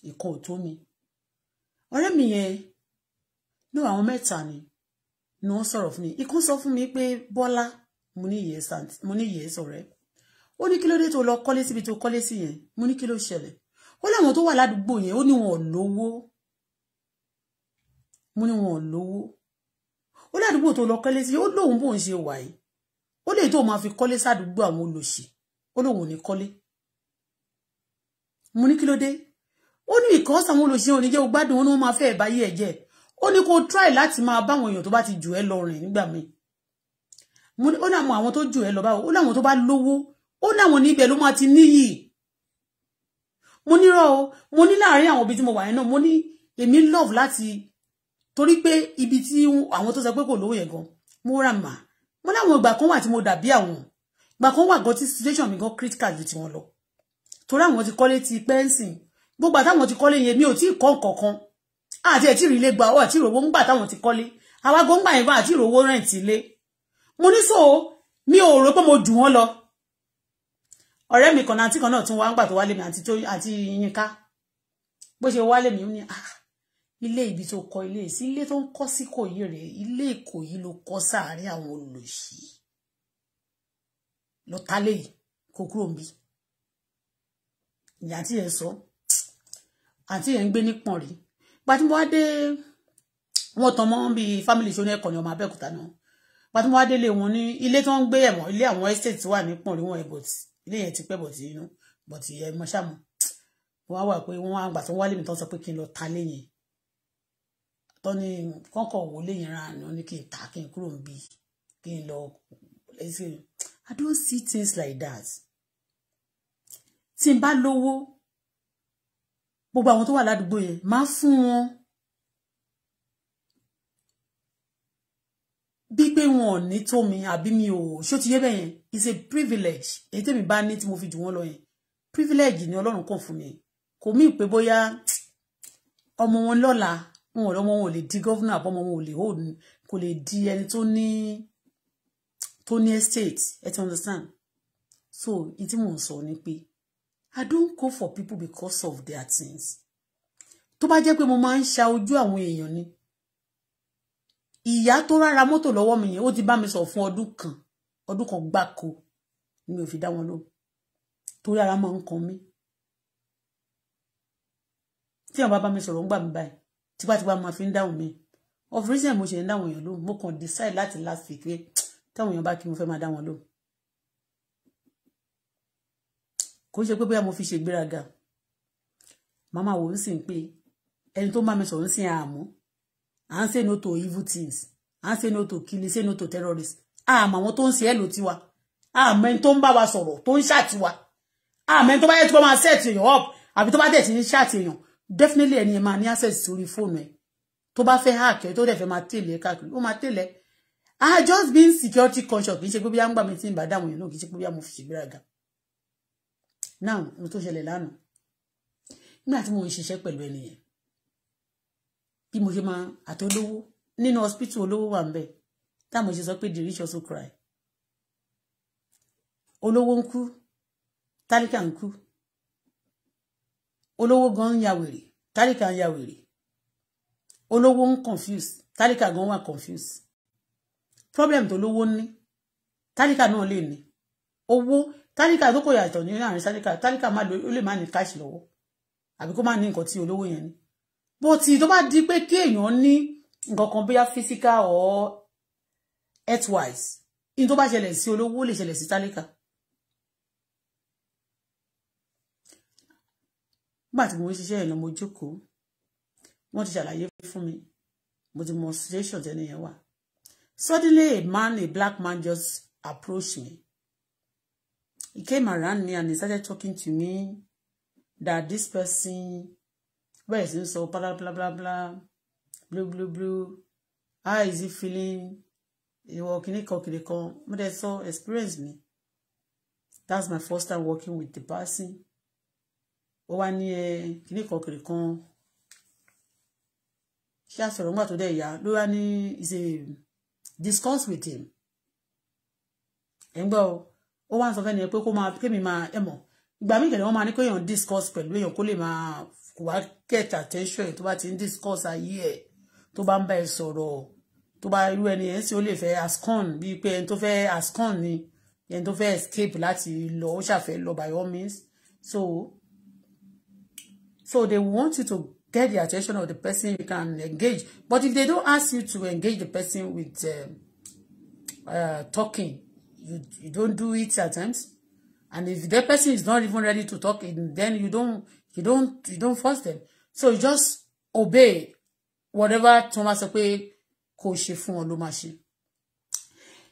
ìkan ò tó mi ọ̀rẹ́ mi yẹn ní àwọn mẹ́ta ni ni wọ́n sọ̀rọ̀ fún mi ìkan sọ fún mi pé Bọ́lá mo ní ìyẹ́ sọ̀rẹ́ ó ní kí ló dé tó lọ kọ́lé síbi tó kọ́lé sí yẹn mo ní kí ló ṣẹlẹ̀ ó láwọn tó wà ládùúgbò yẹn ó ní wọn ò lówó mo ní wọn ò lówó ó ládùúgbò tó lọ kọ́lé sí yẹn ó lóun bóun ṣe wà yìí ó lè tó máa fi kọ́lé sádùúgbò àwọn olòṣì ó lóun ò ní kọ́lé mo ní kí ló dé ó ní ìkọ́sí àwọn olùṣẹ́ oníjẹ́ ogbádùn ó ní wọ́n máa fẹ́ báyé ẹ̀ jẹ́ ó ní kó try láti máa báwọn èèyàn tó bá ti jù ẹ́ lọ rìn nígbà míì ó ní àwọn àwọn tó jù ẹ́ lọ báwo ó ní àwọn tó bá lówó ó ní àwọn níbẹ̀ ló máa ti níyì mo nírọ̀ o mo ní láàárín àwọn ibi tí mo wà yẹn náà mo ní èmi love láti torí pé ibi tí àwọn tó sọ pé kò lówó yẹn gan mo rà mà mo láwọn ìgbà kan wà tí mo dàbí àwọn gbà kan wà gan tí situation mi gan critical ju tiwọn lọ torí àwọn ti kọ́lé ti pẹ́ǹsìn gbogbo àtàwọn ti kọ́lé yẹn mi ò tí ì kọ́ nǹkan kan àti ẹ̀ tí ì rí ilé gba ọ̀ àti ìròwó ń gbà táwọn ti kọ́lé àwa gan gbà yẹn bá àti ìròwó rẹ̀ǹtì ilé mo ní so mi ò rò pé mo jù wọ́n lọ ọ̀rẹ́ mi kan àǹtí kan náà tún wá ń gbà tó wálé mi àti àti Yínká bó ṣe wálé mi ó ní ah ilé ibi tó kọ́ ilé sí ilé tó ń kọ́ sí kò yí rèé ilé Ìkòyí ló kọ́ sáàárín àwọn olùsí lo ta léyìí kó kúrò ń bí ìyá àti yẹn sọ àti yẹn ń gbé ní pọ̀n rí pàtí mo wá de wọn tán mọ́ bí family ṣó ní ẹ̀kọ́ ní ọmọ abẹ́òkúta náà pàtí mo wá délé wọn ní ilé tí wọ́n ń gbé ẹ̀mọ́ ilé àwọn estate wà ní pọ̀n rí wọn ẹ̀bọ̀tì ilé yẹn ti pẹ́ bọ̀tì inú bọ̀tì ẹ̀ mọ́ ṣàmù wọ́n á wà pé wọ́n á gbà tó wálé mi tán sọ pé kí n lọ ta léyìn ni kọ́kọ́ wò léyìn ra àná ní kí n ta kí n kúrò ń bí kí I don't see things like that. Tí n bá lówó, gbogbo àwọn tó wà ládùúgbò yẹn, máa fún wọn. Bí pé wọn ò ní tó mi àbí mi ò ṣó ti yé bẹ́ẹ̀ yẹn, it's a privilege. Èyí tèmi bá ní tí mo fi jù wọ́n lọ yẹn. Privilege ni Ọlọ́run kàn fún mi. Kò mí pé bóyá ọmọ wọn lọ́la, wọn ò lọ́mọ wọn ò lè di gọ́vnà àbọ̀mọ wọn ò lè hold kò lè di ẹni tó ní. Ni tó ní estate ẹ ti understand so ìtí mò ń sọ ni pé I don't go for people because of their things tó bá jẹ́ pé mo máa ń ṣa ojú àwọn èèyàn ni ìyá tó rárá mọ́tò lọ́wọ́ mi yẹn ó ti bá mi sọ fún ọdún kan ọdún kan gbáko ni mi ò fi dá wọn lóhùn torí ara máa ń kan mí tí àwọn bàbá mi sọ̀rọ̀ ń gbà mí báyìí tipátipá máa fi ń dáhùn mi of reason mo ṣe ń dáhùn èèyàn lóhùn mo kàn decide láti last week pé táwọn èèyàn bá kí mo fẹ́ máa dá wọn lóhùn kò ṣe pé bóyá mo fi ṣe gbéraga màmá wò ń sìn pé ẹni tó má mi sọ̀rọ̀ ń sìn àmọ́ à ń say no to evil things à ń say no to killing say no to terrorists àmọ́ àwọn tó ń ṣe ẹ̀ ló tiwa àmọ́ ẹni tó ń bá wa sọ̀rọ̀ tó ń ṣàtiwa àmọ́ ẹni tó bá yẹ tí wọ́n máa set èèyàn up àbí tó bá dẹ̀ ti ń ṣàtìyàn definitely ẹni ẹ̀ máa ní access sórí fóònù ẹ̀ tó bá fẹ́ hack ẹ̀ tó dẹ̀ fẹ́ máa tẹ̀lé káàkiri ó máa tẹ̀lé ẹ̀ I had just been security conscious kì í ṣe pé bí a ń gbà mí tí ń bá dáhùn yẹn náà kì í ṣe pé bí a mo fi ṣègbéraga now mo tó ṣẹlẹ̀ lánàá nígbà tí mo ń ṣiṣẹ́ pẹ̀lú ẹni yẹn bí mo ṣe máa àtolówó nínú hospital olówó wà ń bẹ̀ táwọn ṣe sọ pé the rich also cry olówó ń kú tálíkà ń kú olówó gan ń ya wèrè tálíkà ń ya wèrè olówó ń confuse tálíkà gan wà confuse problem tó lówó talika tálíkà náà lè ní owó tálíkà tó kò yàtọ̀ ní àárín tálíkà tálíkà má ó lè má ní cash lọ́wọ́ àbí kó má ní nǹkan tí olówó yẹn ní bó ti tó bá di pé kí èèyàn ní nǹkan kan bóyá physical or health-wise ní tó bá ṣẹlẹ̀ sí olówó lè ṣẹlẹ̀ sí tálíkà. nígbà mo ń ṣiṣẹ́ ìnáwó jókòó wọ́n ti ṣàlàyé fún mi mo ti mọ situation tẹ́niyẹn wà Suddenly, a man, a black man, just approached me. He came around me and he started talking to me that this person, where is he? So, blah, blah, blah, blah, blue, blue, blue. How is he feeling? He Ìwọ kìíní kan kìíní Come? Mo dẹ̀ sọ experience me. That's my first time working with the person. Ó wá ní ẹ kìíní kan Come? kan. Ṣé àṣọ̀rọ̀ ńgbà tó dẹ̀ yá ló wá ní ìṣe discuss with him ẹ̀ ń gbọ́ o ó wá ń sọ fẹ́ni pé kó máa kémi máa ẹ̀ mọ̀ ìgbà mí kẹ̀lẹ́ wọ́n máa ní kó èèyàn discuss pẹ̀lú èèyàn kó lè máa wá get attention ẹ̀ tó bá ti ń discuss ayé ẹ̀ tó bá ń bá ẹ sọ̀rọ̀ tó bá irú ẹni yẹn sì ó lè fẹ́ ascon bíi pé ẹni tó fẹ́ ascon ni ẹni tó fẹ́ escape láti lọ ó ṣàfẹ́ lọ by all means so so they want you to get the attention of the person you can engage but if they don't ask you to engage the person with uh, uh, talking you, you don't do it at times and if the person is not even ready to talk then you don't you don't you don't force them so you just obey whatever tí wọ́n bá sọ pé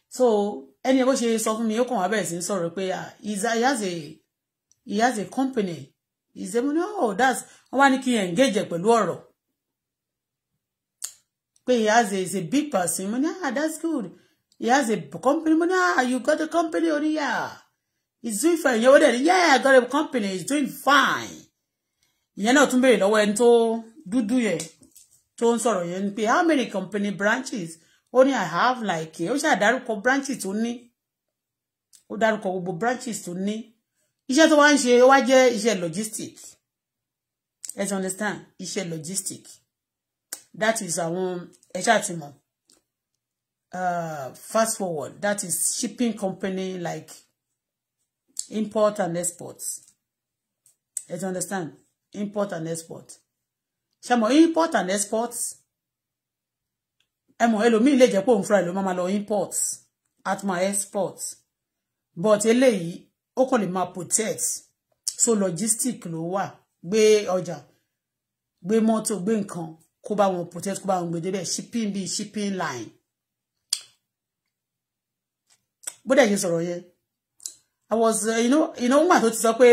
so ẹni ẹ bó ṣe me fún mi ó kàn wá bẹ̀rẹ̀ ah, he has a he has a company ìṣẹ́mu ní oh that's wọ́n wá ní kí n engage pẹ̀lú ọ̀rọ̀ pé he has a he's a big person mo ní ah that's good he has a company mo ní ah you got a company oní yà he's doing fine ìyẹn wọ́n dẹ̀ yeah I got a company he's doing fine ìyẹn náà tún béèrè lọ́wọ́ ẹni tó dúdú yẹn tó ń sọ̀rọ̀ yẹn pé how many company branches ó ní I have like ó ṣàdárúkọ branches tó ní ó dárúkọ gbogbo branches tó ní iṣẹ́ tó wá ń ṣe ó wá jẹ́ iṣẹ́ logistic ẹ ti understand iṣẹ́ logistic that is àwọn ẹ ṣáà ti mọ̀ uh, fast forward that is shipping company like import and export ẹ ti understand import and export ṣe import and export ẹ mọ̀ ẹlòmíì lè jẹ́ pé òun fúnra ẹ̀ ló máa lọ import at my export but eléyìí ó kàn lè máa protect so logistic lo wa gbé oja gbé moto gbé nǹkan kó bá wọn protect kó bá wọn gbé débẹ̀ shipping bíi shipping line bó dẹ̀ ṣe sọ̀rọ̀ yẹn I was uh, you know you know woman tó ti sọ pé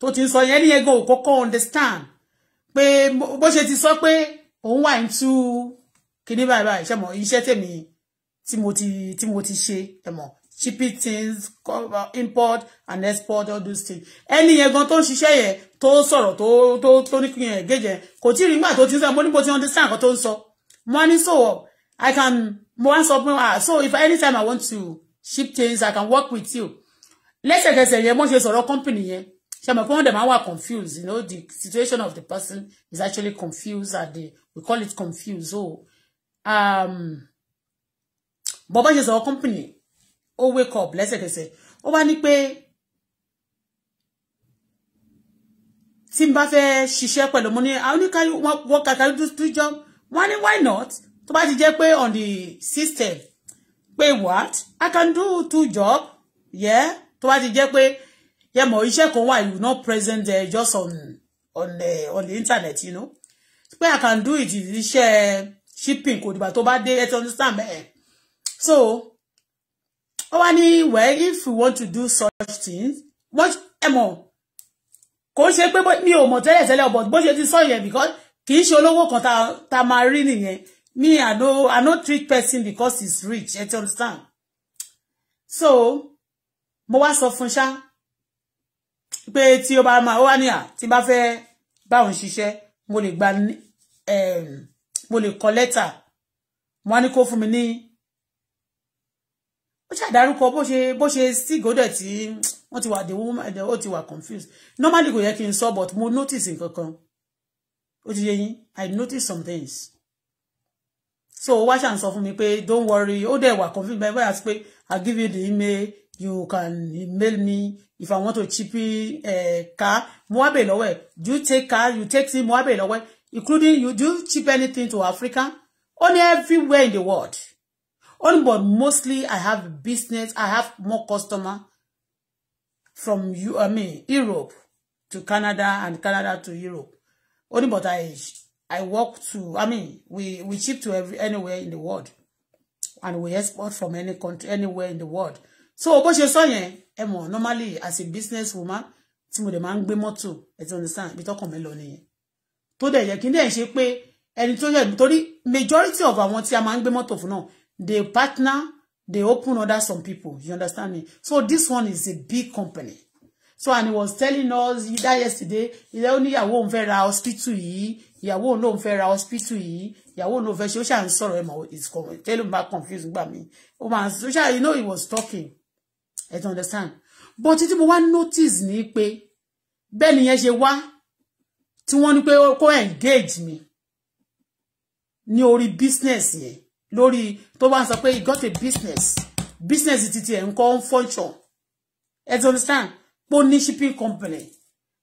tó ti ń sọ yẹn nìyẹn gan ò understand pé bó ṣe ti sọ pé òun wà into kíní báyìí báyìí ṣe mọ̀ iṣẹ́ tèmi tí mo ti tí mo ti ṣe ẹ mọ̀ shipping things uh, import and export all those things ẹni yẹn gan tó ń ṣiṣẹ́ yẹn tó sọ̀rọ̀ tó tó tó ní kíyàn ẹ̀ gẹ́jẹ̀ kò tí ì rí nígbà tó ti sọ mo ní mo ti understand nǹkan tó ń sọ mo ní so i can mo wá sọ pé ah so if anytime i want to ship things i can work with you lẹ́sẹ̀kẹsẹ̀ yẹn mo ṣe sọ̀rọ̀ company yẹn ṣe mọ̀ pé wọ́n dẹ̀ máa wà confused you know the situation of the person is actually confused and they, we call it confused so um bọ́bá ṣe sọ̀rọ̀ company ó wake up lẹ́sẹ̀kẹsẹ̀ ó wá ní pé tí n bá fẹ́ ṣiṣẹ́ pẹ̀lú mo ní oníkàlù wọn kàkàlù do job wọn ní why not To bá ti jẹ́ pé on the system pé what I can do two job yeah To bá ti jẹ́ pé yẹ mọ̀ iṣẹ́ kan wà you not present there just on on the eh, on the internet you know pé I can do it iṣẹ́ shipping kò dìgbà tó bá dé ẹ ti understand bẹ́ẹ̀ so ó wá ní well if you want to do such things wọ́n emo, mọ̀ kò ṣe pé mi ò mọ̀ tẹ́lẹ̀ tẹ́lẹ̀ but bó ṣe ti sọ yẹn because kì í ṣe olówó kan tá tá máa rí nìyẹn me i no i no treat person because he's rich You understand so mo wa sọ fún ṣá pé tí o bá máa ó wá ní à tí bá fẹ́ báwọn ṣiṣẹ́ mo lè gba mo lè collector, mo ni ní kó mi ní ó ṣàdárúkọ bó ṣe bó ṣe sígòdẹ̀ tí wọ́n ti wà the woman ó ti wà confused normally kò yẹ kí n sọ but mo notice nǹkan kan ó ti yé yín i notice some things so wá ṣà ń sọ fún mi pé don't worry ó dẹ̀ wà confused bẹ́ẹ̀ báyà sí pé i give you the email you can email me if i want to chippy uh, eh, car mo wá do you take car you take sim mo wá including you do you chip anything to africa Only everywhere in the world. Only but mostly I have business. I have more customer from you. I mean Europe to Canada and Canada to Europe. Only but I I work to. I mean we we ship to every anywhere in the world, and we export from any country anywhere in the world. So bó you saw yẹn ẹ normally as a business woman tí mo dẹ̀ máa ń gbé mọ́tò ti understand ibi tọkàn mi lọ nìyẹn tó dẹ̀ yẹ kí n dẹ̀ ṣe pé ẹni tó yẹ majority of àwọn tí a man ń gbé mọ́tò fún náà They partner, they open other some people. You understand me? So this one is a big company. So and he was telling us that yesterday, ilé oníyàwó òun fẹ́ ra hospital yìí, ìyàwó òun lòun fẹ́ ra hospital yìí, ìyàwó òun lòun fẹ́ ṣe, ó ṣà ń sọ̀rọ̀ ẹ̀ mọ̀ it's tell him back confusing about me. Oh máa ń you know he was talking. I don't understand. But títí mo wá notice ni pé bẹ́ẹ̀ nìyẹn ṣe wá tí wọ́n ní pé engage me. ní orí business yẹn lórí tó bá ń sọ pé he got a business business titi ẹ̀ ń kọ́ ń function ẹ ti understand pé ní shipping company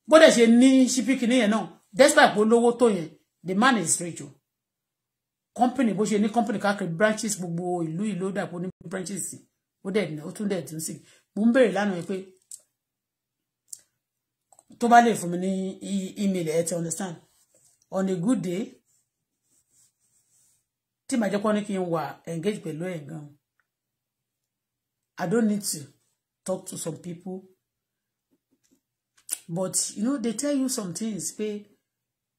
bó dẹ̀ ṣe ní shipping kìíní yẹn náà despite pé ó lówó tó yẹn the man is rich o company bó ṣe ní company káàkiri branches gbogbo ìlú ìlú ó dàpọ̀ ní branches sí ó dẹ̀ ní ó tún dẹ̀ tún sí mo ń béèrè lánàá pé tó bá lè fún mi ní e-, email ẹ ti understand on a good day tí màá jẹ́ kọ́ ní kí n wà engage pẹ̀lú ẹ̀ gan I don't need to talk to some people but you know they tell you some things pé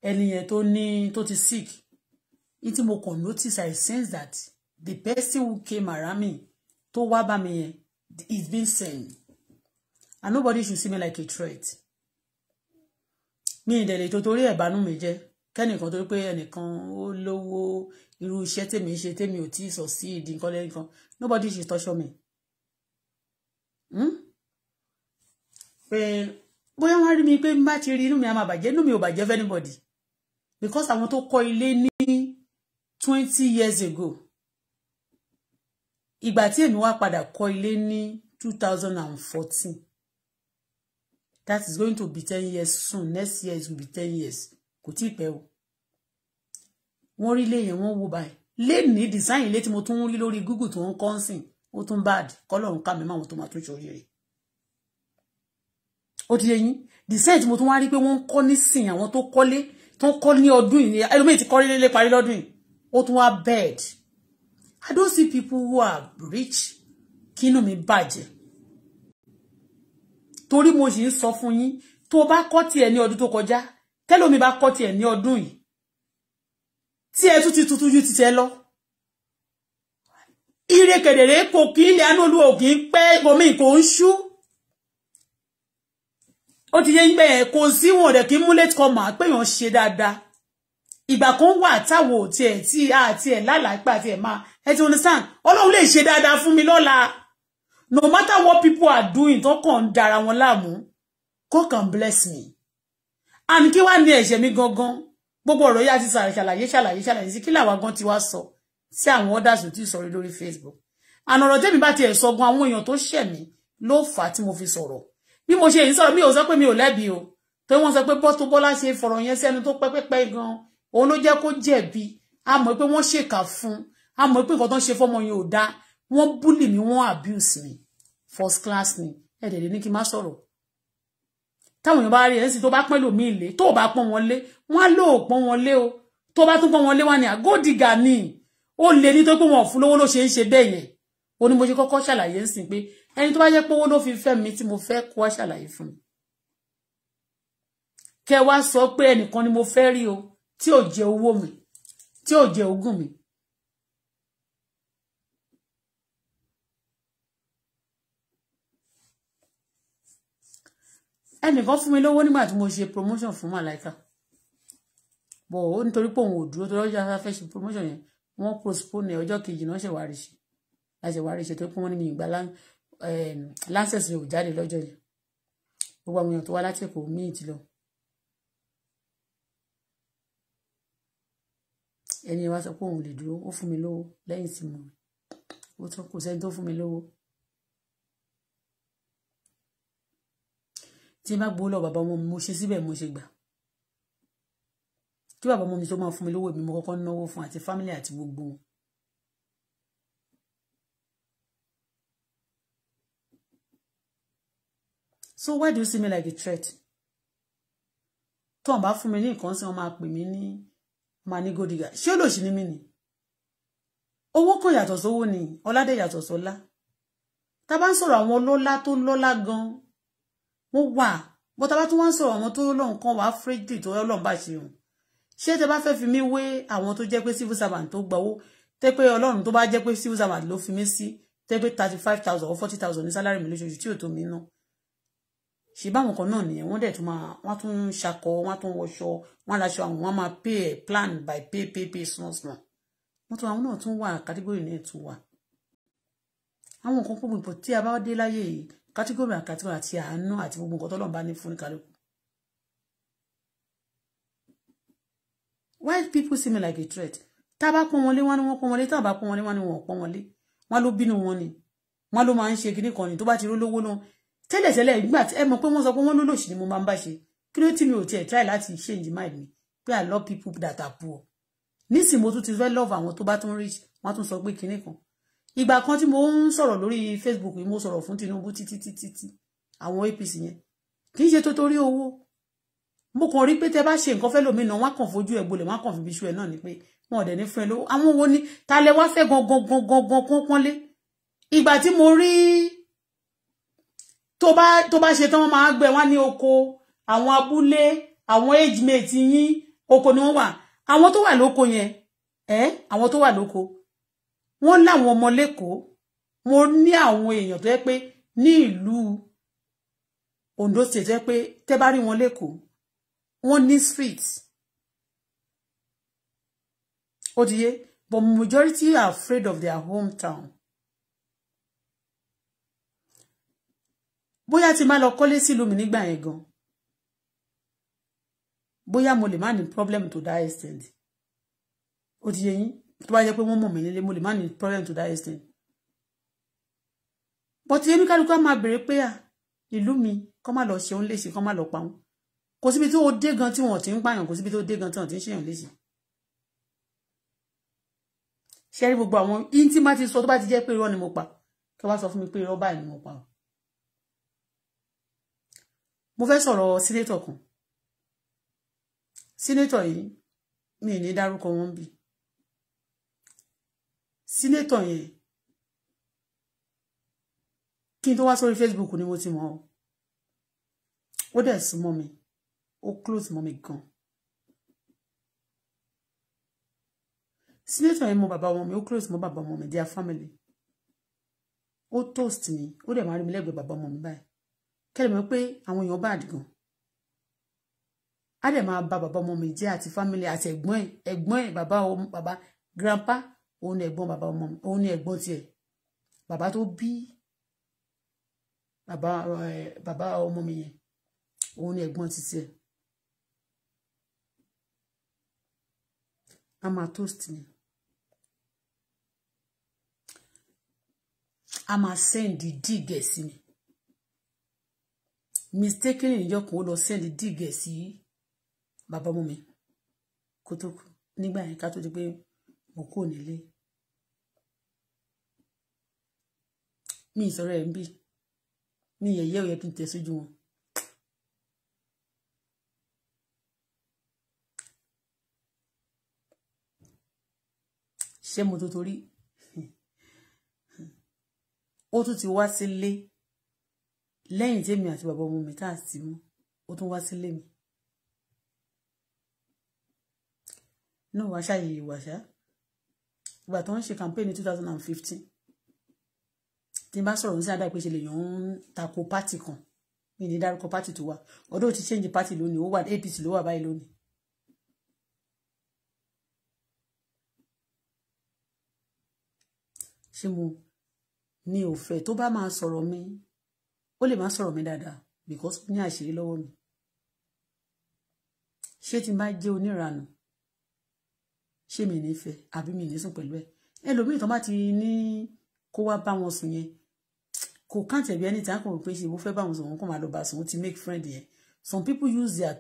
ẹni yẹn tó ní tó ti sick ní tí mo kàn notice I sense that the person who came around me to wá bá mi yẹn is being sane and nobody should see me like a threat mi ìdẹ̀lẹ̀ tó torí ẹ̀bánú mi jẹ́ kẹ́nìkan torí pé ẹnìkan ó lówó irú iṣẹ́ tèmi ṣe tèmi ò tí ì sọ sí ìdí nǹkan lẹ́yìn kan nobody should touch me. Hmm? pé bóyá wọ́n rí mi pé n bá ti rí inú mi á máa bàjẹ́ inú mi ò bàjẹ́ fẹ́nibọ̀dì because àwọn tó kọ́ ilé ní twenty years ago ìgbà tí èmi wá padà kọ́ ilé ní two thousand and fourteen that is going to be ten years soon next year it will be ten years kò tí ì pẹ́ o wọ́n rí ilé yẹn wọ́n wò báyìí lẹ́ni design ilé tí mo tún rí lórí google tó ń kọ́ ń sìn ó tún bad kọ́lọ́run ká mi máa wọn tó máa tún ṣe oríire ó ti yé design tí mo tún wá rí pé wọ́n ń kọ́ nísìn àwọn tó kọ́lé tó ń kọ́ ní ọdún yìí ẹlòmíì ti kọ́lé lélé parí lọ́dún yìí ó tún wá bad I don't see people who are rich kínú mi bàjẹ́ torí mo sì ń sọ fún yín tó bá kọ́ tiẹ̀ ní ọdún tó kọjá tẹ́lómi bá kọ́ tiẹ̀ ní ọdún yìí tí ẹ tún ti tuntun ju ti tẹ lọ ire kedere kò kí ilẹ̀ anúlù ò kí pẹ́ bomi kò ń ṣú ó ti yé ń bẹ́ẹ̀ kò sí wọn rẹ̀ kí múlẹ̀ kọ́ mà pé èèyàn ṣe dáadáa ìgbà kan wà táwo òtí ẹ̀ tí àti ẹ̀ lálàápẹ́ àti ẹ̀ máa ẹ ti understand ọlọ́run lè ṣe dáadáa fún mi lọ́la no matter what people are doing tó kàn ń dara wọn láàmú God can bless me and kí wàá ní ẹ̀ṣẹ̀ mi gangan gbogbo ọ̀rọ̀ yá ti ṣàlàyé ṣàlàyé ṣàlàyé sí kí làwa gan ti wá sọ sí àwọn others ò tí ì sọ̀rọ̀ lórí Facebook àná ọ̀rọ̀ tẹ́mi bá tiẹ̀ sọ gan àwọn èèyàn tó ṣẹ̀ mí ló fà á tí mo fi sọ̀rọ̀ bí mo ṣe yìí sọ̀rọ̀ mi ò sọ pé mi ò lẹ́bi o tó wọ́n sọ pé bọ́tò bọ́lá ṣe fọ̀rọ̀ yẹn sẹ́nu tó pẹ́pẹ́pẹ́ gan òun ló jẹ́ kó jẹ̀bi a mọ̀ pé wọ́n ṣèkà fún a mọ̀ pé nǹkan tó ń ṣe fọ́mọ yẹn ò dáa wọ́n búlì mi wọ́n abuse mi first class ni ẹ̀dẹ̀dẹ̀ ní kí n má sọ̀rọ̀ táwọn èèyàn bá rí ẹ̀sìn tó bá pẹ́ lòmí ilé tó bá pọ́n wọn lé wọ́n á lò ó pọ́n wọn lé o tó bá tún pọ́n wọn lé wá ní àgódìgà ni ó lè ní tó pé wọn ò fún lówó ló ṣe ń ṣe bẹ́ẹ̀ yẹn ó ní mo ṣe kọ́kọ́ ṣàlàyé ń sìn pé ẹni tó bá jẹ́ pé owó ló fi fẹ́ mi tí mo fẹ́ kó wá ṣàlàyé fún mi kẹ wá sọ pé ẹnìkan ni mo fẹ́ rí o tí ò jẹ owó mi tí ò jẹ ogún mi ẹnìkan fún mi lówó nígbà tí mo ṣe promotion fún màláìka bọ̀ ó nítorí pé òun ò dúró torí ọjọ́ afẹ́ ṣe promotion yẹn wọ́n postpone ọjọ́ kejì náà ṣèwárí ṣe láṣẹwárí ṣe torí pé wọ́n ní mi ìgbà láńsẹ̀s mi ò jáde lọ́jọ́ yẹn gbogbo àwọn èèyàn tó wá láti èkó míì ti lọ. ẹni wá sọ pé òun lè dúró ó fún mi lówó lẹ́yìn tí mo ó tọ́ kò sẹ́ni tó fún mi lówó. tí n bá lọ bàbá ọmọ mi mo ṣe síbẹ̀ mo ṣe gbà kí bàbá ọmọ mi tó máa fún mi lówó mi mo kọ́kọ́ náwó fún àti fámílì àti gbogbo wọn. so why do you see me like a threat tó ń bá fún mi ní nǹkan sí wọn máa pè mí ní máa ní gòdìgà ṣé olóòṣì ni mí ni owó kan yàtọ̀ sówó ni ọládé yàtọ̀ sọ́lá tá a bá ń sọ̀rọ̀ àwọn ọlọ́lá tó lọ́lá gan-an wọ́n wà bọ́tà bá tún wá ń sọ̀rọ̀ àwọn tó lọ́n kan wà áfíríkì tó ọlọ́run bá ṣe hàn ṣé tẹ bá fẹ́ fi mí wé àwọn tó jẹ́ pé civil servant tó gbowó tẹ́ pé ọlọ́run tó bá jẹ́ pé civil servant ló fi mí sí tẹ́ pé thirty five thousand or forty thousand ní sálárì mi lóṣooṣù tí ò tó mi ná ṣe báwọn kan náà nìyẹn wọ́n dẹ̀ tún máa wọ́n tún ń ṣakọ wọ́n tún wọṣọ wọ́n láṣọ àwọn wọ́n máa pay plan by pay pay pay small small wọ́n tún àwọn náà tún wà kàdígbòrì náà tún wà àwọn nǹkan púpọ̀ tí a bá dé láyé yìí kátígórì àkàtígórì àti àánú àti gbogbo nǹkan tọ́lọ́run bá ní fún kálukú. why people see me like a threat tá a bá pọ́n wọlé wọ́n ní wọ́n pọ́n wọlé tá a bá pọ́n wọlé wọ́n ní wọ́n pọ́n wọlé wọ́n ló bínú wọn ni wọ́n ló máa ń ṣe kíní kan ni tó bá ti rí olówó náà tẹ́lẹ̀tẹ́lẹ̀ ìgbà ẹ mọ̀ pé wọ́n sọ pé wọ́n lólòṣì ni mo máa ń bá ṣe kí ló tí mi ò tiẹ̀ try láti change mind mi pé I love people that are poor nísìnyí mo tún ti fẹ́ love àwọn tó bá tún rich wọ́n tún sọ pé kíní kan ìgbà kan tí mo ń sọ̀rọ̀ lórí Facebook mo sọ̀rọ̀ fún Tinubu títí títí tí àwọn APC yẹn kì í ṣe tó torí owó mo kàn rí pé tẹ bá ṣe nǹkan fẹ́ lómìnà wọn kàn fojú ẹ̀ gbolẹ̀ wọn kàn fi bíṣu ẹ̀ náà ni pé wọn ò dẹ̀ ní fún ẹ lówó àwọn wo ni ta lẹ wá fẹ́ gangan gangan gangan pọ́nlé ìgbà tí mo rí tó bá tó bá ṣe tán wọn máa gbẹ wọn ní oko àwọn abúlé àwọn age mate yín oko ni wọn wà àwọn tó wà lóko yẹn ẹ àwọn tó wà lóko wọ́n láwọn ọmọ lẹ́kọ̀ọ́ mo ní àwọn èèyàn tó yẹ pé ní ìlú Ondo state tó yẹ pé tẹ́ bá rí wọn lẹ́kọ̀ọ́ wọ́n ní street ó ti yé but majority are afraid of their hometown. bóyá ti máa lọ kọ́lé sílùú mi nígbà yẹn gan bóyá mo lè má ní problem to die extent ó ti yé yín tó bá jẹ́ pé wọ́n mọ̀ mí nílé mo lè má ní problem to that extent but èmi kálukú á máa béèrè pé à ìlú mi kọ́ má lọ ṣeun léṣe kọ́ má lọ pa wọn kò síbi tó dé gan tí wọn ti ń pààyàn kò síbi tó dé gan tí wọn ti ń ṣèyàn léṣe ṣe rí gbogbo àwọn yín tí má ti sọ tó bá ti jẹ́ pé irọ́ ni mo pa kí wọ́n sọ fún mi pé irọ́ báyìí ni mo pa o mo fẹ́ sọ̀rọ̀ sínétọ̀ kan sínétọ̀ yìí mi ì ní dárúkọ wọn bíi sínétọ̀ yẹn kí n tó wá sórí Facebook ni mo ti mọ̀ ọ́ ó dẹ̀ sún mọ́ mi ó close mọ́ mi gan sínétọ̀ yẹn mọ bàbá ọmọ mi ó close mọ́ bàbá ọmọ mi their family ó toast mi ó dẹ̀ máa rí mi lẹ́gbẹ̀ẹ́ bàbá ọmọ mi báyìí kẹ́lẹ̀ mọ́ pé àwọn èèyàn bá àdìgàn á dẹ̀ máa ba bàbá ọmọ mi jẹ́ àti family àti ẹ̀gbọ́n ẹ̀ ẹ̀gbọ́n ẹ̀ bàbá ọmọ bàbá grandpa òun ni ẹ̀gbọ́n bàbá ọmọ mi òun ni ẹ̀gbọ́n tiẹ̀ bàbá tó bí bàbá eh, bàbá ọmọ mi yẹn òun ni ẹ̀gbọ́n ti tiẹ̀ a máa toast ni a máa send dígẹ̀ sí ni mistakenly níjọ́ ó lọ send dígẹ̀ sí bàbá ọmọ mi kó nígbà yẹn ká tó di pé mo kúrò nílé mi ìsọ̀rọ̀ ẹ̀ ń bì mi yẹ̀yẹ́ ò yẹ kí n tẹ̀ sójú wọn. ṣé mo tó torí ó tún ti wá sílé lẹ́yìn tèmi àti bàbá ọmọ mi tá a sì mú ó tún wá sílé mi náà wá ṣàyè ìwàṣá ìgbà tó ń ṣe campaign ní two thousand and fifteen tí n bá sọ̀rọ̀ nísìnyí adáyé pé ṣe lè yàn ń tako party kan mi ní dárúkọ party tó wà ọdún ti change party lónìí ó wà APC ló wà báyìí lónìí. ṣé mo ní òfẹ́ tó bá máa sọ̀rọ̀ mi ó lè máa sọ̀rọ̀ mi dáadáa because ó ní àṣírí lọ́wọ́ mi ṣé tí n bá jẹ́ oníranù ṣé mi ní fẹ́ àbí mi ní sùn pẹ̀lú ẹ̀ ẹlòmíì tó bá ti ní kó wá bá wọn sùn yẹn kò kàn tẹ̀bi ẹni tí a kò rò pé ṣe bá wọn sùn wọn kò máa lọ bá sùn wọn ti make friend yẹn some people use their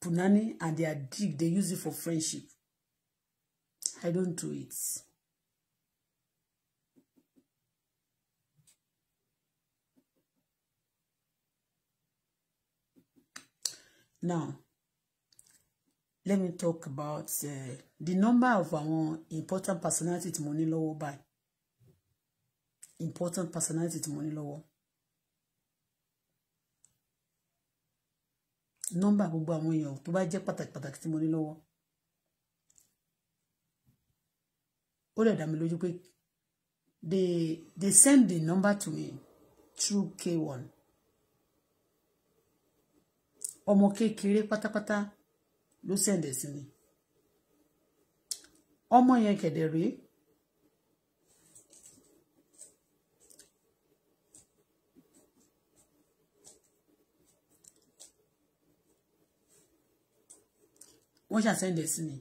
punani and their dig they use it for friendship I don't do it. Now, let me talk about uh, the number of àwọn important personality tí mo ní lọ́wọ́ important personality tí mo ní lọ́wọ́ nọ́mbà gbogbo àwọn èèyàn tó bá jẹ́ pàtàkì pàtàkì tí mo ní lọ́wọ́ ó lè dá mi lójú pé they they send the number to me through k1 ọmọ kékeré pátápátá ló sẹ̀ǹdẹ̀ sí mi ọmọ yẹn kẹ̀dẹ̀ rèé wọ́n ṣàṣẹ̀ǹdẹ̀ sí mi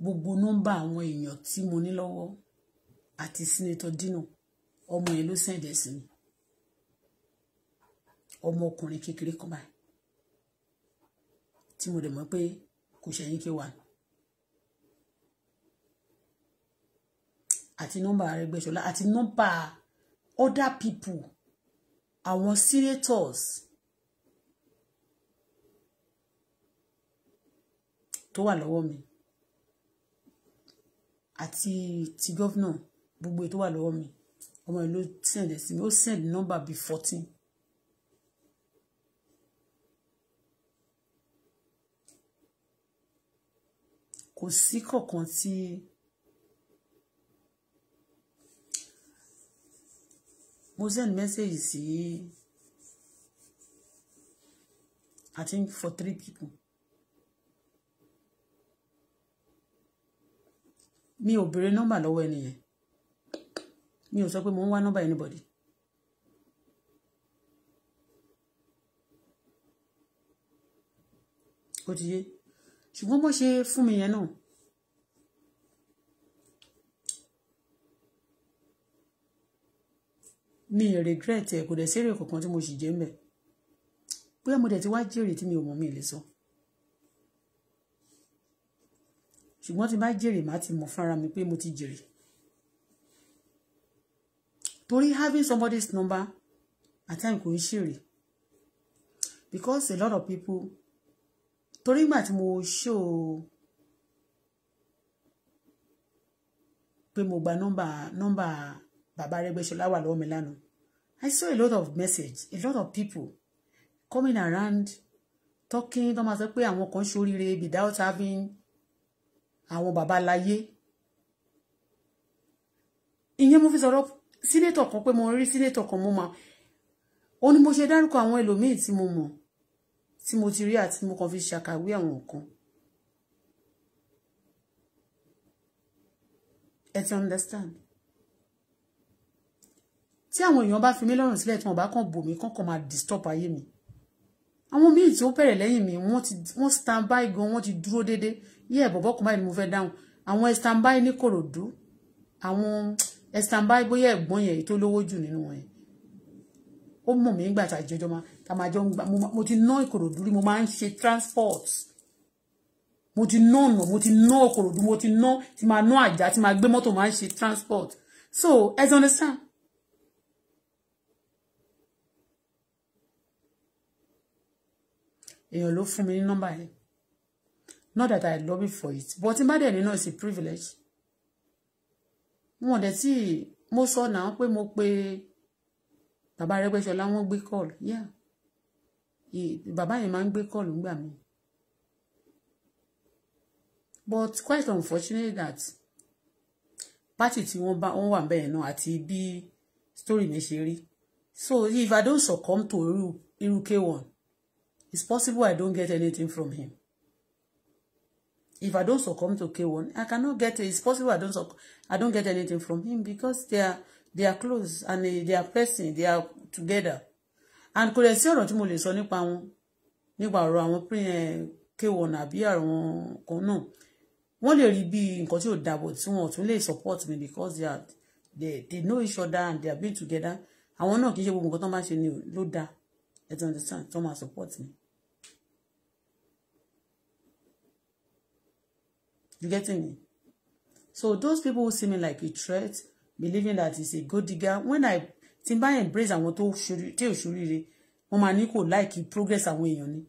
gbogbo nọ́mbà àwọn èèyàn tí mo ní lọ́wọ́ àti sínétọ̀ dínà ọmọ yẹn ló sẹ̀ǹdẹ̀ sí mi ọmọkùnrin kékeré kan báyìí tí mo dẹ̀ mọ̀ pé kò ṣẹ̀yìn kí wà àti nọ́mbà Arẹ́gbẹ́ṣọlá àti nọ́mbà other people àwọn senators tó wà lọ́wọ́ mi àti ti gọ́vnà gbogbo tó wà lọ́wọ́ mi ọmọ ìlú send sí mi ó send nọ́mbà bíi fourteen kò sí kankan tí mo send message sí i think for three people mi ò béèrè nọ́mbà lọ́wọ́ ẹnìyẹn mi ò sọ pé mo ń wá nọ́mbà anybody. ó ṣùgbọ́n bó ṣe fún mi yẹn náà mi regret ẹ kò dẹ̀ sí èrè kankan tí mo sì jẹ́ mbẹ̀ bóyá mo dẹ̀ ti wá jèrè tí mi ò mọ̀ mi lè sọ ṣùgbọ́n tí bá jèrè má ti mọ̀ fara mi pé mo ti jèrè torí having somebody's number at times kò ń ṣèrè because a lot of people torí ìgbà tí mo ṣó pé mo gba nọ́mbà nọ́mbà bàbá Arẹ́gbẹ́ṣọlá wà lọ́wọ́ mi lánàá I saw a lot of message a lot of people coming around talking tó máa sọ pé àwọn kan ṣoríire without having àwọn bàbá láyé ìyẹn mo fi sọ̀rọ̀ sínétọ̀ kan pé mo rí sínétọ̀ kan mo mọ̀ ó ní mo ṣe dárúkọ àwọn ẹlòmíì tí mo mọ̀ tí mo ti rí àti mo kàn fi ṣàkàwé àwọn nǹkan. ẹ ti understand tí àwọn èèyàn bá fi mí lọ́rùn sílẹ̀ tí wọ́n bá kàn bò mí kàn kàn máa disturb ayé mi àwọn míì tí ó bẹ̀rẹ̀ lẹ́yìn mi wọ́n ti wọ́n stand by gan wọ́n ti dúró déédé yí ẹ̀ bọ̀bọ̀ kò máa ní mo fẹ́ dáhùn àwọn ẹ̀ stand by ní Kòròdú àwọn ẹ̀ stand by bóyá ẹ̀gbọ́n yẹn tó lówó jù nínú wọn yẹn ó mọ̀ mí nígbà tá a jọjọ ma tá a máa jọ ń gbà mo ti ná ìkòròdú rí mo máa ń ṣe transport mo ti ná ọ̀nà mo ti ná ìkòròdú mo ti ná ti máa ná àjà ti máa gbé mọ́tò máa ń ṣe transport so ẹ ti understand. èèyàn ló fún mi ní nọ́mbà yẹn not that I lobby for it but tí n bá dẹ̀ nínú it's a privilege wọn dẹ̀ tí mo sọ náà pé mo pe. Mo bàbá Arẹ́gbẹ́ṣọlá wọ́n gbé kọ́ọ̀lù yá bàbá yẹn máa ń gbé kọ́ọ̀lù ńgbà mi but quite unfortunate that party tí wọ́n bá wọ́n wà bẹ́ẹ̀ náà àti bí story mi ṣe rí so if I don't succumb to Iru irú K1 it's possible I don't get anything from him if I don't succumb to K1 I cannot get it's possible I don't I don't get anything from him because they are they are close and they are pressing they are together and kò lè sí ọ̀rọ̀ tí mo lè sọ nípa wọn nípa ọ̀rọ̀ àwọn eh, k1 àbí àwọn kan náà wọ́n lè rí bí nǹkan tí ò dàbọ̀ tí wọ́n tún lè support me because they are they they know each other and they are being together àwọn náà kì í ṣe gbogbo nǹkan tó máa ṣe ni ló dáa ẹ understand tó máa support me. you getting me so those people who see me like a threat believing that it's a good digger when i ti bá embrace àwọn tó tí ò ṣoríire wọ́n máa ní kò láìkí progress àwọn èèyàn ni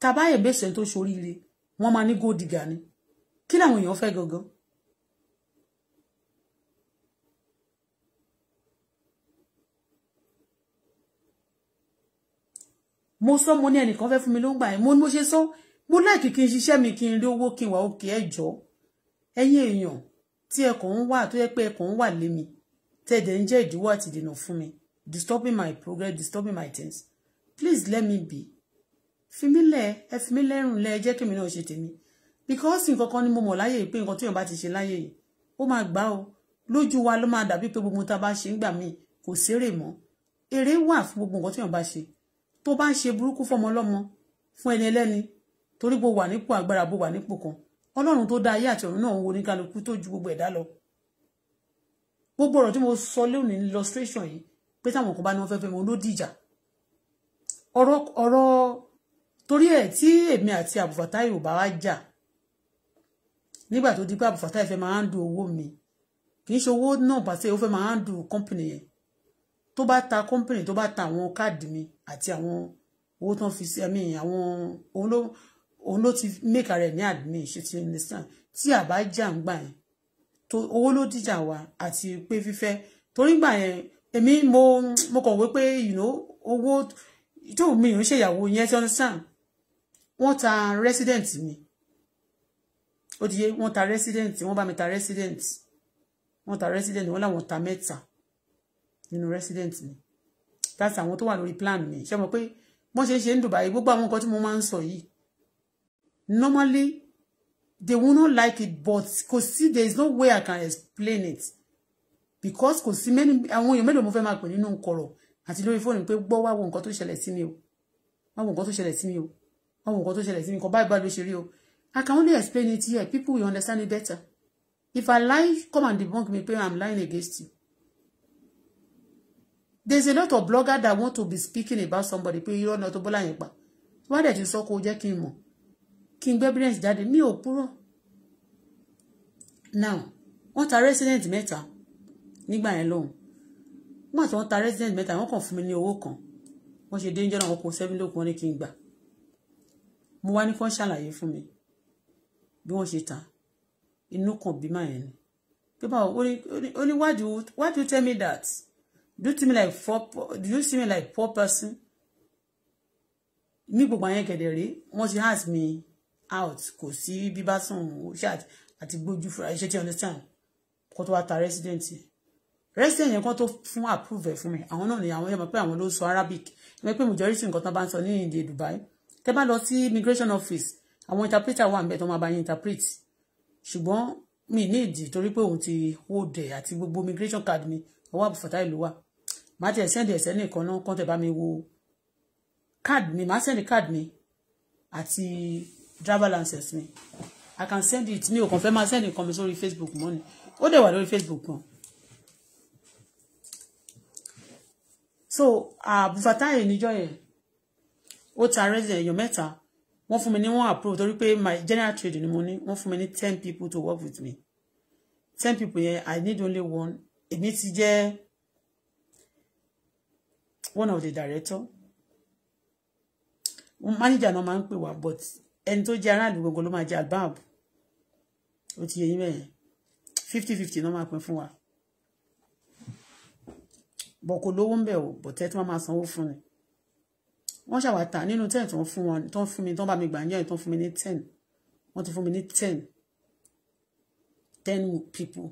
tá bá embrace ẹni tó ṣoríire wọ́n máa ní gold digger ni kí làwọn èèyàn fẹ́ gangan. mo sọ mo ni ẹnìkan fẹ́ fún mi ló ń gbà mo ní mo ṣe sọ mo like kí n ṣiṣẹ́ mi kí n rí owó kí n wà òkè ẹ̀jọ́ tí ẹ kàn ń wà tó yẹ pé ẹ kàn ń wà lé mi tẹ́ ẹ dẹ̀ ń jẹ́ ìdíwọ́ àti ìdènà fún mi disturbing my progress disturbing my things please let me be fi mí lẹ̀ ẹ fi mí lẹ́rùn lẹ́ ẹ jẹ́ kí mi náà ṣe tèmi because nǹkan kan ni mo mọ̀ láyé yìí pé nǹkan tí èèyàn bá ti ṣe láyé yìí ó máa gbá o lójú wa ló máa dàbí pé gbogbo tá a bá ṣe ń gbà míì kò sérè mọ́ èrè wà fún gbogbo nǹkan tí èèyàn bá ṣe tó bá ń ṣe burúkú fọmọ ọlọ́mọ fún ẹni ẹlẹ́ni torí bó wà nípò agbára bó wà nípò kan ọlọ́run tó dá ayé àti ọ̀run náà wo ní kálukú tó ju gbogbo ẹ̀dá lọ gbogbo ọ̀rọ̀ tí mo sọ lónìí ní illustration yìí pé táwọn kan bá ní wọ́n fẹ́fẹ́ wọn ló dìjà ọ̀rọ̀ ọ̀rọ̀ torí ẹ̀ tí èmi àti àbùfàtáì ò bá wá jà nígbà tó di pé àbùfàtáì fẹ́ máa ń du owó mi kì í ṣe owó náà pàṣẹ ó fẹ́ máa ń du company yẹn tó bá ta company tó bá ta àwọn káàdì mi àti àwọn owó tán fi sí ẹ̀mí àwọn owó òun ló ti make ara ẹ̀ ní admin ṣe ti understand tí àbá jà ń gbà yẹn tó owó ló dìjà wa àti pé fífẹ́ torí gbà yẹn èmi mo mo kàn wé pé you know owó tó mi ò ń ṣèyàwó yẹn ti understand wọ́n ta resident mi ó ti yé wọ́n ta resident wọ́n bá mi ta resident wọ́n ta resident wọ́n láwọn ta mẹ́ta nínú resident mi that's àwọn tó wà lórí plan mi ṣé mo pé wọ́n ṣe ń ṣe ń Dubai gbogbo àwọn nǹkan tí mo máa ń sọ yìí normally they will not like it but kò sí there is no way I can explain it because kò sí many àwọn èèyàn mélòó mo fẹ́ máa pè nínú kọ̀rọ̀ àti lórí fóònù pé gbọ́ wá wo nǹkan tó ṣẹlẹ̀ sí mi o wá wo nǹkan tó ṣẹlẹ̀ sí mi o wá wo nǹkan tó ṣẹlẹ̀ sí mi nǹkan báyìí báyìí ló ṣe rí o I can only explain it here people will understand it better if I lie come and debunk me pé I'm lying against you there is a lot of bloggers that want to be speaking about somebody pé irọ́ náà tó bọ́lá yẹn pa wọ́n dẹ̀ ti sọ kó jẹ́ kí n mọ̀ kí n gbé evidence jáde mi ò purọ́ now wọ́n ta resident mẹ́ta nígbà yẹn lọ́hùn nígbà tí wọ́n ta resident mẹ́ta wọ́n kàn fún mi ní owó kan wọ́n ṣe déńjọ́ náà wọ́n kó seven lókun wọ́n ní kí n gbà mo wá ní kí wọ́n ṣàlàyé fún mi bí wọ́n ṣe ta inú kan bí máa yẹn ni pé báwo ó ní why do you why do you tell me that do you see me like poor do you see me like poor person mi gbogbo àyẹn kẹ̀dẹ̀ rèé wọ́n ti ask me out kò sí bíbá sùn àti gbójú fúra iṣẹ́ tí understand kó tó wá ta resident yẹn resident yẹn kan tó fún approve ẹ̀ fún mi àwọn náà ni àwọn yẹn mọ̀ pé àwọn ló sọ Arabic mọ̀ pé majority nǹkan tán bá ń sọ ní ìdè Dubai tẹ́ bá lọ sí immigration office àwọn interpreter wà níbẹ̀ tó máa bá yín interpret ṣùgbọ́n mi ní ìdí torí pé òun ti hold ẹ̀ àti gbogbo immigration card mi ọwọ́ àbùfọ̀tá ìlú wà má tiẹ̀ send ẹ̀sẹ̀ nìkan náà kọ́ńtẹ̀ bá mi wo card mi má send card mi àti driver license me. i can send it mi ò kàn fẹ́ máa send nǹkan mi sórí facebook money. ni ó dẹ̀ wà facebook kan so àbúfatáyè níjọ yẹn ó ta resident èèyàn mẹ́ta wọ́n fún mi ní wọ́n approve to repay my general trade in the ní wọ́n fún mi ní ten people to work with me ten people here. i need only one èmi ti jẹ́ one of the director manager náà máa ń pè but ẹni tó jẹ aráàlú gbogbo ló máa jẹ albab ó ti yẹ yín fifty fifty náà máa pín fún wa bọ̀ kò lówó ń bẹ̀ o bọ̀ tẹ́ tí wọ́n máa sanwó fún ni wọ́n ṣàwátà nínú ten tó ń fún wọn tó ń fún mi tó ń bá mi gbà yàn tó ń fún mi ní ten wọ́n ti fún mi ní ten ten people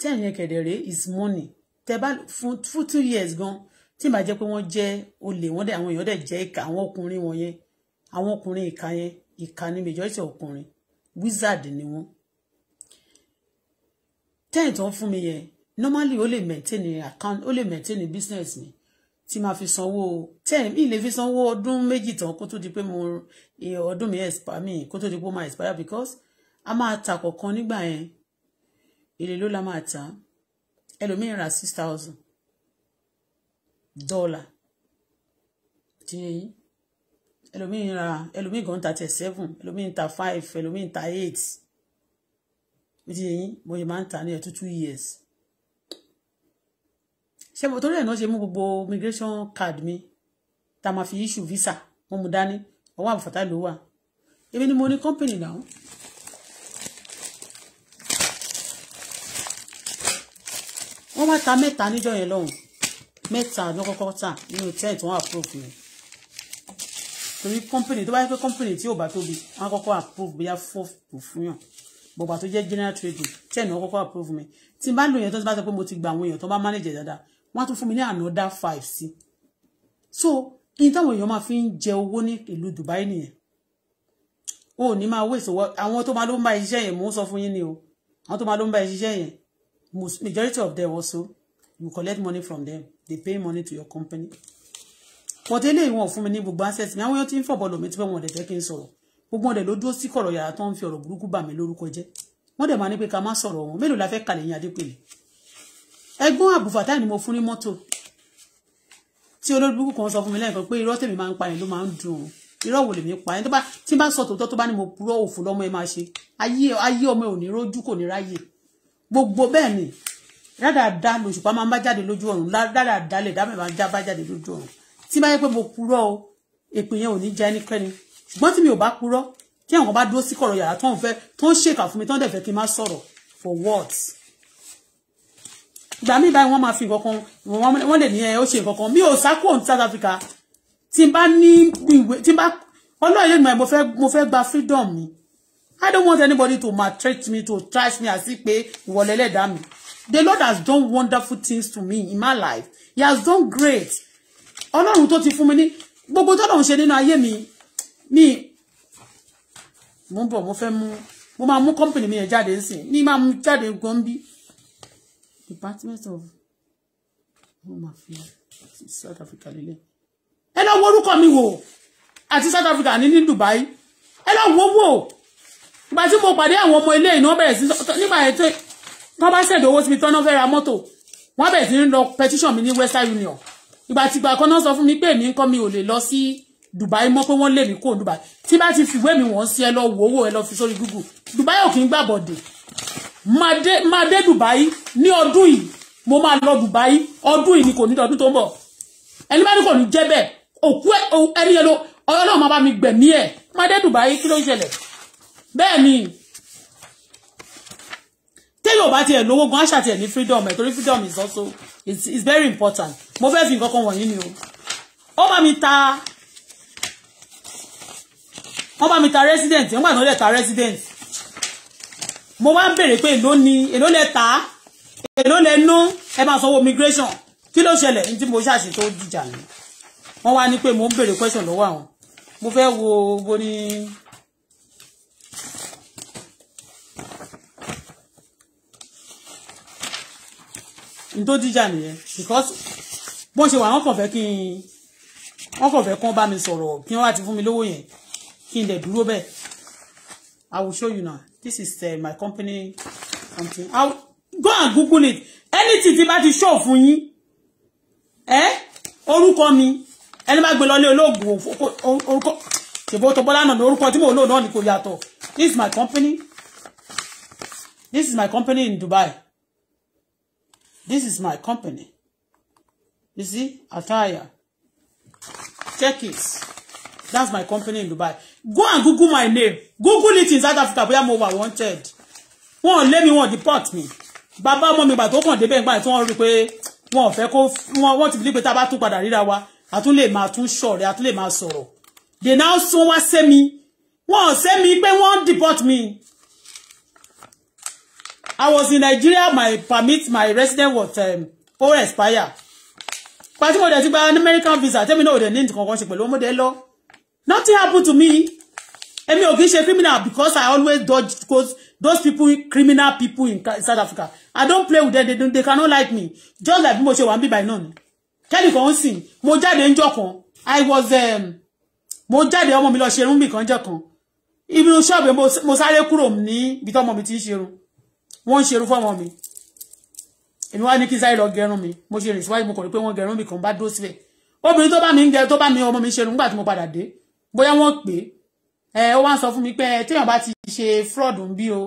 ten yẹn kẹ̀dẹ̀rẹ́ is money tẹ bá fún fún two years gan tí màá jẹ́ pé wọ́n jẹ́ olè wọ́n dẹ̀ àwọn èèyàn dẹ̀ jẹ́ ìka àwọn ọkùnrin wọn yẹn àwọn ọkùnrin ìka yẹn ìka ní majority ọkùnrin wizard ni wọ́n ten tó ń fún mi yẹn normally ó lè maintain account ó lè maintain business mi tí máa fi sanwó ten mi lè fi sanwó ọdún méjì tán kó tó di pé mo ọdún mi expire mi kó tó di pé mo máa expire because a máa ta kọ̀ọ̀kan nígbà yẹn èlé ló la máa ta ẹlòmíín ra six thousand dollar tí yẹn yìí ẹlòmíì ń ra ẹlòmíì gan ta tẹ̀ seven ẹlòmíì ń ta five ẹlòmíì ń ta eight ó ti yẹn mo yẹ máa ń ta ní ẹ̀ tó two years ṣé mo torí ẹ̀ náà ṣe mú gbogbo migration card mi tá a máa fi issue visa mo mú dání ọwọ́ àbùfàtà ló wà èmi ni mo ní company náà. wọ́n wá ta mẹ́ta níjọ́ yẹn lọ́hùn mẹ́ta ló kọ́kọ́ tà nínú ten tí wọ́n approve yẹn torí company tó bá yẹ pé company tí ò bá tóbi wọn á kọ́kọ́ approve bóyá fọ́ fún yàn bọ̀gbà tó jẹ́ general trading ten wọn kọ́kọ́ approve mi tí n bá lò yẹn tó ti bá sọ pé mo ti gba àwọn èèyàn tó bá manage dáadáa wọn á tún fún mi ní another five sí so kí n táwọn èèyàn máa fi ń jẹ owó ní ìlú Dubai nìyẹn o ò ní máa waste owó àwọn tó máa ló ń bá iṣẹ́ yẹn mò ń sọ fún yín ni o àwọn tó máa ló ń bá iṣẹ́ yẹn majority of them also you collect money from them they pay money to your company wọ́n tẹ́lẹ̀ ìwọ̀n fún mi ní gbogbo access mi àwọn èèyàn ti ń fọ̀bọ̀ lòmí tí wọ́n wọ̀n dẹ̀fẹ́ kí n sọ̀rọ̀ gbogbo ọ̀dẹ̀ ló dúró sí kọ̀rọ̀ yàrá tó ń fi ọ̀rọ̀ burúkú bà mí lórúkọ jẹ́ wọ́n dẹ̀ máa ní pé ká má sọ̀rọ̀ wọn mélòó la fẹ́ kalẹ̀ yín adépèlé ẹgbọ́n àbùfàtà ni mo fún ní mọ́tò tí olórí burúkú kan sọ fún mi lẹ́ẹ̀kan pé irọ́ tèmi máa ń pa yẹn ló máa ń dùn ún irọ́ wò lèmi pa yẹn tó bá tí bá sọ tòótọ́ tó bá ní mo purọ́ òfò lọ́mọ ẹ máa ṣe ayé ọmọ ò ní rójú kò ní ráyè gbogbo bẹ́ẹ̀ ni rádàá dá lóṣùpá máa ń bá jáde lójú ọ̀run rádàá dá lè dá mẹ́ta já bá jáde lójú ọ̀run tí bá yẹ pé mo purọ́ o èpè yẹn ò ní jẹ ẹnikẹ́ni ṣùgbọ́n tí mi ò bá purọ́ tí àwọn bá dúró sí kọ̀rọ̀ yàrá tó ń fẹ́ tó ń mi tó ń dẹ̀ fẹ́ kí n for what. ìgbà míì báyìí wọ́n máa fi nǹkan kan wọ́n lè ní ẹ ó ṣe nǹkan kan mi ò sá kúrò ní South Africa tí n bá ní ìwé tí n mo fẹ́ mo fẹ́ gba freedom mi I don't want anybody to maltreat me to trash me as if pé ìwọlẹ́lẹ́dàá mi. The Lord has done wonderful things to me in my life. He has done great ọlọ́run tó ti fún mi ní gbogbo tọ́lọ́run ṣe nínú ayé mi mi mo ń bọ̀ mo fẹ́ mú mo máa mú company mi yẹn jáde nsìn ní máa mú jáde gan bí department of home affairs South Africa lélẹ̀ ẹ lọ wo orúkọ mi wò àti South Africa ní ní Dubai ẹ lọ wo wò ìgbà tí mo pàdé àwọn ọmọ ilé ìná bẹ̀rẹ̀ sí nígbà yẹn tó tọ́ bá ṣẹ̀dọ̀ owó síbi tọ́ná fẹ́ ra mọ́tò wọ́n bẹ̀rẹ̀ sí ń lọ petition mi ní Western Union ìgbà tí ìgbà kan náà sọ fún mi pé èmi ń kọ́ mi ò lè lọ sí Dubai mọ́ pé wọ́n lè mí kó Dubai tí bá ti fìwé mi wọ́n sí ẹ lọ wò owó ẹ lọ fi sórí Google Dubai ò kì í gbàbọ̀dè máa dé Dubai ní ọdún yìí mo máa lọ Dubai ọdún yìí ni kò ní ọdún tó ń bọ̀ ẹni bá ní kò ní jẹ́ bẹ́ẹ̀ òkú ẹni yẹn ló ọlọ́run máa bá mi gbẹ̀mí ẹ̀ máa dé Dubai kí ló ń ṣẹlẹ̀ bẹ́ẹ̀ ni téèyàn bá tiẹ̀ lówó gan-an ṣàtiẹ̀ ní freedom ẹ̀ torí freedom is also it's, it's very important mo fẹ́ fi nǹkan kan wọ̀nyí ni o ó bá mi ta wọ́n bá mi ta resident wọ́n bá mi ta resident mo wá ń bèrè pé èló ni èló lẹ ta èló lẹ ná ẹ máa sanwó migration kí ló ṣẹlẹ̀ ní tí mo ṣàṣì tó dìjà ni wọ́n wá ní pé mo ń bèrè question lọ́wọ́ àwọn mo fẹ́ wo bo ni. n tó díjà nìyẹn because bó ṣe wà wọ́n kàn fẹ́ kí n wọ́n kàn fẹ́ kán bá mi sọ̀rọ̀ kí wọ́n wá fún mi lówó yẹn kí n dẹ̀ dúró bẹ́ẹ̀ I will show you now this is uh, my company something I go and google it anything tí bá ti show fún yín ẹ orúkọ mi ẹni bá gbé lọ lé olóògùn orúkọ ṣèbó tó bọ́lá náà ní orúkọ tí mò ń lò náà ni kò yàtọ̀ this is my company this is my company in Dubai. This is my company. You see, attire. Check it. That's my company in Dubai. Go and Google my name. Google it in South Africa. Bóyá mo wà wanted. Wọ́n let me wọ́n deport me. Baba, ọmọ mi gbà tó kàn débẹ̀ nígbà tí wọ́n rí pé wọ́n fẹ́ kó wọ́n ti fi pé tá a bá tún padà ríra wa. A tún lè máa tún ṣọ̀rẹ́, a tún lè máa sọ̀rọ̀. They now send me. sẹ́mi. send me. pé wọ́n deport me. I was in Nigeria, my permit, my resident was um, ó expire. Pàtí mo dẹ̀ ti gba American visa, Tell me ò dẹ̀ ní nǹkan kan ṣe pẹ̀lú ọmọdé lọ. Nothing happened to me. Èmi ò kì í criminal because I always dodge Because those people, criminal people in South Africa. I don't play with them, they, don't, they cannot like me. Just like bí mo ṣe wà ń by none. Tell Kẹ́lì kan ń sìn, mo jáde ń I was, um, mo jáde ọmọ mi lọ ṣerun mi kan jẹ́ kan. Ibi ṣọ́ọ̀bù mo sáré kúrò ní ibi wọ́n ń ṣerú fọ́mọ mi èmi wá ní kí sáré lọ gẹrun mi mo ṣe rìn síwájú mo kàn rí pé wọ́n gẹrun mi kàn bá dó síbẹ̀ obìnrin tó bá mi ń gẹ tó bá mi ọmọ mi ṣerun nígbà tí mo padà dé bóyá wọ́n pè é ẹ ó wá ń sọ fún mi pé ẹ téèyàn bá ti ṣe fraud ń bí o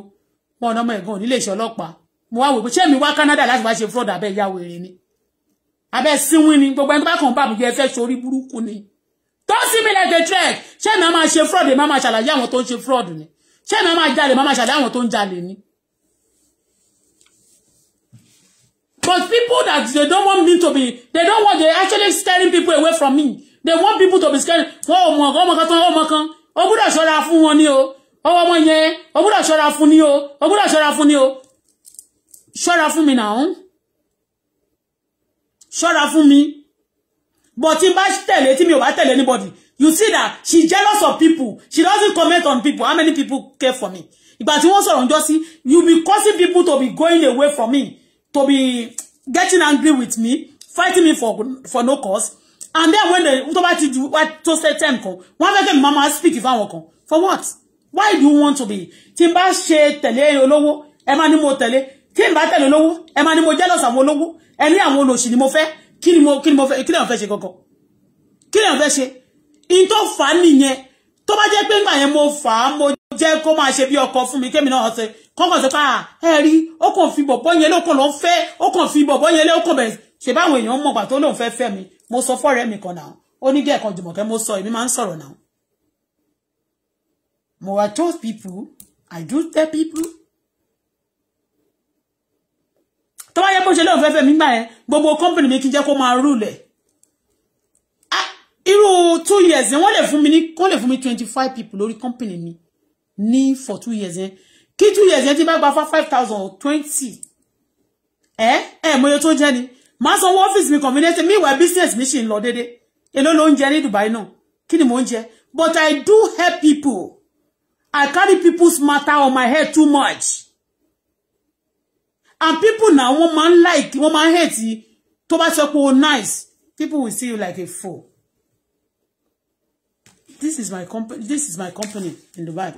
wọn ọ̀nà ọmọ ẹ̀gbọ́n nílé iṣẹ́ ọlọ́pàá mo wá wò pé ṣé mi wá Canada láti wá ṣe fraud abẹ́ ìyá wèrè ni abẹ́ sínwín ni gbogbo ẹni tó bá kàn bá mi jẹ fẹ́ sórí burúkú ni tó sí mi lẹ́gẹ̀ẹ́ trek ṣé mi máa ṣe fraud mi máa ṣàlàyé àwọn tó ń ṣe fraud ni ṣé mi máa jalè máa ṣàlàyé àwọn tó ń jalè ni But people that they don't want me to be, they don't want, they're actually scaring people away from me. They want people to be scared. Wọ́n oh, ọmọ kan, ọmọ kan tán, ọmọ kan. O gbúdọ̀ ṣọ́ra fún wọn ni o. Ọwọ́ oh, ọmọ yẹn, o gbúdọ̀ ṣọ́ra fún ni o. O gbúdọ̀ ṣọ́ra fún ni o. Ṣọ́ra fún mi náà. Ṣọ́ra fún mi. But tí n bá tẹ̀lé, tí mi ò bá tẹ̀lé anybody. You see that she jealous of people. She doesn't comment on people. How many people care for me? Ìgbà tí wọ́n sọ̀rọ̀ ń jọ sí, you be causing people to be going away from me to be getting angry with me fighting me for for no cause and then when they tó bá ti ju wá tó ṣe term kan wọ́n fẹ́ kí mama speak if fáwọn kan for what why do you want to be tí n bá ṣe tẹ̀lé olówó ẹ má mo tele. tí n bá tẹ̀lé olówó ẹ má mo jealous àwọn olówó ẹ ní àwọn olòṣì ni mo fe, kí ni mo kí ni mo fe, kí ni àwọn fẹ́ koko. kankan kí ni àwọn fẹ́ ṣe in tó fà á nìyẹn tó bá jẹ́ pé ńgbà mo fà á mo jẹ́ kó máa ṣe bí ọkọ fún mi kémi náà ṣe kọ́kàn sọ pé ah, ẹ rí ó kàn fi bọ̀bọ́ yẹn lókàn ló ń fẹ́ ó kàn fi bọ̀bọ́ yẹn lókàn bẹ̀rẹ̀ ṣe báwọn èèyàn mọ̀ to lóun fẹ́ fẹ́ mi mo sọ fọ́ọ̀rẹ́ mi kan náà ó ní gẹ́ẹ̀ kan jùmọ̀kẹ́ mo sọ èmi máa ń sọ̀rọ̀ náà. mo wa told people I do tell people tó bá yẹ bó ṣe lóun fẹ́ fẹ́ mi gbà yẹn gbogbo company mi kí jẹ́ kó máa rúlẹ̀ irú two years yẹn wọ́n lè fún mi ní wọ́n lè fún mi twenty five people lórí company mi ní for two years yẹn kí two years yẹn ti bá gba fún five thousand or twenty ẹ ẹ mọye tó jẹ ni máa sanwó ọ́fíìsì mi convenience mi ìwà business mi ṣì ń lọ déédéé èló ló ń jẹ ní Dubai náà kí ni mò ń jẹ but I do help people I carry people's matter on my head too much and people na wọ́n máa ń like wọ́n máa ń hate tó bá sọ pé o nice people will see you like a fool this is my company this is my company in Dubai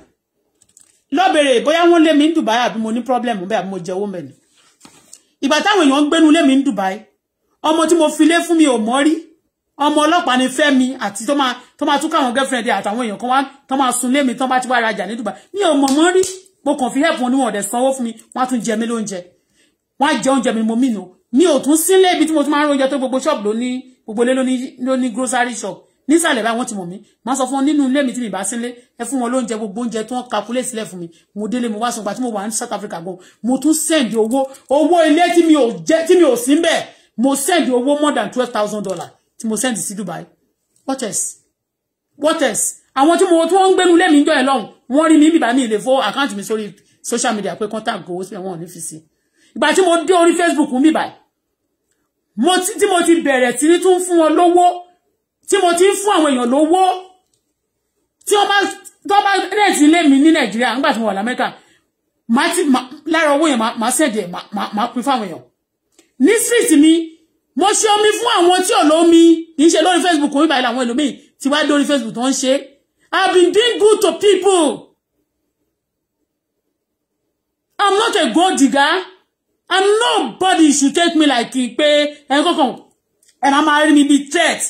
lọ bèrè bóyá wọ́n lé mi ní Dubai àbí mo ní problem bẹ́ẹ̀ àbí mo jẹ owó mẹ́rin ìgbà táwọn èèyàn ń gbénu lé mi ní Dubai ọmọ tí mo fi lé fún mi ò mọ́ rí ọmọ ọlọ́pàá ni Fẹ́mi àti tó máa tó máa tún káwọn girlfriend àtàwọn èèyàn kan wá tó máa sun lé mi tán bá ti wá rajà ní Dubai mi ò mọ̀ mọ́ rí mo kàn fi help wọn níwọ̀n ọ̀dẹ̀ sanwó fún mi wọ́n á tún jẹ mí lóúnjẹ wọ́n á jẹ oúnjẹ mi mo mí nù mi ò tún sílé ibi tí mo tún máa ń ròyìn tó gbogbo ṣọ́ọ̀bù ló gbogbo ilé ló grocery shop nísàlẹ̀ báyìí wọ́n ti mọ̀ mí máa sọ fún wọn nínú ilé mi tí mi bá sílé ẹ fún wọn lóúnjẹ gbogbo oúnjẹ tí wọ́n kakule sílẹ̀ fún mi mo délé mo wá sùn tí mo wà ní South Africa gan mo tún send owó owó ilé tí mi ò jẹ tí mi ò sí ń mo send owó more than twelve thousand dollars tí mo send sí Dubai what else what else àwọn tí mo tí wọ́n ń gbénu lé mi ń jọ ẹ̀ lọ́hùn wọ́n rí mi bíbá mi ìlè fọ́ àkáǹtì mi sórí social media pé contact go síbẹ̀ wọn ò ní fi sí ìgbà tí mo dé orí Facebook mi báyìí mo ti mo ti bẹ̀rẹ̀ sí ní tún fún wọn lówó tí mo ti ń fún àwọn èèyàn lówó tí wọ́n bá tó bá rẹ̀ mi ní nàìjíríà nígbà tí mo wà lamẹ́ríkà máa ti lára owó yẹn máa ṣẹ̀dẹ̀ máa pín fáwọn èèyàn ní street mi mo ṣe omi fún àwọn tí ò lómi kì í ṣe lórí facebook mi báyìí làwọn ẹlòmíì ti wá lórí facebook tó ń ṣe i been doing good to people i'm not a gold digger and nobody should take me like pé ẹnì kankan ẹ̀ máa rí mi bíi threat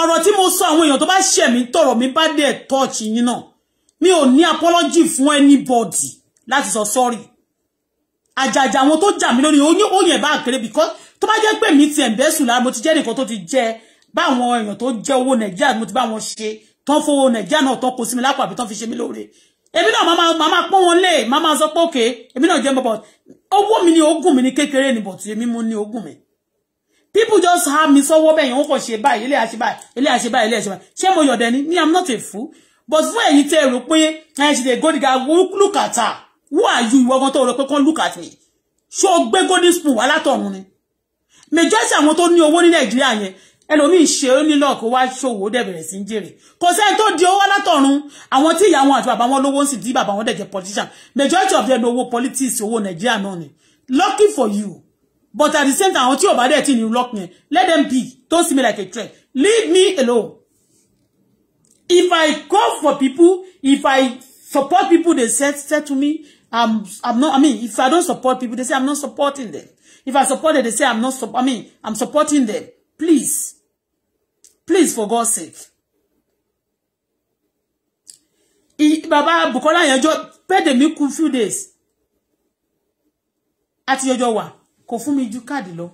ọ̀rọ̀ tí mo sọ àwọn èèyàn tó bá ṣẹ̀ mí tọ̀rọ̀ mi bá dẹ̀ tọ́ọ̀chì yín náà mi ò ní apology fún anybody láti sọ sorry àjàjà àwọn tó jà mí lórí oyún òyìn bá kéré because tó bá jẹ́ pé mi ti ẹ̀ǹbẹ́sùn lára mo ti jẹ́ nìkan tó ti jẹ báwọn èèyàn tó jẹ́ owó nàìjíríà mo ti bá wọn ṣe tán fowó nàìjíríà náà tán kò sí mi lápò àbí tán fi ṣe mí lóore èmi náà máa máa pọ́n wọn lé máa máa sọ pé òkè èmi náà jẹ́ bọ́bọ̀ owó mi ni ogún mi ni kékeré ni bọ̀tù èmi mú ní ogún mi people just harm mi sọ́wọ́ bẹ́ẹ̀ yẹn wọ́n kàn ṣe báyìí ilé àṣẹ báyìí ilé àṣẹ báyìí ilé àṣẹ báyìí ṣé mo yọ̀dẹ̀ ni me i'm not a fool but fún ẹ̀yin tẹ́ rò pé ẹ̀ ṣe lè gòdìgà look at her who are you ìwọ gan to rò pé kàn look at me ṣé o gbé golden spoon wá látọ̀run ni majority àwọn tó ní owó ní nàìjíríà yẹn ẹlòmíì ṣe ó ní lọ́ọ̀kọ́ wá ṣòwò dẹ̀ bẹ̀rẹ̀ sí ń jèrè kò sẹ́ni tó di owó látọ̀run àwọn tí ìyá wọn àti bàbá wọn lówó ń sì di bàbá wọn dẹ̀ jẹ́ politician majority of them owó politics owó nàìjíríà náà ni lucky for you but at the same time àwọn tí ò bá dẹ̀ tí you lock me. let them be don't see me like a threat leave me alone if I call for people if I support people they said said to me I'm I'm not I mean if I don't support people they say I'm not supporting them if I support them they say I'm not su I mean I'm supporting them please please for God's sake I, Baba Bukola yanjo pay them me few days àti ọjọ́ one kò fún mi ju káàdì lọ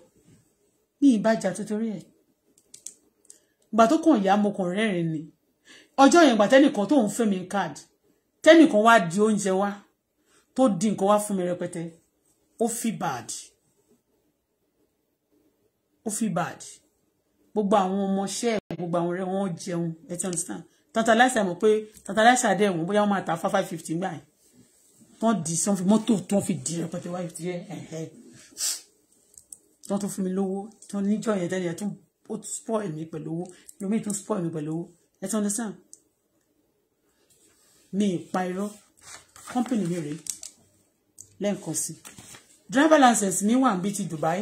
ní ìbájà tó torí ẹ̀ ìgbà tó kàn yá mo kàn rẹ́rìn ni ọjọ́ yẹn ìgbà tẹ́nìkan tó ń fẹ́ mi káàdì tẹ́nìkan wá di oúnjẹ wá tó di nǹkan wá fún mi rẹpẹtẹ ó fi bad ó fi bad gbogbo àwọn ọmọọṣẹ́ gbogbo àwọn ọ̀rẹ́ wọn jẹun ẹ ti understand tantalizer mọ̀ pé tantalizer dẹ̀ wọ́n bóyá wọ́n máa ta fa five fifty gbà yẹn tán di sanfi mọ́tò tán fi di rẹpẹtẹ wáyé tiẹ̀ ẹ̀hẹ́ tí wọ́n tún fún mi lówó tí wọ́n níjọ́ yẹn tẹ́lẹ̀ tún ó tún spoil mi pẹ̀lú owó lómi tún spoil mi pẹ̀lú owó ẹ tún understand mi ì pa irọ́ company mi rèé lẹ́ǹkan sí driver license mi wà níbi ti Dubai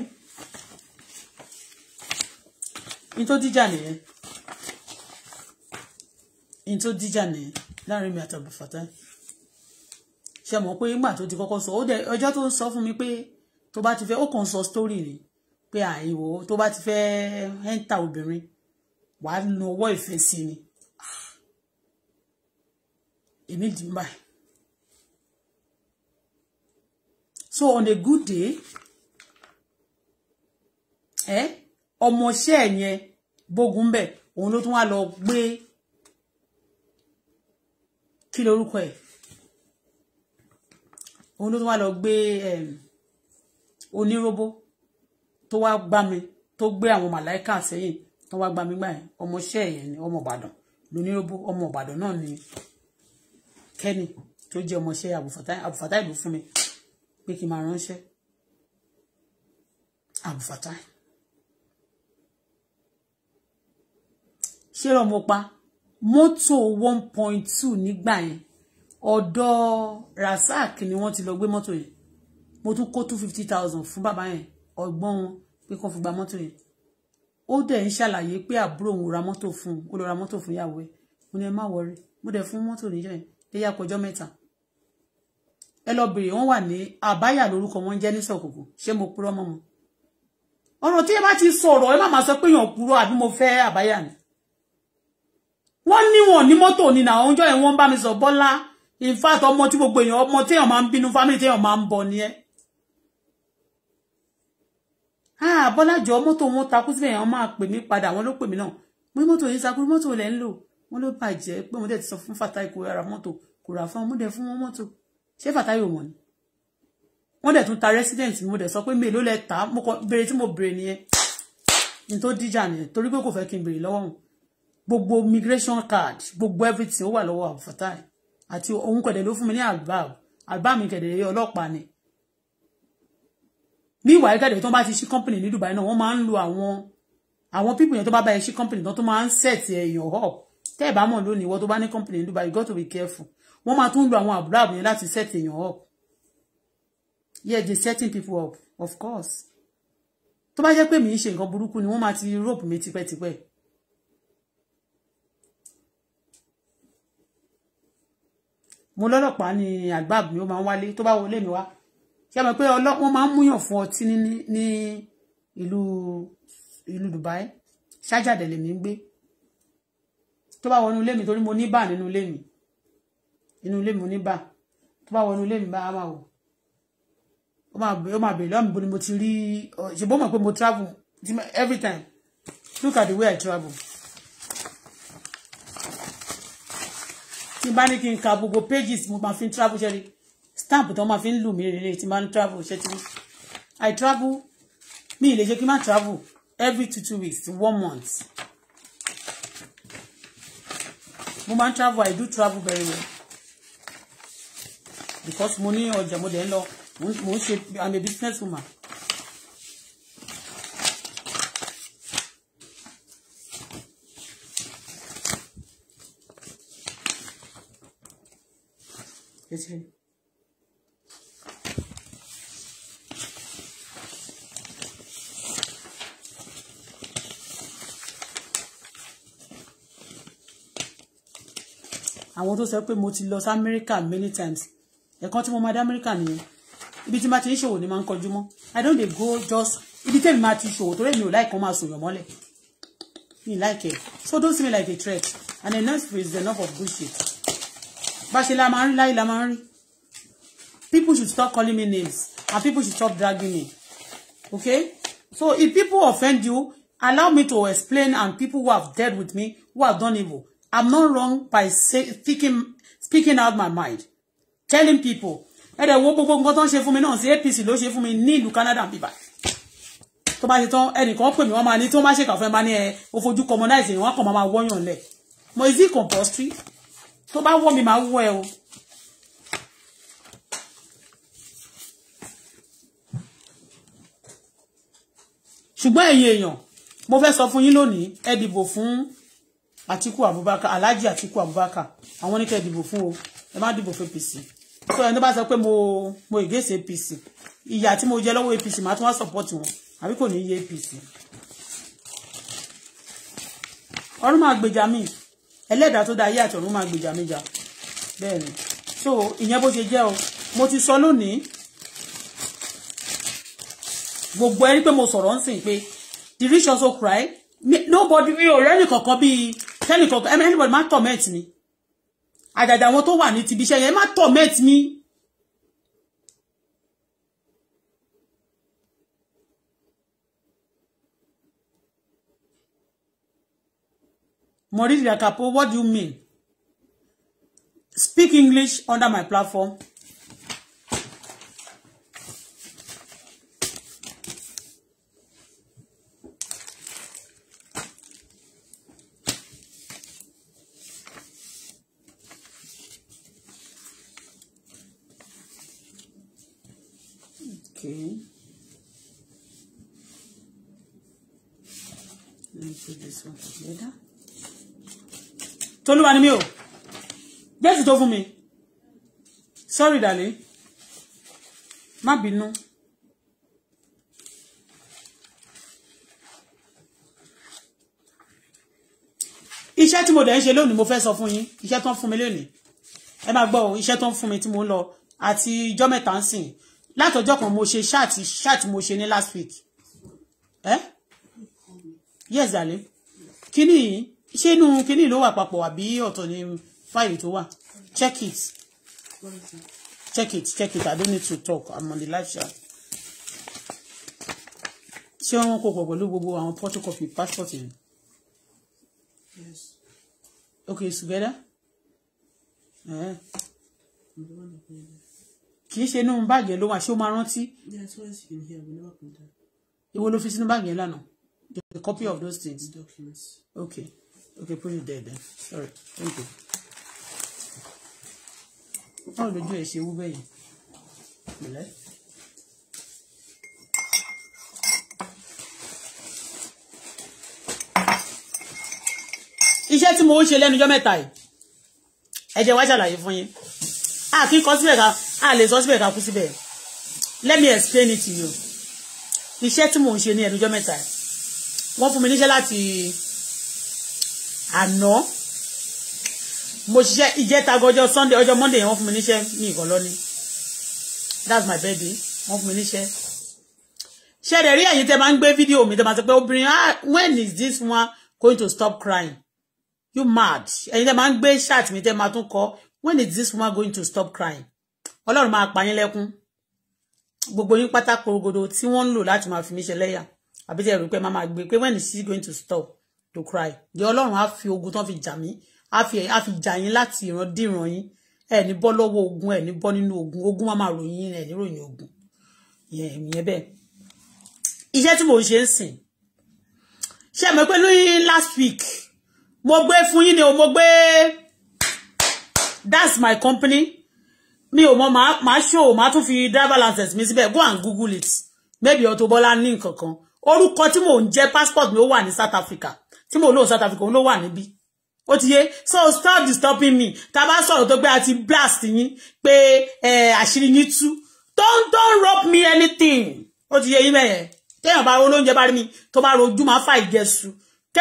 ní tó díjà nìyẹn ní tó díjà nìyẹn láàrin mi àti àbùfàtà ṣe mọ̀ pé nígbà tó ti kọ́kọ́ sọ ọjọ́ tó ń sọ fún mi pé tó bá ti fẹ́ ó kàn sọ story ni pé àìwò tó bá ti fẹ́ ẹ́ńtà obìnrin wàá nu ọwọ́ ìfẹ́ sí ni ah! èmi dì í so on a good day ẹ ọmọọṣẹ́ yẹn bógun bẹ̀ òun ló tún wá lọ gbé kí lorúkọ ẹ̀ òun ló tún wá lọ gbé oníróbó tó wá gbá mi tó gbé àwọn màláìka sẹ́yìn tó wá gbá mi gbà yẹn ọmọọṣẹ́ yẹn ni ọmọ Ìbàdàn lóníròbó ọmọ Ìbàdàn náà ni Kenny tó jẹ́ ọmọọṣẹ́ àbùfàtà ìlú fún mi pé kí n máa ránṣẹ́ àbùfàtà ṣé ọmọ pa mọ́tò one point two nígbà yẹn ọ̀dọ̀ Rasak ni wọ́n ti lọ gbé mọ́tò yẹn mo tún kó two fifty thousand fún bàbá yẹn ọgbọ́n wọn pé kàn fi gba mọ́tò yẹn ó dẹ̀ ń ṣàlàyé pé àbúrò òun ra mọ́tò fún un ó lọ ra mọ́tò fún ìyàwó ẹ̀ mo ní ẹ má wọrí mo dẹ̀ fún mọ́tò níjọ́ yẹn léyà kọjọ́ mẹ́ta ẹ lọ bèrè wọn wà ní àbáyà lórúkọ wọn jẹ́ nísọ̀kòkò ṣé mo purọ́ mọ́ wọn ọ̀rọ̀ tí ẹ bá ti sọ̀rọ̀ ẹ má máa sọ pé èèyàn purọ́ àbí mo fẹ́ àbáyà ni wọ́n ní wọn ní mọ́tò ni nà ọjọ́ yẹn wọ́n bá mi sọ bọ́lá in ọmọ tí gbogbo èèyàn ọmọ téèyàn máa ń bínú family téèyàn máa ń bọ̀ ni ẹ́ ah bọ́lájọ mọ́tò wọn takú síbẹ̀ yẹn máa pè mí padà wọn ló pè mí náà mo ní mọ́tò yìí takú mọ́tò lẹ́ ń lò wọn ló bàjẹ́ pé mo dẹ̀ ti sọ fún Fatai kó ra mọ́tò kò rà fún ọmọdé fún wọn mọ́tò ṣé Fatai ò wọ̀n ni wọn dẹ̀ tún ta resident mi mo dẹ̀ sọ pé mélòó lẹ ta mo kọ béèrè tí mo béèrè nìyẹn ní tó díjà nìyẹn torí pé kò fẹ́ kí n béèrè lọ́wọ́ gbogbo migration card gbogbo everything ó wà lọ́wọ́ Fatai àti òun kẹ̀dẹ̀ ló fún mi ní albab albab mi kẹ̀dẹ̀ ọlọ́pàá ni meanwhile kẹ́dẹ̀ tó bá ti ṣí company ní Dubai náà wọ́n máa ń lo àwọn àwọn people yẹn tó bá bá ẹ ṣí company tó máa ń set èèyàn up tẹ́ ẹ̀ bá mọ̀ lónìí wọ́n tó bá ní company ní Dubai you got to be careful wọ́n máa tún lo àwọn àbúrò àbúrò yẹn láti set èèyàn up yeah they setting people up of course tó bá jẹ́ pé mi ń ṣe nǹkan burúkú ni wọ́n máa ti rope mi tipẹ́tipẹ́ mo lọ́lọ́pàá ni àgbàbí ó máa ń wálé tó bá wọlé mi wá ṣé mọ̀ pé wọ́n máa ń múyàn fún ọtí ní ìlú Dubai ṣájà dẹ̀lẹ̀ mi ń gbé tó bá wọnú ilé mi torí mo ní bà nínú ilé mi inú ilé mi mo ní bà tó bá wọnú ilé mi bá máa wò ó máa bèrè lọ́mìí bóni mo ti rí ṣùgbọ́n mọ̀ pé mo travel every time look at the way I travel. tí n bá ní kí n ka gbogbo pages mo máa fi travel ṣẹ́ni stamp tó máa fi ń lù mí rere tí máa ń travel ṣe tí i travel mi ì lè ṣe kí n má travel every two two weeks one month mo máa ń travel i do travel very well because mo ní ọjà mo dẹ̀ ń lọ mo ń ṣe i'm a business woman. It's him. àwọn tó sọ pé mo ti lọ sí America many times ẹ̀kan tí mo máa dé America nìyẹn ibi tí ma ti ń ṣòwò ni máa ń kọjú mọ́ I don't dey go just ibi tẹ́mi máa ti ṣòwò torí mi ò láìkan máa sòyàn mọ́lẹ̀ mi like it so don't see me like a threat and the next phrase is enough of bullshit bá ṣe la máa ń rí láyé la máa ń rí people should stop calling me names and people should stop dragging me okay so if people offend you allow me to explain and people who have dealt with me who have done evil I'm not wrong by say, speaking, speaking out my mind, telling people. Ẹ wo gbogbo nǹkan tó ń ṣe fún mi náà sí APC ló ṣe fún mi ní ìlú Canada bíbá. Tó bá ṣe tán ẹnìkan pè mí wọ́n máa ní tí wọ́n bá ṣe kàfẹ́ máa ní ẹ ofojú commonize yìí wọ́n kàn máa wọ́yàn lẹ̀. Mo is compulsory? Tó bá wọ́ mi máa wọ́ ẹ o. Ṣùgbọ́n ẹ̀yin èèyàn mo fẹ́ sọ fún yín lónìí ẹ dìbò fún Atiku Abubakar Alhaji Atiku Abubakar àwọn oníkẹ́ ìdìbò fún o ẹ má dìbò fún APC so ẹni bá sọ pé mo mo against APC ìyà tí mo jẹ lọ́wọ́ APC màá tún wá support wọn àbí kò ní yé APC. ọ̀run máa gbèjà mi ẹlẹ́dàá tó dá ayé àti ọ̀run máa gbèjà mi jà bẹ́ẹ̀ ni so ìyẹn bó ṣe jẹ́ o mo ti sọ lónìí gbogbo ẹni pé mo sọ̀rọ̀ ń sìn pé the rich also cry nobody mi ò rẹ́rìn kankan bíi kẹ́ni kankan anybody má torment mi àjàjà àwọn tó wà ní ti ibiṣẹ́ yẹn má torment mi. Maurice Yakapo, what do you mean? Speak English under my platform. one together. Tolúwa ni mí o. Jésù tó fún mi. Sorry darling. Má bínú. Iṣẹ́ tí mo dẹ̀ ń ṣe lónìí mo fẹ́ sọ fún yín. Iṣẹ́ tó ń fún mi lónìí. Ẹ máa gbọ́ o, iṣẹ́ tó ń fún mi tí mo ń lọ àti ijọ́ mẹ́ta ń sìn. Látọjọ́ kan mo ṣe ṣáàtì ṣáàtì mo ṣe ní last week. Eh? Yes, darling kíní yìí ṣé inú kíní ló wà papọ̀ àbí ọ̀tọ̀ ni fáìlì to wà check it check it check it I don't need to talk I'm on the live chat ṣé wọ́n kò pọ̀ pẹ̀lú gbogbo àwọn photocopy passport yẹn yes okay together eh. kì í ṣe inú báàgì you ló wà ṣé ó máa rántí ìwo ló fi sínú báàgì ẹ lánàá the copy of those things. Documents. Okay. Okay, put it there then. Sorry. Thank you. Báwo lójú ẹ̀ ṣe wú bẹ́yìn? Ìlẹ́. Iṣẹ́ tí mo ń ṣe lẹ́nujọ́ mẹ́ta yìí, ẹ jẹ́ wá ṣàlàyé fún yín. A kì í kọ síbẹ̀ ká, a lè sọ síbẹ̀ ká kú síbẹ̀. Let me explain it to you. Iṣẹ́ tí mo ń ṣe ní ẹnujọ́ mẹ́ta yìí wọ́n fún mi níṣẹ́ láti àná mo ṣiṣẹ́ ìjẹta ọjọ́ sunday ọjọ́ monday wọ́n fún mi níṣẹ́ ní ìkọlọ́ni that's my birthday wọ́n fún mi níṣẹ́ ṣe rẹ̀ rí ẹ̀yin tẹ́ máa ń gbé fídíò mi tẹ́ máa sọ pé obìnrin ah when is this one going to stop crying you mad ẹ̀yin tẹ́ máa ń gbé ṣáàtì mi tẹ́ máa tún kọ when is this one going to stop crying ọlọ́run máa pa yín lẹ́kún gbogbo yín pátákó rogodo tí wọ́n ń lò láti máa fi mí ṣe lẹ́yà àbí tẹ rò pé má máa gbé pé when is she going to stop to cry the ọlọ́run á fi ogun tán fi jà mí á fi á fi jà yín láti ìran díran yín ẹ ní bọ́ lọ́wọ́ ogun ẹ ní bọ́ nínú ogun ogun má máa ròyìn ẹ ní ròyìn ogun ìyẹn bẹ́ẹ̀ iṣẹ́ tí mò ń ṣe ń sìn ṣe mọ̀ pé lóyún last week mo gbé fún yín ni o mo gbé that's my company mi ò mọ màá ṣó màá tún fi driver license mi síbẹ̀ go and google it maybe Auto Bola ní nǹkan kan orúkọ tí mò ń jẹ́ passport mi ó wà ní South Africa tí mò ń lò South Africa òun ló wà níbí ó ti yé so stop disturbing me tá a bá sọ̀rọ̀ tó gbé àti blast yín pé àṣírí yín tú don't don't rob me anything ó ti yé yín mẹ́yẹn téèyàn bá ro lóúnjẹ bá rí mi tó bá rojú máa fà ìjẹsù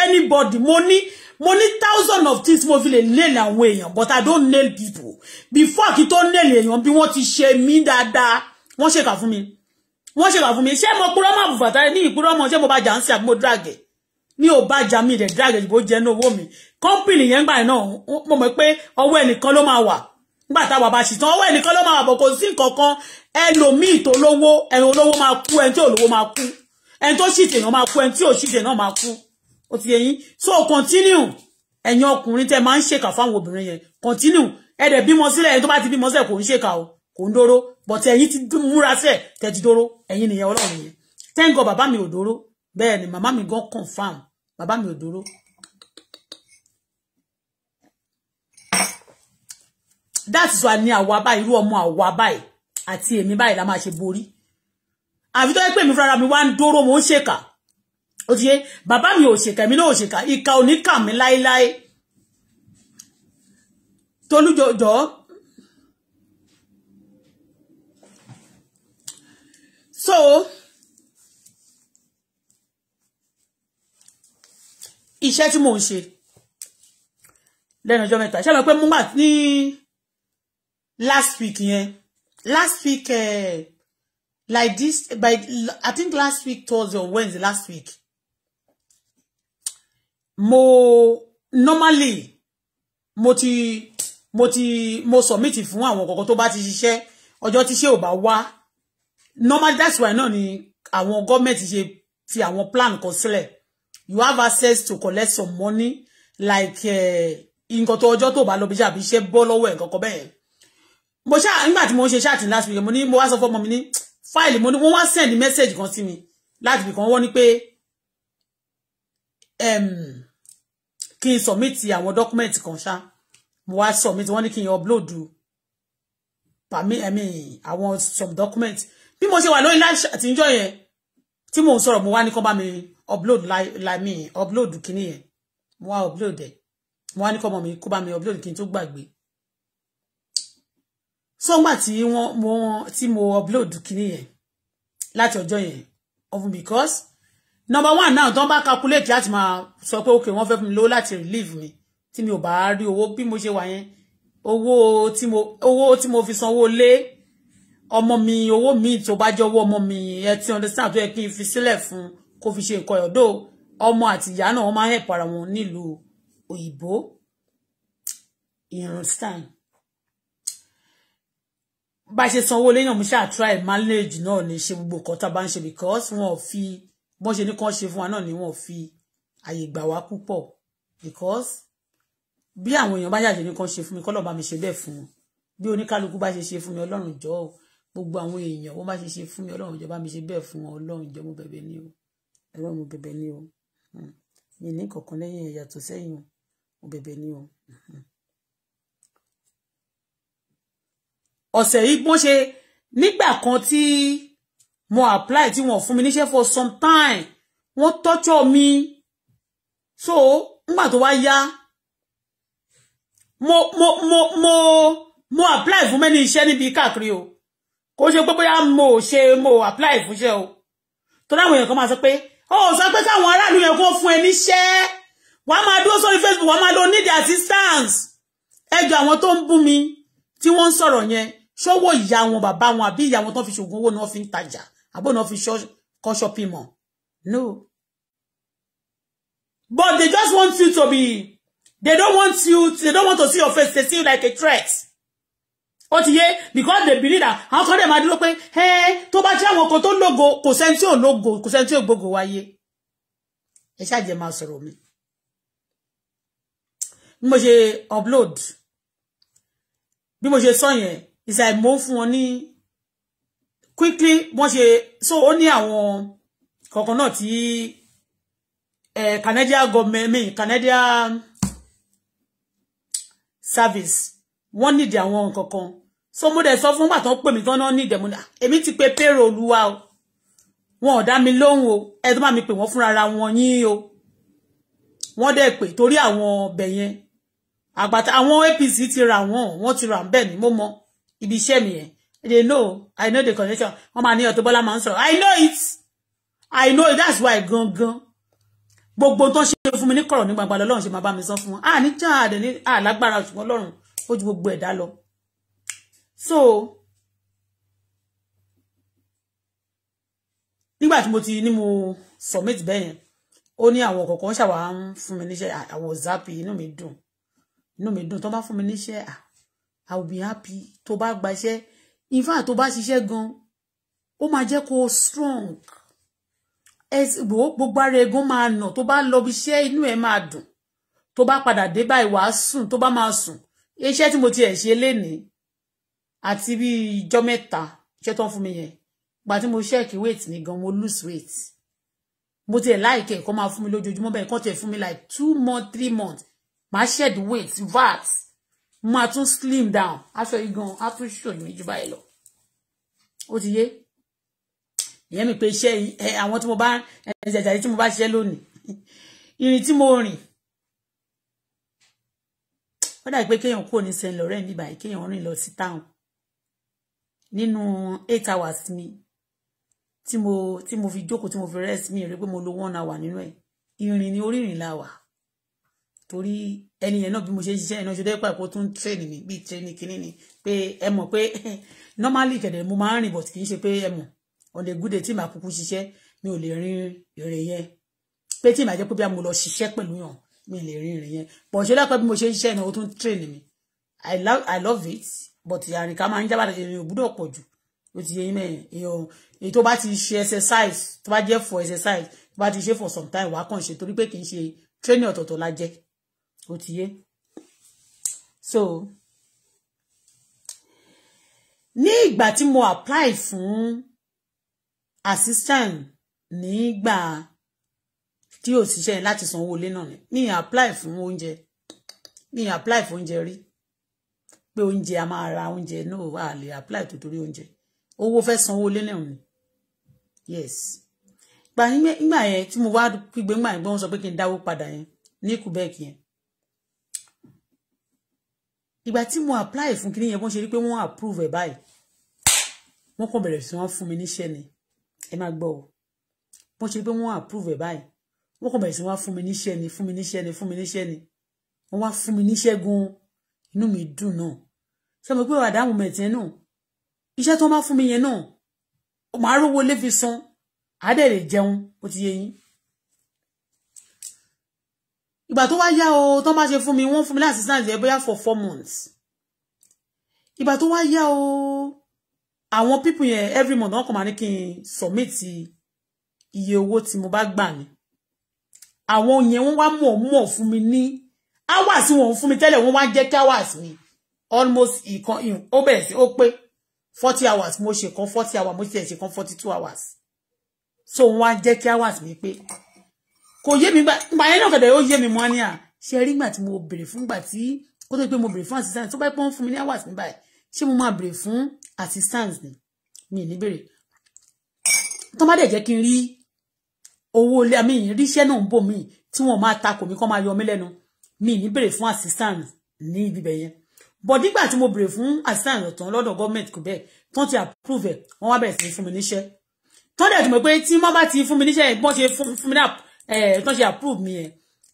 anybody mo ní mo ní thousand of things mo fi lè nail àwọn èèyàn but i don't nail people before kí tó nail èèyàn bí wọ́n ti ṣe mí dáadáa wọ́n ṣèkà fún mi wọ́n ṣe wà fún mi ṣé mo purọ́ mọ́ àbùfà táyé ní ìpurọ́ mọ́ ṣé mo bá jà ń sí àbí mo drag ní ò bá jà mí rẹ̀ drag ìbò jẹ́ ní owó mi kọ́ńpìnì yẹn gbà náà mo mọ̀ pé ọwọ́ ẹnìkan ló máa wà nígbà táwa bá ṣìtàn ọwọ́ ẹnìkan ló máa wà bọ̀ kò sí nǹkan kan ẹlòmíì tó lówó ẹni olówó máa kú ẹni tí olówó máa kú ẹni tó ṣìtẹ̀ náà máa kú ẹni tí ò ṣìtẹ̀ náà máa kú ó ti yé so continue ẹ̀yin ọkùnrin tẹ́ máa ń ṣèkà fáwọn obìnrin yẹn continue ẹ̀dẹ̀ bímọ sílẹ̀ ẹni tó bá ti bímọ sílẹ̀ kò ń ṣèkà o kò ń but ẹ̀yin ti múra sẹ̀ tẹ̀ ti dóró ẹ̀yin nìyẹn ọlọ́run yẹn thank God Baba mi odoro. dóró bẹ́ẹ̀ ni màmá mi go confirm. Baba mi odoro. that's why ni àwa báyìí irú ọmọ àwa báyìí Ati èmi báyìí la ma ṣe borí àfi tó yẹ pé mi fúnra mi wá ń dóró mo ń ṣèkà ó ti yé bàbá mi ò ṣèkà èmi náà ò ṣèkà ìkà ò ní kà mí láéláé tolújọjọ so iṣẹ́ tí mò ń ṣe lẹ́nu ọjọ́ mẹ́ta ṣé mo pé mo wà ní last week yẹn last week uh, like this by I think last week Thursday or Wednesday last week mo normally mo ti mo ti mo submit fún àwọn kọ̀ọ̀kan tó bá ti ṣiṣẹ́ ọjọ́ tíṣẹ́ ò bá wá Normally, that's why no, ni àwọn government ṣe fi àwọn plan kan sílẹ̀ you have access to collect some money like eh, nǹkan tó ọjọ́ tó bá lọ bí ṣe àbí iṣẹ́ bọ́ lọ́wọ́ ẹ̀ kankan bẹ́ẹ̀ mo ṣá nígbà tí mo ń ṣe ṣáàtì last week mo ní mo wá sọ fọ́mọ mi ní fáìlì mo ní wọ́n wá send message kan sí mi láti bìkan wọ́n ní pé ehm, kí n submit àwọn document kan ṣá mo wá submit wọ́n ní kí n upload pàmí ẹ̀mí àwọn some documents bí mo ṣe wà lórí láì àtijọ́ yẹn tí mò ń sọ̀rọ̀ mo wá ní kó bá mi upload láìmí yẹn upload kìíní yẹn mo wá upload ẹ̀ mo wá ní kó ọmọ mi kó bá mi upload kí n tó gbàgbé sọ́ngbà tí wọ́n mo tí mo upload kìíní yẹn láti ọjọ́ yẹn of because number one now tán bá calculate láti máa sọ pé ok wọ́n fẹ́ fún mi lówó láti relieve mi tí mi ò bá rí owó bí mo ṣe wà yẹn owó tí mo owó tí mo fi sanwó lé ọmọ mi owó mi tó bá jọ̀wọ́ ọmọ mi ẹ ti understand tó yẹ kí n fi sílẹ̀ fún kó fi ṣe nǹkan ọ̀dọ́ ọmọ àti ìyá náà wọ́n máa ń ara wọn nílùú òyìnbó you understand bá ṣe sanwó léèyàn mi ṣáà try manage náà ní ṣe gbogbo nǹkan tá a bá ń ṣe because wọn ò fi bọ́n ṣe ní kán ṣe fún wa náà ni wọn ò fi àyè gbà wá púpọ̀ because bí àwọn èèyàn bá yàjẹ́ ní kán ṣe fún mi kọ́ bá mi ṣe bẹ́ẹ̀ fún wọn bí oníkálukú bá ṣe ṣe fún mi ọlọ́run jọ̀ọ́ gbogbo àwọn èèyàn wọ́n bá ṣe ṣe fún mi ọlọ́run ìjọba mi ṣe bẹ́ẹ̀ fún wọn ọlọ́run ìjọ mo bẹ̀bẹ̀ ní o ẹ̀rọ mo bẹ̀bẹ̀ ní o hmm. mi ní kọ̀ọ̀kan lẹ́yìn ẹ̀yà tó sẹ́yìn mo bẹ̀bẹ̀ ní o. Hmm. ọ̀sẹ̀ yìí bó ṣe nígbà kan tí mo apply tí wọ́n fún mi níṣẹ́ for some time wọ́n torture mi so nígbà tó wá yá mo mo mo mo mo apply fún mẹ́ni iṣẹ́ níbi káàkiri o kò ṣe pé bóyá mo ṣe mo apply fúnṣẹ́ o tó dáwọn èèyàn kan máa sọ pé ó sọ pé káwọn aráàlú yẹn kó fún ẹ níṣẹ́ wàá máa dúró sórí Facebook wàá máa lo need assistance ẹjọ́ àwọn tó ń bú mi tí wọ́n ń sọ̀rọ̀ yẹn ṣówó ìyá wọn bàbá wọn àbí ìyá wọn tó fi ṣògùn owó náà fi ń tajà àbó náà fi kọ́ shopping mall no but they just want you to be they don't want you to, they don't want to see your face they see you like a threat ó ti yé because they believe that àwọn kan dẹ̀ máa dúró pé ẹ tó bá tí àwọn kan tó lógo kò sẹ́ni tí ò lógo kò sẹ́ni tí ò gbógo wáyé ẹ ṣáàjẹ́ máa sọ̀rọ̀ mi bí mo ṣe upload bí mo ṣe sọ yẹn ìsà ìmọ̀ fún wọn ní quickly wọ́n ṣe so ó ní àwọn kọ̀ọ̀kan náà tí Canadian government Canadian service wọ́n nídìí àwọn nǹkan kan so mo dẹ̀ sọ fún gbà tán pè mí tán náà ní ìdẹ̀múdà ah, èmi ti pe pérò olúwa o wọn ò dá mi lóhùn o ẹ tó bá mi pè wọ́n fúnra wọn yín o wọ́n dẹ̀ pè torí àwọn ọbẹ̀ yẹn àgbàtà àwọn APC ti ra wọn wọ́n ti rà ń bẹ̀ ní mo ibi iṣẹ́ mi yẹn they know i know the connection wọ́n máa ní Auto Bola máa ń i know it i know it that's why gangan gbogbo tó ń ṣe fún mi ní kọ̀rọ̀ ní gbangba lọ́run ṣe máa bá mi sọ fún wọn àníjà àdẹ̀ ní àlágbára ṣùgbọ́n lọ́run ó ju gbogbo ẹ̀dá lọ so nígbà tí mo ti ní mo submit bẹ́ẹ̀ yẹn ó ní àwọn kọ̀ọ̀kan ṣàwà ń fún mi níṣẹ́ I was happy inú mi dùn inú mi dùn tó bá fún mi níṣẹ́ ah, I will be happy tó bá gba iṣẹ́ in fact tó bá ṣiṣẹ́ gan ó máa jẹ́ kó strong gbogbo ara egun máa nà tó bá lọ ibiṣẹ́ inú ẹ̀ máa dùn tó bá padà dé báyìí wàá sùn tó bá máa sùn iṣẹ́ tí mo ti ẹ̀ ṣe lénìí àti bí ìjọ mẹ́ta iṣẹ́ tó ń fún mi yẹn gba tí mo ṣẹ́ẹ̀kì weight mi gan mo lose weight mo tiẹ̀ láìkẹ́ kó máa fún mi lójoojúmọ́ bẹ́ẹ̀ kó tiẹ̀ fún mi like two months three months máa shed weight vat máa tún slim down aṣọ yìí gan á tún ṣòyìn méjì báyìí lọ ó ti yé ìyẹn mi pé iṣẹ́ àwọn tí mo bá ẹ̀jẹ̀ tí mo bá ṣiṣẹ́ lónìí ìrìn tí mo rìn ó dàbí pé kéèyàn kúrò ní sẹ́ńlọ́rẹ́ mi báyìí kéèyàn rìn lọ sí táwọn Ninu eight hours mi tí mo tí mo fi jókòó tí mo fi rest mi rí pé mo lo one hour ninu ẹ̀ ìrìn ni orí ìrìn la wà torí ẹni yẹn náà bí mo ṣe ń ṣiṣẹ́ iná ṣe dẹ́pà kó tún tírẹ́nì ni bi training kini ni pe ẹ mọ̀ pé normally kẹ̀dẹ̀ mo máa ń rìn bọ̀ kì í ṣe pé on the good day tí màá kúkú ṣiṣẹ́ mi ò lè rin ìrìn yẹn pé tí màá jẹ́ pé bí mo lọ ṣiṣẹ́ pẹ̀lú yàn mi ò lè rin ìrìn yẹn pọ̀ ṣe lẹ́kọ̀ọ́ bí mo ṣe ń ṣiṣẹ́ iná ó tún mi I love I love it but àrìn ká máa ń jábàdà ṣe èèyàn gbúdọ̀ pọ̀ jù ó ti yẹ yín èèyàn èyí tó bá ti ṣe exercise tó bá jẹ́ for exercise tó bá ti ṣe for some time wàá kàn ṣe torí pé kì í ṣe training ọ̀tọ̀ọ̀tọ̀ la jẹ́ ó ti yé so ní ìgbà tí mo apply fún assistant nígbà tí òṣìṣẹ́ láti sanwó ilé náà ni mi apply fún oúnjẹ mi apply fún oúnjẹ rí pé oúnjẹ a máa ra oúnjẹ náà wà lè apply tó torí oúnjẹ owó fẹ́ sanwó lé náà yes gbà nígbà yẹn tí mo wá gbígbé gbà yẹn wọ́n sọ pé kí n dáwó padà yẹn ní Quebec yẹn ìgbà tí mo apply fún kinní yẹn wọ́n ṣe rí pé wọ́n approve ẹ̀ báyìí wọ́n kàn bẹ̀rẹ̀ sí wọ́n fún mi níṣẹ́ ni ẹ máa gbọ́ o wọ́n ṣe rí pé wọ́n approve ẹ̀ báyìí wọ́n kàn bẹ̀rẹ̀ sí wọ́n fún mi níṣẹ́ ni fún mi níṣẹ́ ni fún mi níṣẹ́ ni wọ́n wá fún mi níṣẹ́ gan-an inú mi dùn náà ṣe mo pé wàdà àwọn mẹ̀tẹ́ náà iṣẹ́ tó máa fún mi yẹn náà màá rówó lé fi san àádẹ́ lè jẹun ó ti yé yín ìgbà tó wá yá o tó máa ṣe fún mi wọ́n fún mi láti sáà jẹ́ bóyá for four months ìgbà tó wá yá o àwọn people yẹn every month wọ́n kàn máa ní kí n submit iye owó tí mo bá gbà ní àwọn yẹn wọ́n wá mọ̀ mọ̀ fún mi ní hours wọn fún mi tẹ́lẹ̀ wọ́n wá jẹ́ kí hours mi almost ìkan ó bẹ̀rẹ̀ sí ó pé forty hours mo ṣe kan forty hours mo ṣe kan forty two hours so wọ́n wá jẹ́ hours mi pé kò yé mi gbà gbà yẹn náà kẹ̀dẹ̀ ó yé mi mọ́ ní à ṣe rí gbà tí mo béèrè fún gbà tí kó tó pé mo béèrè fún assistance tó bá pọ́n fún mi ní hours mi báyìí ṣé mo máa béèrè fún assistance ni mi ì ní béèrè tó má dẹ̀ jẹ́ kí n rí owó ilé àmì ìríṣẹ́ náà ń bò mí tí wọ́n máa takò mí kọ́ máa yọ mí lẹ́nu mi ní béèrè fún assistant ní ibibẹ̀ yẹn but nígbà tí mo béèrè fún assistant ọ̀tàn lọ́dọ̀ Government kò bẹ́ẹ̀ tán ti approve ẹ̀ wọ́n wá bẹ̀rẹ̀ sí fún mi níṣẹ́ tán dẹ̀ tó mọ̀ pé tí wọ́n bá ti fún mi níṣẹ́ bọ́n ṣe fún mi náà tán ṣe approve mi yẹn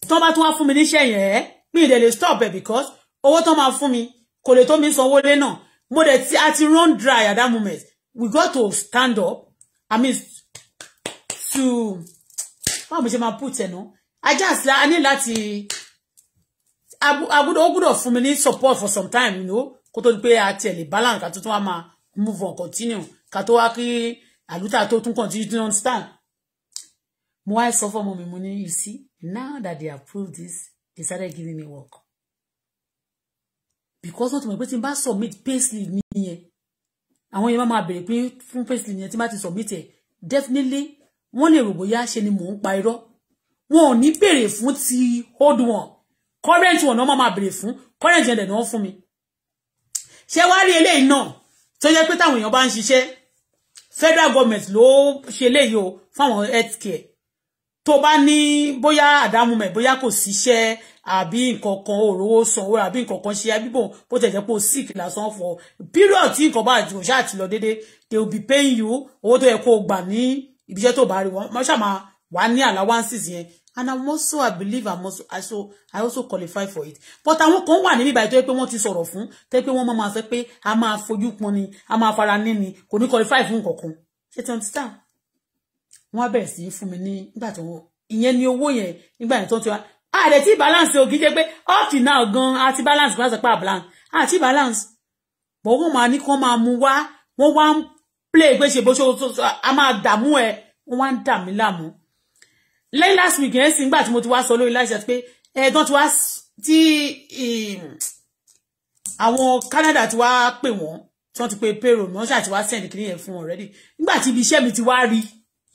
tán bá tún wá fún mi níṣẹ́ yẹn mi ìdẹ̀ lè stop ẹ̀ because owó tán máa fún mi kò lè tó mi sanwó lé náà mo dẹ̀ ti àti run dry at that moment we got to stand up i mean to báwo mo ṣe máa put ẹ̀ I ajá àsìlá a ní láti I, would, ó gbọ́dọ̀ fún mi ní support for some time you know kó tó di pé a balance ká tó tún move on continue ká tó wá kí àlùtà continue to understand. mo suffer sọ money. you see now that they approve this they started giving me work because wọ́n my mọ̀ pé submit payslip nìyẹn àwọn yẹn máa máa bèrè pé fún payslip nìyẹn tí submit ẹ̀ definitely One lè rò bóyá ṣe ni mò ń pa irọ́ wọn ò ní bèrè hold one current one ọmọ máa bèrè fún current yẹn dẹ̀ ni wọ́n fún mi ṣé wàá rí eléyìí náà tó jẹ́ pé táwọn èèyàn bá ń ṣiṣẹ́ federal government ló ṣe eléyìí o fáwọn health care tó bá ní bóyá àdámú mẹ bóyá kò síṣẹ́ àbí nǹkan kan òrówó sanwó àbí nǹkan kan ṣe àbíbò bó tẹ̀ jẹ́ pé o sick lásán fọ period tí nǹkan bá jù ṣáà ti lọ déédéé they will be paying you owó tó yẹ kó o gbà ní ibiṣẹ́ tó bá rí wọn wọ́n ṣàmà wà ní allowances yẹn and i'm also i believe i'm also i so i also qualify for it but àwọn kan wà níbí báyìí tó yẹ pé wọ́n ti sọ̀rọ̀ fún tó yẹ pé wọ́n máa fẹ́ pé a máa fojú pọn ni a máa fara ní ni kò ní qualify fún kankan ṣe ti understand wọ́n á bẹ̀rẹ̀ sí í fún mi ní nígbà tó wọ́n ìyẹn ni owó yẹn nígbà yẹn tó ń tiwa a rẹ̀ tí balance ògì jẹ́ pé up to now gan a ti balance kó a sọ pé a balance a ti balance But wọ́n máa ní kí wọ́n máa mú wá wọ́n wá ń play gbèsè bó ṣe a máa dààmú ẹ̀ wọ́n wá ń dà mí láàmú lẹ́yìn last week yẹn sì nígbà tí mo ti wá sọ lórí láìsẹ̀ pé ẹ̀ẹ́dán eh, ti wá tí ehm, àwọn Canada ti wá pè wọ́n tí wọ́n ti pe payroll wọ́n ṣáà ti wá send kiri yẹn fún wọn already nígbà tí ibi iṣẹ́ mi ti wá rí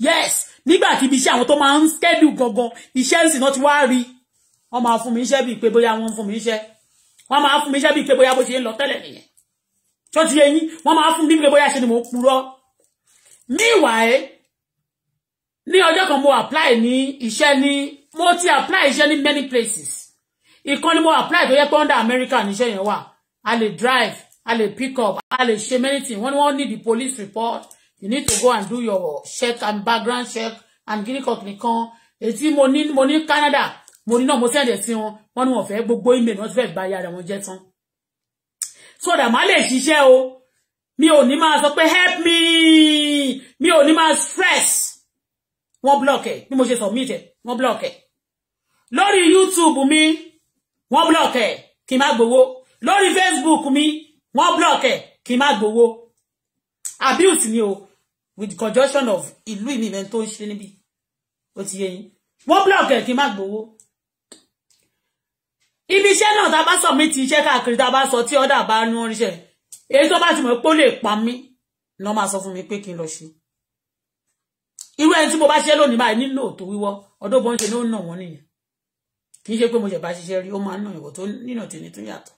yes nígbà tí ibi iṣẹ́ àwọn tó máa ń schedule gangan iṣẹ́ ń sì náà ti wá rí wọ́n máa fún mi iṣẹ́ bíi pé bóyá wọ́n fún mi iṣẹ́ wọ́n máa fún mi iṣẹ́ bíi pé bóyá bó ṣe ń lọ tẹ́lẹ̀ nìyẹn tí wọ́n ti yẹ yín wọ́n máa fún mi bíi pé bóyá ṣe ni mò purọ́ meanwhile ní ọjọ́ kan mo apply ní iṣẹ́ ní mo ti apply iṣẹ́ ní many places ìkan ni mo apply tó yẹ pé under America níṣẹ́ yẹn wà a lè drive a lè pick up a lè ṣe many things wọ́n ní wọ́n need the police report you need to go and do your check and background check and guinea cock nìkan èyí mo ní mo ní Canada mo ní náà mo sẹ́ndẹ̀ sí wọn wọ́n ní wọ́n fẹ́ gbogbo email wọ́n ti fẹ́ gba ayá rẹ̀ wọ́n jẹ́ tán so that má lè ṣiṣẹ́ o mi ò ní máa sọ pé help me mi ò ní máa stress wọ́n block ẹ̀ bí mo ṣe submit ẹ̀ wọ́n block ẹ̀ lórí YouTube mi wọ́n block ẹ̀ kí n má gbowó Facebook mi wọ́n block ẹ̀ kí n má abuse ni o with conjunction of ìlú ìmìmẹ́ tó ń ṣe níbi ó ti yẹ yín block ẹ̀ kí n má gbowó ibi iṣẹ́ náà tá a bá sọ mí ti iṣẹ́ káàkiri tá a bá sọ tí ọ̀dà bá ń ránṣẹ́ ti mọ̀ pé ó lè pa mí lọ́ máa sọ fún mi pé kí n lọ ṣe irú ẹni tí mo bá ṣiṣẹ́ lónìí báyìí nílò tó wíwọ́ ọdún bọ́n ṣe ló ń nà wọ́n nìyẹn kì í ṣe pé mo ṣẹ̀bá ṣiṣẹ́ rí ó máa ń nà ìwọ̀ tó nínà tèmi tún yàtọ̀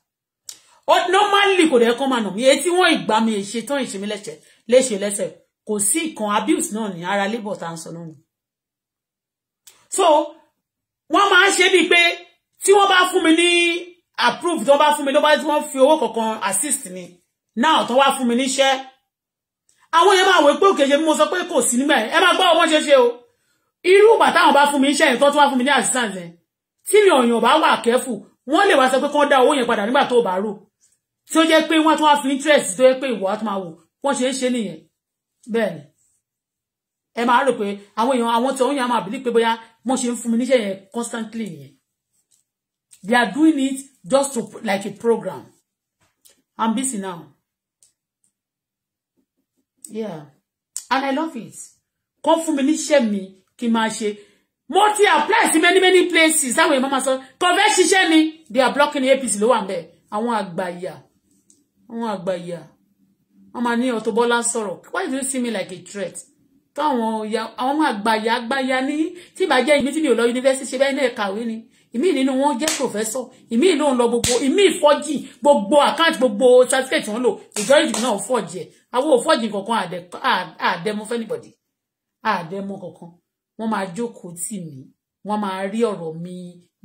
normally kò dẹ̀ kán máa nà mí etí wọ́n ìgbà mi èṣe tán ìṣe mi lẹ́sẹ̀ léṣe lẹ́sẹ̀ kò sí ìkan abuse náà ní ara labour tá à ń sọ lóhùn so wọ́n máa ń ṣe bíi pé tí wọ́n bá fún mi ní approve tí wọ́n bá fún mi ló bá tí wọ́n fi owó kankan assist mi now tí wọ́n wá fún mi níṣẹ́ àwọn yẹn máa wò pé òkè yẹn mo sọ pé kò sí nígbà yẹn ẹ máa gbọ́ ọmọ ṣe ṣe o irú bàtà àwọn bá fún mi iṣẹ́ yẹn tó tún wá fún mi ní assistant yẹn tí mi ọ̀yàn bá wà kẹ́fù wọ́n lè wá sọ pé kán dá owó yẹn padà nígbà tó bá rò tí ó jẹ́ pé wọ́n tún wá fi interest tó jẹ́ pé ìwọ á tún máa wò wọ́n ṣe é ṣe nìyẹn bẹ́ẹ̀ ni ẹ máa rò pé àwọn èèyàn àwọn tí òun yẹn máa bìlí pé bóyá wọ́n ṣe ń fún mi níṣẹ́ yẹn constantly yẹn they are doing it just to like a program I'm busy now yeah and I love it kọ́ fún mi níṣẹ́ mi kí n máa ṣe mo ti apply sí many many places táwọn èèyàn máa sọ kò fẹ́ ṣiṣẹ́ ni they are blocking the APC ló wà ń bẹ̀ àwọn àgbàyà àwọn àgbàyà wọ́n máa ní Auto Bola sọ̀rọ̀ why do you see me like a threat táwọn ya àwọn àgbàyà àgbàyà ní tí ìbàjẹ́ ìmí tí mi ò lọ yunifásitì ṣe bẹ́ẹ̀ náà kàwé ni ìmí nínú wọn jẹ́ pòfẹ́sọ̀ ìmí ló ń lọ gbogbo ìmí ìfọ́jì gbogbo àkáǹtì gbogbo certificate wọn lò ìjọ́rìjì náà fọ̀jẹ̀ àwọn ò fọ́ọ̀jì kankan àdẹ̀mú fẹ́nìbọ̀dì àdẹ̀mú kankan wọ́n máa jókòó tì mí wọ́n máa rí ọ̀rọ̀ mi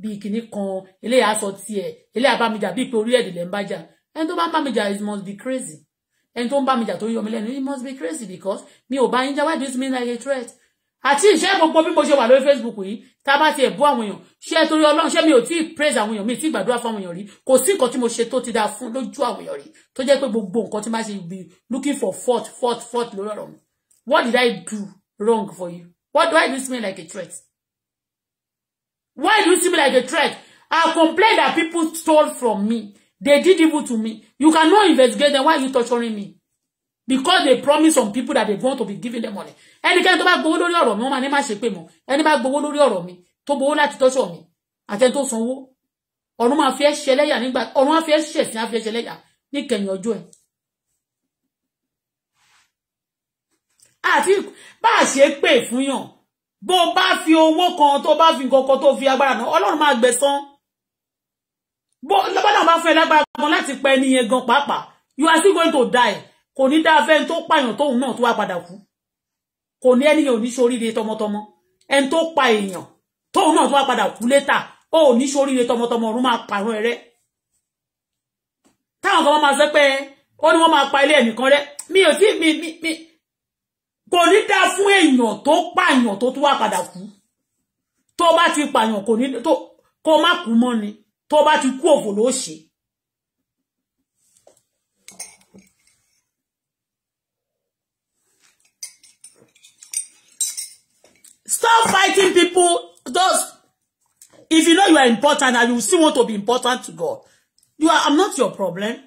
bíi kinní kan eléyà sọ tiẹ̀ eléyà bá mi jà bíi pé orí ẹ̀dẹ̀ lẹ́ ń bá jà ẹni tó bá ń bá mi jà it must be crazy ẹni tó ń bá mi jà tó yọ mi lẹ́nu it must be crazy because mi ò bá yín jà why do you mean like a threat àti ìṣe gbogbo bí mo ṣe wà lórí facebook yìí tá a bá tiẹ̀ bú àwọn èèyàn ṣé torí ọlọ́run ṣé mi ò tí ì praise àwọn èèyàn mi ì tí ì gbàdúrà fún àwọn èèyàn rí kò sí nǹkan tí mo ṣe tó ti dáa fún lójú àwọn èèyàn rí tó jẹ́ pé gbogbo nǹkan tí máa ṣe be looking for fourth, fourth, fourth. lórí ọ̀rọ̀ mi what did i do wrong for you what do i do see me like a threat why do you see me like a threat i complain that people stole from me they did evil to me you cannot investigate them why are you torturing me because they promise some people that they want to be giving them money ẹnikẹ́ni tó bá gbowó lórí ọ̀rọ̀ mi wọ́n máa ní má ṣe pé mọ́ ẹni bá gbowó lórí ọ̀rọ̀ mi tó gbowó láti tọ́ṣọ̀ mi àtẹni tó sanwó ọ̀run máa fi ẹ́ ṣẹlẹ́yà nígbà ọ̀run máa fi ẹ́ ṣẹ̀sìn á fi ẹ́ ṣẹlẹ́yà níkẹyìn ọjọ́ ẹ̀. àti bá a ṣe pè fún yàn bó o bá fi owó kan tó bá fi nǹkan kan tó fi agbára náà ọlọ́run máa gbẹ̀san bó lọ́bàdàn bá fún ẹ lágbára kan láti pa ẹni yẹn gan pàápàá you are still going to die kò ní dáa fẹ́ ẹni tó pààyàn tóun náà tó wá padà kú kò ní ẹnìyàn ò ní ṣoríire tọmọtọmọ ẹni tó pa èèyàn tóun náà tó wá padà kú létà ó ò ní ṣoríire tọmọtọmọ ọ̀run máa pààrọ̀ rẹ táwọn kan máa sọ pé ó ní wọ́n máa pa ilé ẹnìkan rẹ mi ò tí mi mi mi kò ní dáa fún èèyàn tó pààyàn tó tún wá padà kú tó bá ti pààyàn kò ní tó kó má kú mọ́ ni tó bá ti kú òfò ló ṣe Stop fighting people. Those, if you know you are important and you still want to be important to God, you are, I'm not your problem.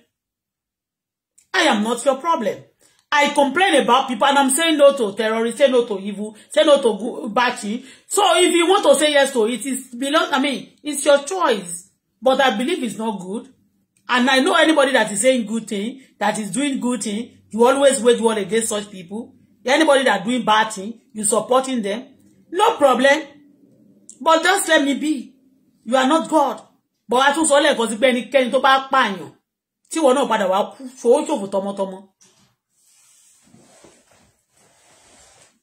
I am not your problem. I complain about people and I'm saying no to terrorists, say no to evil, say no to bachi. So if you want to say yes to it, is belong, I mean, it's your choice. But I believe it's not good. And I know anybody that is saying good thing, that is doing good thing, you always wage war against such people. Anybody that doing bad thing, you supporting them no problem but just let me be you are not God but I a tún sọ lẹ́ẹ̀kan sí pé ẹnikẹ́ni tó bá pààyàn tí ìwọ náà padà wá so fowó ṣòfò tọmọtọmọ.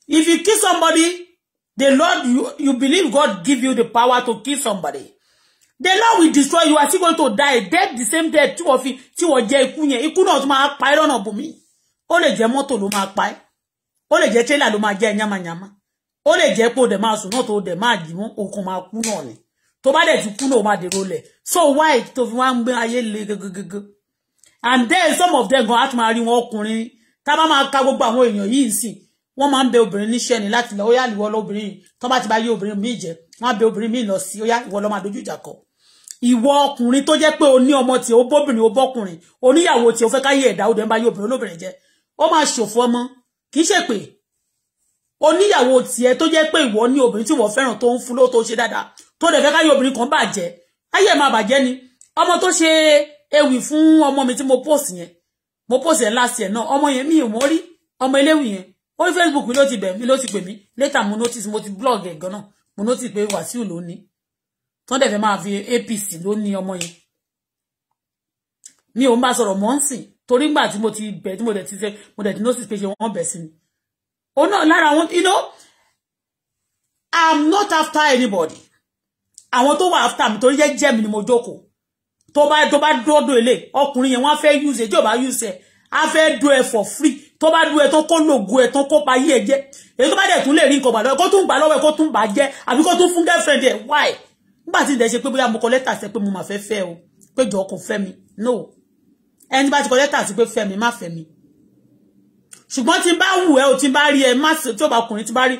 if you kill somebody the Lord you, you believe God give you the power to kill somebody the Lord will destroy you are still going to die Dead the same death Two of fi tí wọ́n jẹ ikú yẹn ikú náà tún máa pa ẹ́ lọ́nà bùnmí ó lè jẹ́ mọ́tò ló máa pa ẹ́ ó lè ó lè jẹ́ pé o dẹ̀ máa sùn náà tó dẹ̀ máa jí mú okun máa kú náà ni tó bá dẹ̀ ti kú náà ó máa dèrò lẹ̀ so why to fi wá ń gbé ayé le gẹgẹgẹgẹ and then some of them gan á tún máa rí wọn ọkùnrin tá bá máa ka gbogbo àwọn èèyàn yìí sìn wọ́n máa ń bẹ obìnrin níṣẹ́ ni láti lọ ó yá ìwọ lóbìnrin tó bá ti bá yé obìnrin míì jẹ wọ́n á bẹ obìnrin míì lọ sí ó yá ìwọ lọ máa dojú ìjà kọ ìwọ ọkùnrin tó jẹ́ pé o ní ọmọ tí o bóbìnrin o bọ́kùnrin oníyàwó tí o fẹ́ káyé ẹ̀dá ó dẹ̀ ń bá yé obìnrin olóbìnrin jẹ ó máa ṣòfò ọmọ kì í ṣèpè oníyàwó tiẹ̀ tó jẹ́ pé ìwọ ní obìnrin tí wọ́n fẹ́ràn tó ń fún ló tó ṣe dáadáa tó dẹ̀ fẹ́ káyé obìnrin kan bàjẹ́ ayé ẹ̀ máa bàjẹ́ ni ọmọ tó ṣe ewì fún ọmọ mi tí mo post yẹn mo post yẹn last year náà ọmọ yẹn mi ò mọ́ rí ọmọ eléwì yẹn orí Facebook mi ló ti bẹ̀ mi ló ti pè mí later mo notice mo ti blog ẹ̀ gan-an mo notice pé Wàsíù ló ní tó dẹ̀ fẹ́ máa fi APC ló ní ọmọ yẹn mi ò ń bá sọ̀rọ̀ mọ́ ń sìn torí ngbà tí mo ti bẹ̀ tí mo dẹ̀ ti ṣe mo dẹ̀ ti notice pé ṣe wọ́n bẹ̀ sí ni òun oh, náà lára àwọn you know i'm not after anybody àwọn tó wà after mi torí jẹ́jẹ́ mi ni mo jókòó tó bá tó do dọ́dọ̀ Oh, ọkùnrin yẹn wọ́n á fẹ́ use ẹ̀ tí ò bá use ẹ̀ á fẹ́ do it for free tó bá do it. tó call no, ẹ̀ tó kó payé ẹ̀ jẹ́ èyí tó bá dẹ̀ tún lè rí nǹkan gbàdọ̀ Go to gbà lọ́wọ́ ẹ̀ kó tún bà jẹ́ àbí girlfriend why But in the ṣe we have mo kọ lẹ́tà sí pé mo fair. fẹ́ fẹ́ o pé jọ̀ọ́ no Anybody bá as kọ Fair me. pé fair me ṣùgbọ́n tí n bá wù ẹ́ o tí n bá rí ẹ má sí tó bá ọkùnrin tí n bá rí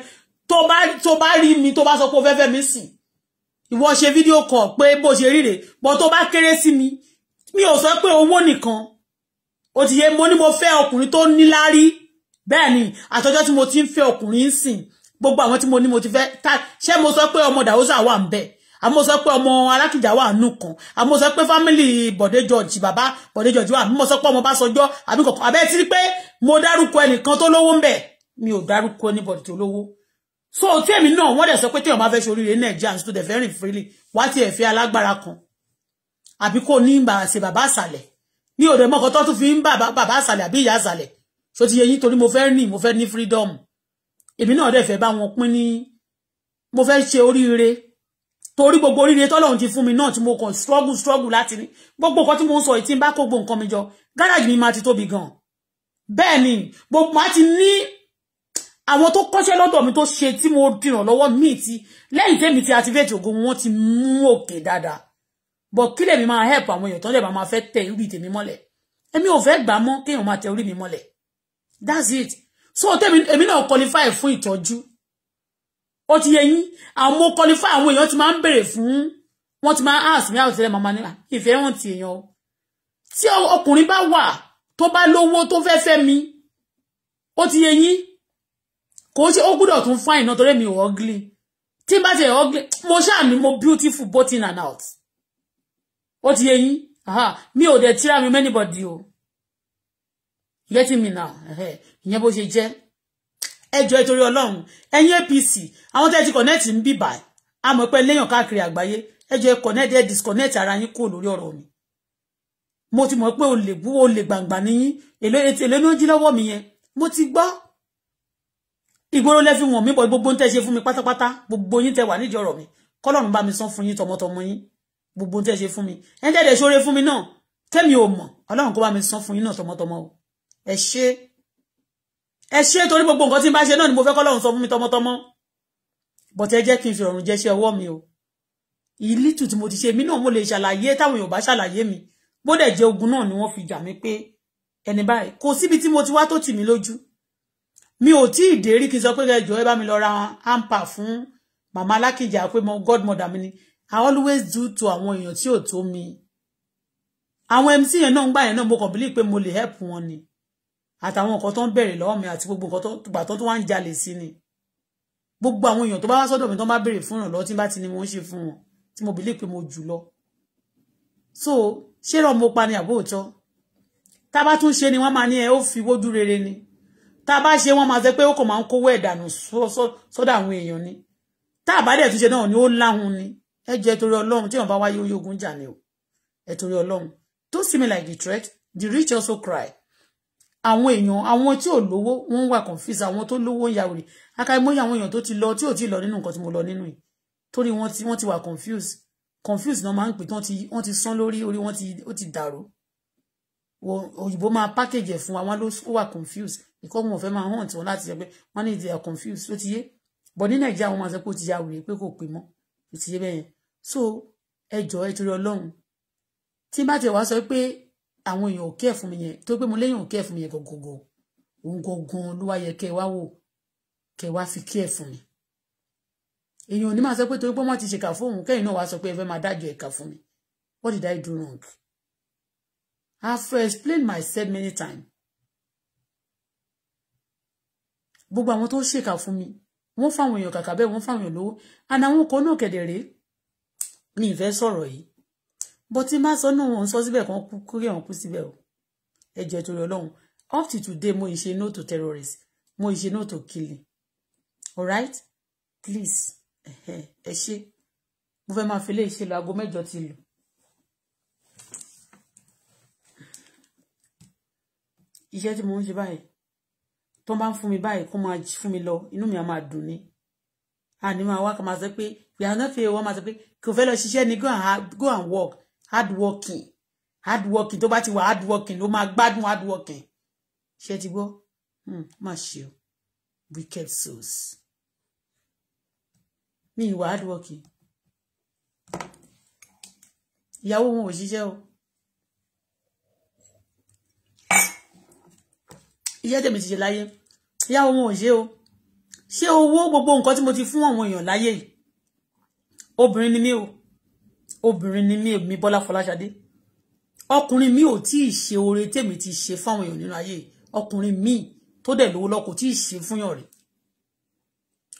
tó bá tó bá rí mi tó bá sọ pé o fẹ́fẹ́ mi sìn ìwọ ṣe fídíò kan pé bó ṣe ríre bọ́ tó bá kéré sí mi mi ò sọ pé owó nìkan ó ti yé mo ní mo fẹ́ ọkùnrin tó níláárí bẹ́ẹ̀ ni àtọjọ́ tí mo ti ń fẹ́ ọkùnrin sìn gbogbo àwọn tí mo ní mo ti fẹ́ ṣé mo sọ pé ọmọ dàwọ́sà wà ń bẹ́ẹ̀ àmọ́ sọ pé ọmọ alákìjà wà nù kan àmọ́ sọ pé fámìlì bọ̀dé george bàbá bọ̀dé george wà àmọ́ sọ pé ọmọ bá sọjọ́ àbí kọ̀ọ̀kan àbẹ́ ti rí mo dárúkọ ẹnìkan tó lówó ń mi ò dárúkọ anybody tó lówó so tí èmi náà wọ́n dẹ̀ sọ pé téèyàn bá fẹ́ ṣoríire nàìjíríà tó dẹ̀ fẹ́ rìn freely wá tiẹ̀ fẹ́ alágbára kan àbí kò ní ìgbà àṣẹ bàbá àṣàlẹ̀ ní òde mọ́kàn tó tún fi ń bàbá bàbá àṣàlẹ̀ àbí ìyá so ti yẹ yín torí mo fẹ́ ní mo fẹ́ ní freedom èmi náà dẹ̀ fẹ́ bá wọn pín ní mo fẹ́ ṣe oríire torí gbogbo oríire tọ́lọ́run ti fún mi náà tí mo kàn struggle struggle láti ní gbogbo nǹkan tí mo ń sọ yìí tí bá kó gbogbo nǹkan mi jọ gáràjì mi máa ti tóbi gan bẹ́ẹ̀ ni gbogbo máa ti ní àwọn tó kọ́ṣẹ́ lọ́dọ̀ mi tó ṣe tí mo dìràn lọ́wọ́ mi ti lẹ́yìn tẹ́mi ti activate ògo wọn ti mú òkè dáadáa but kí lèmi máa help àwọn èèyàn tó lè máa fẹ́ tẹ orí tèmi mọ́lẹ̀ èmi ò fẹ́ gbà mọ́ kéèyàn máa tẹ orí mi mọ́lẹ̀ that's it so tèmi èmi náà qualify fún ìtọ́jú ó ti yẹ yín àwọn mo qualify àwọn èèyàn ti máa ń béèrè fún wọn ti máa ask me? out tẹ́lẹ̀ màmá nílà ìfẹ́ hàn ti èèyàn o tí ọkùnrin bá wà tó bá lówó To fẹ́ fẹ́ mi ó ti yẹ yín kò ṣe ó gbúdọ̀ tún fáìn náà torí mi ò ugly tí bá ti ugly mo ṣáà ní mo beautiful both in and out ó ti yẹ yín mi ò dẹ̀ tíra mi anybody. o getting me now ìyẹn bó ṣe jẹ́ ẹjọ́ ìtorí ọlọ́run ẹ̀yin APC àwọn tẹ́ ti connect ń bíbà àmọ́ pé léèyàn káàkiri àgbáyé ẹjọ́ ẹ connect ẹ disconnect ara yín kúrò lórí ọ̀rọ̀ mi mo ti mọ̀ pé olè bú olè gbàǹgbà níyín èlò èlò ní ó jí mi yẹn mo ti gbọ́ ìgboro lẹ́fi wọ̀n mi bọ̀ gbogbo ń tẹ́ ṣe fún mi pátápátá gbogbo yín tẹ́ wà nídìí ọ̀rọ̀ mi kọ́lọ́run bá mi san fún yín tọmọtọmọ yín gbogbo ń tẹ́ ṣe fún mi ẹ̀ ń tẹ́ ṣoore fún mi náà tẹ́mi ò ẹ ṣe torí gbogbo nǹkan tí n bá ṣe ni mo fẹ́ kọ́lọ́run sọ fún mi tọmọtọmọ but ẹ jẹ́ kí n fi ọ̀run jẹ́ ṣe ọwọ́ mi o ìlítù tí mo ti ṣe mí náà mo lè ṣàlàyé táwọn èèyàn bá ṣàlàyé mi bó dẹ̀ jẹ́ ogun náà ni wọ́n fi jà mí pé ẹni báyìí kò síbi tí mo ti wá tó tì mí lójú mi ò tí ì dérí kí n sọ pé ẹjọ́ ẹ mi lọ ra hampa fún màmá alákìjà pé mo godmother mi ni i always do to àwọn èèyàn tí ò tó mi àwọn mc yẹn náà ń gbà yẹn náà mo kàn believe pé mo lè help wọn ni àtàwọn nǹkan tó ń bèrè lọ́wọ́ mi àti gbogbo nǹkan tó gbà tó wá ń jalè sí ni gbogbo àwọn èèyàn tó bá wá sọ́dọ̀ mi tó bá bèrè fún ìrànlọ́wọ́ tí bá ti ni mo ń ṣe fún wọn tí mo bìlí pé mo jù lọ so ṣé rọ mo pa ni àbóòtọ́ tá a bá tún ṣe ni wọ́n máa ní ẹ ó fi wójú rere ni tá a bá ṣe wọ́n máa sọ pé ó kàn máa ń kówó ẹ̀dànù sọ́dọ̀ àwọn èèyàn ni tá a bá dẹ̀ tún ṣe náà ni ó láhùn ni ẹ jẹ́ torí ọlọ́run tí wọ́n bá wáyé oyógun jà ni o ẹ torí ọlọ́run don't see me like the threat the rich also cry àwọn èèyàn àwọn tí ò lówó wọ́n wà confuse àwọn tó lówó ya wèrè akáyémọ́yé àwọn èèyàn tó ti lọ tí ò ti lọ nínú nǹkan tí mo lọ nínú yìí torí wọ́n ti wọ́n ti wà confuse confuse náà máa ń pè tán ti wọ́n ti sán lórí orí wọ́n ti ó ti dàrú òyìnbó máa package ẹ̀ fún wa wọ́n ló wà confuse ìkọ́ wọn ò fẹ́ máa hàn tí wọ́n láti sọ pé wọ́n ní ìdí confuse ó ti yé bọ̀ ní nàìjíríà wọ́n máa sọ pé ó ti ya wèrè pé kò pè mọ́ ó ti yé bẹ́yẹn so ẹ jọ ẹ torí ọlọ́run tí bá tiẹ̀ wá sọ pé àwọn èèyàn ò kí ẹ̀ fún mi yẹn tó pé mo léyìn ò kí ẹ̀ fún mi yẹn gọ̀gọ̀gọ̀ òun gangan ló wá yẹ kẹ́ ẹ wá wò kẹ́ wá fi kí ẹ̀ fún mi èèyàn ò ní máa sọ pé torí pé wọ́n ti ṣèkà fún òun kẹ́yìn náà wá sọ pé ẹ fẹ́ máa dájọ́ ẹ̀ka fún mi what did I do wrong I have explained myself many times gbogbo àwọn tó ṣèkà fún mi wọ́n fáwọn èèyàn kàkà bẹ́ẹ̀ wọ́n fáwọn èèyàn lówó àná àwọn kan náà kẹ̀dẹ̀ rèé mi ìfẹ́ sọ̀rọ̀ yìí bó ti má sọ náà wọn sọ síbẹ̀ kan kú kúrẹ́ ọ̀hún kú síbẹ̀ o ẹjọ́ torí ọlọ́run up to today mo ìṣe no to terrorist mo ìṣe no to killing All right? please ẹ ṣe mo fẹ́ máa fi lè ṣe lọ aago mẹ́jọ ti lù. iṣẹ́ tí mo ń ṣe báyìí tó bá ń fún mi báyìí kó máa fún mi lọ inú mi á máa dùn ni àní máa wá kó máa sọ pé we are not fair wọ́n máa sọ pé kò fẹ́ lọ ṣiṣẹ́ ni go and work hardworking hardworking tó bá ti wà hardworking ló máa gbádùn hardworking ṣé ti gbọ́ hmm, má ṣe o wicked souls mi ìwà hardworking ìyàwó wọn ò ṣiṣẹ́ o iṣẹ́ tèmi ti ṣe láyé ìyàwó wọn ò ṣe o ṣé owó gbogbo nǹkan tí mo ti fún àwọn èèyàn láyé yìí obìnrin ni mí o obìnrin ni mí èmi Bọ́lá Fọláṣadé ọkùnrin mi ò tí ì ṣe oore tèmi ti ṣe fáwọn èèyàn nínú ayé ọkùnrin mi tó dẹ̀ lówó lọ kò tí ì ṣe fúnyàn rẹ̀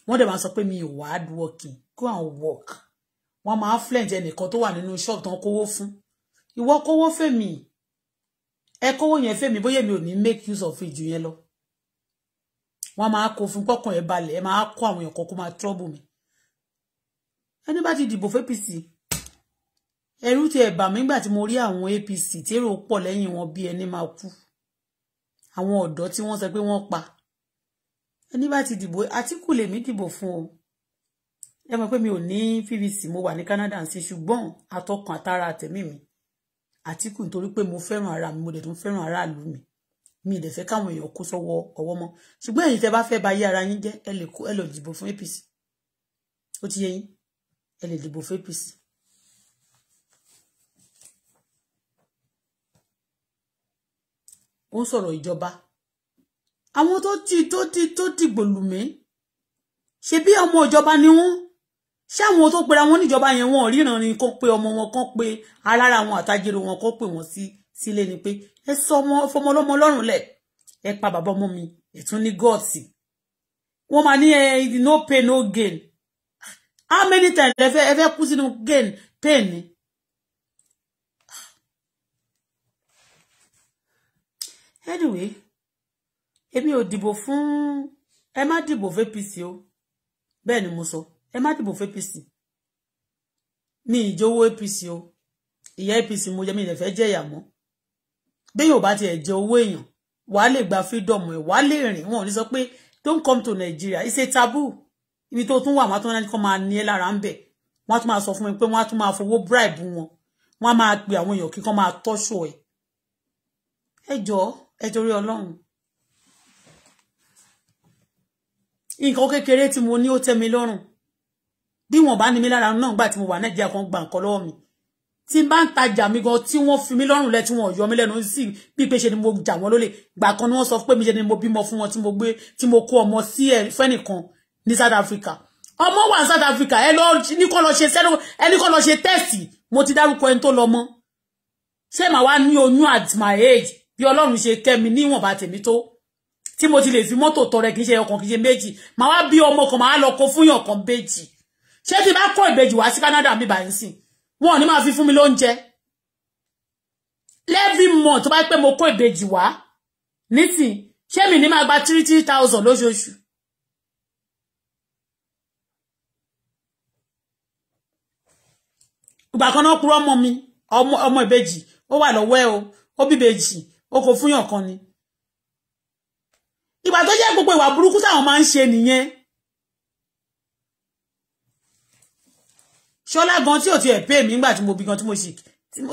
wọ́n dẹ̀ máa sọ pé mi ò wá working go and work wọ́n máa flint ẹnìkan tó wà nínú shop tán kówó fún ìwọ kówó fèmí ẹ kówó yẹn fèmí bóyá mi ò ní make use of ìjù yẹn lọ wọ́n máa kó fún pọkàn ẹ balẹ̀ ẹ máa kó àwọn èèyàn kan kó máa trouble mi ẹni bá ti dìbò f'APC ẹ̀rù ti ẹ̀bà mi nígbà tí mo rí àwọn APC tí èrò pọ̀ lẹ́yìn wọn bí ẹni máa kú àwọn ọ̀dọ́ tí wọ́n sọ pé wọ́n pa ẹni bá ti dìbò Àtíkù lèmi dìbò fún o ẹ mọ̀ pé mi ò ní PVC mo wà ní Canada ń sí ṣùgbọ́n àtọkàn àtara àtẹ̀mí mi Àtíkù nítorí pé mo fẹ́ràn ara mi mo dẹ̀ tún fẹ́ràn aráàlú mi mi dẹ̀ fẹ́ káwọn èèyàn kó sọ́wọ́ ọwọ́ mọ́ ṣùgbọ́n èyí tẹ́ bá fẹ́ ba yé ara yín jẹ́ ẹ lè dìbò fún APC ó ti yẹ yín ẹ lè dìbò fún APC ó ń sọ̀rọ̀ ìjọba àwọn tó ti tó ti tó dìgbò lù mí ṣe bí ọmọ ìjọba ni wọ́n ṣé àwọn tó pera wọn níjọba yẹn wọn ríran ni kó pe ọmọ wọn kán pe alára wọn àtàjèrè wọn kó pè wọn sí sílé ni pé ẹ sọ ọmọ fọmọ ọlọmọ lọ́rùn lẹ ẹ pa bàbá ọmọ mi ẹ tún ní gọọsì wọ́n máa ní ẹ no pain no gain ah, how many times ẹ fẹ́ ẹ fẹ́ kú sínú gain pain ni anyway èmi ò dìbò fún ẹ má dìbò fún APC o bẹ́ẹ̀ ni mo sọ ẹ má dìbò fún APC mi ìjọ̀wọ́ APC o ìyá APC mo jẹ́ mi ìrẹ̀fẹ́ jẹ́ ìyà mọ́ bí yóò bá tiẹ̀ jẹ owó èèyàn wàá lè gba freedom ẹ̀ wàá lè rìn wọn ò ní sọ don't come to Nigeria it's a taboo ibi tó tún wà wọn á tún kọ́ máa ní ẹ lára ń bẹ̀ wọn á tún máa sọ fún mi pé wọn á tún máa fowó bribe wọn wọn á máa pe àwọn èèyàn kí kán to tọ́ṣọ ẹ̀ ẹ jọ̀ọ́ ẹ torí ọlọ́run nǹkan kékeré tí mo ní ó tẹ́ mi lọ́rùn bí wọ́n bá ní mi lára náà gbà tí mo wà nàìjíríà kan gbà nǹkan lọ́wọ́ mi tí n bá ń tajà mi gan tí wọ́n fi mí lọ́rùn lẹ tí wọ́n yọ mí lẹ́nu sí bí pé ṣe ni mo jà wọ́n lólè gbà kan ni wọ́n sọ pé mi ṣe ni mo bímọ fún wọn tí mo gbé tí mo kó ọmọ sí ẹ fẹ́nìkan ní South Africa ọmọ wà ní South Africa ẹ lọ ní kọ́ lọ ṣe sẹ́nu ẹ ní kọ́ lọ ṣe tẹ́ẹ̀sì mo ti dárúkọ ẹni tó lọ mọ́ ṣé màá wá ní oyún at my age bí ọlọ́run ṣe kẹ́ mi níwọ̀nba tèmi tó tí mo ti lè fi mọ́tò tọrẹ kì í ṣe ọkàn kì í ṣe méjì màá wá bí ọmọ kan màá lọ kó fún yàn kan méjì ṣé tí bá kó ìbejì wá sí Canada mi báyìí sìn wọn ò ní máa fi fún mi lóúnjẹ every month tó bá pẹ́ mo kó ìbejì wá nísìn ṣé mi ní máa gba three three thousand lóṣooṣù ìgbà kan náà kúrò ọmọ mi ọmọ ìbejì ó wà lọ́wọ́ ẹ o ó bí Oko kò fún yàn kan ni ìgbà tó jẹ́ gbogbo ìwà burúkú táwọn máa ń ṣe nìyẹn ṣọlá gan tí ò ti ẹ̀ pè mí nígbà tí mo bí gan tí mo sì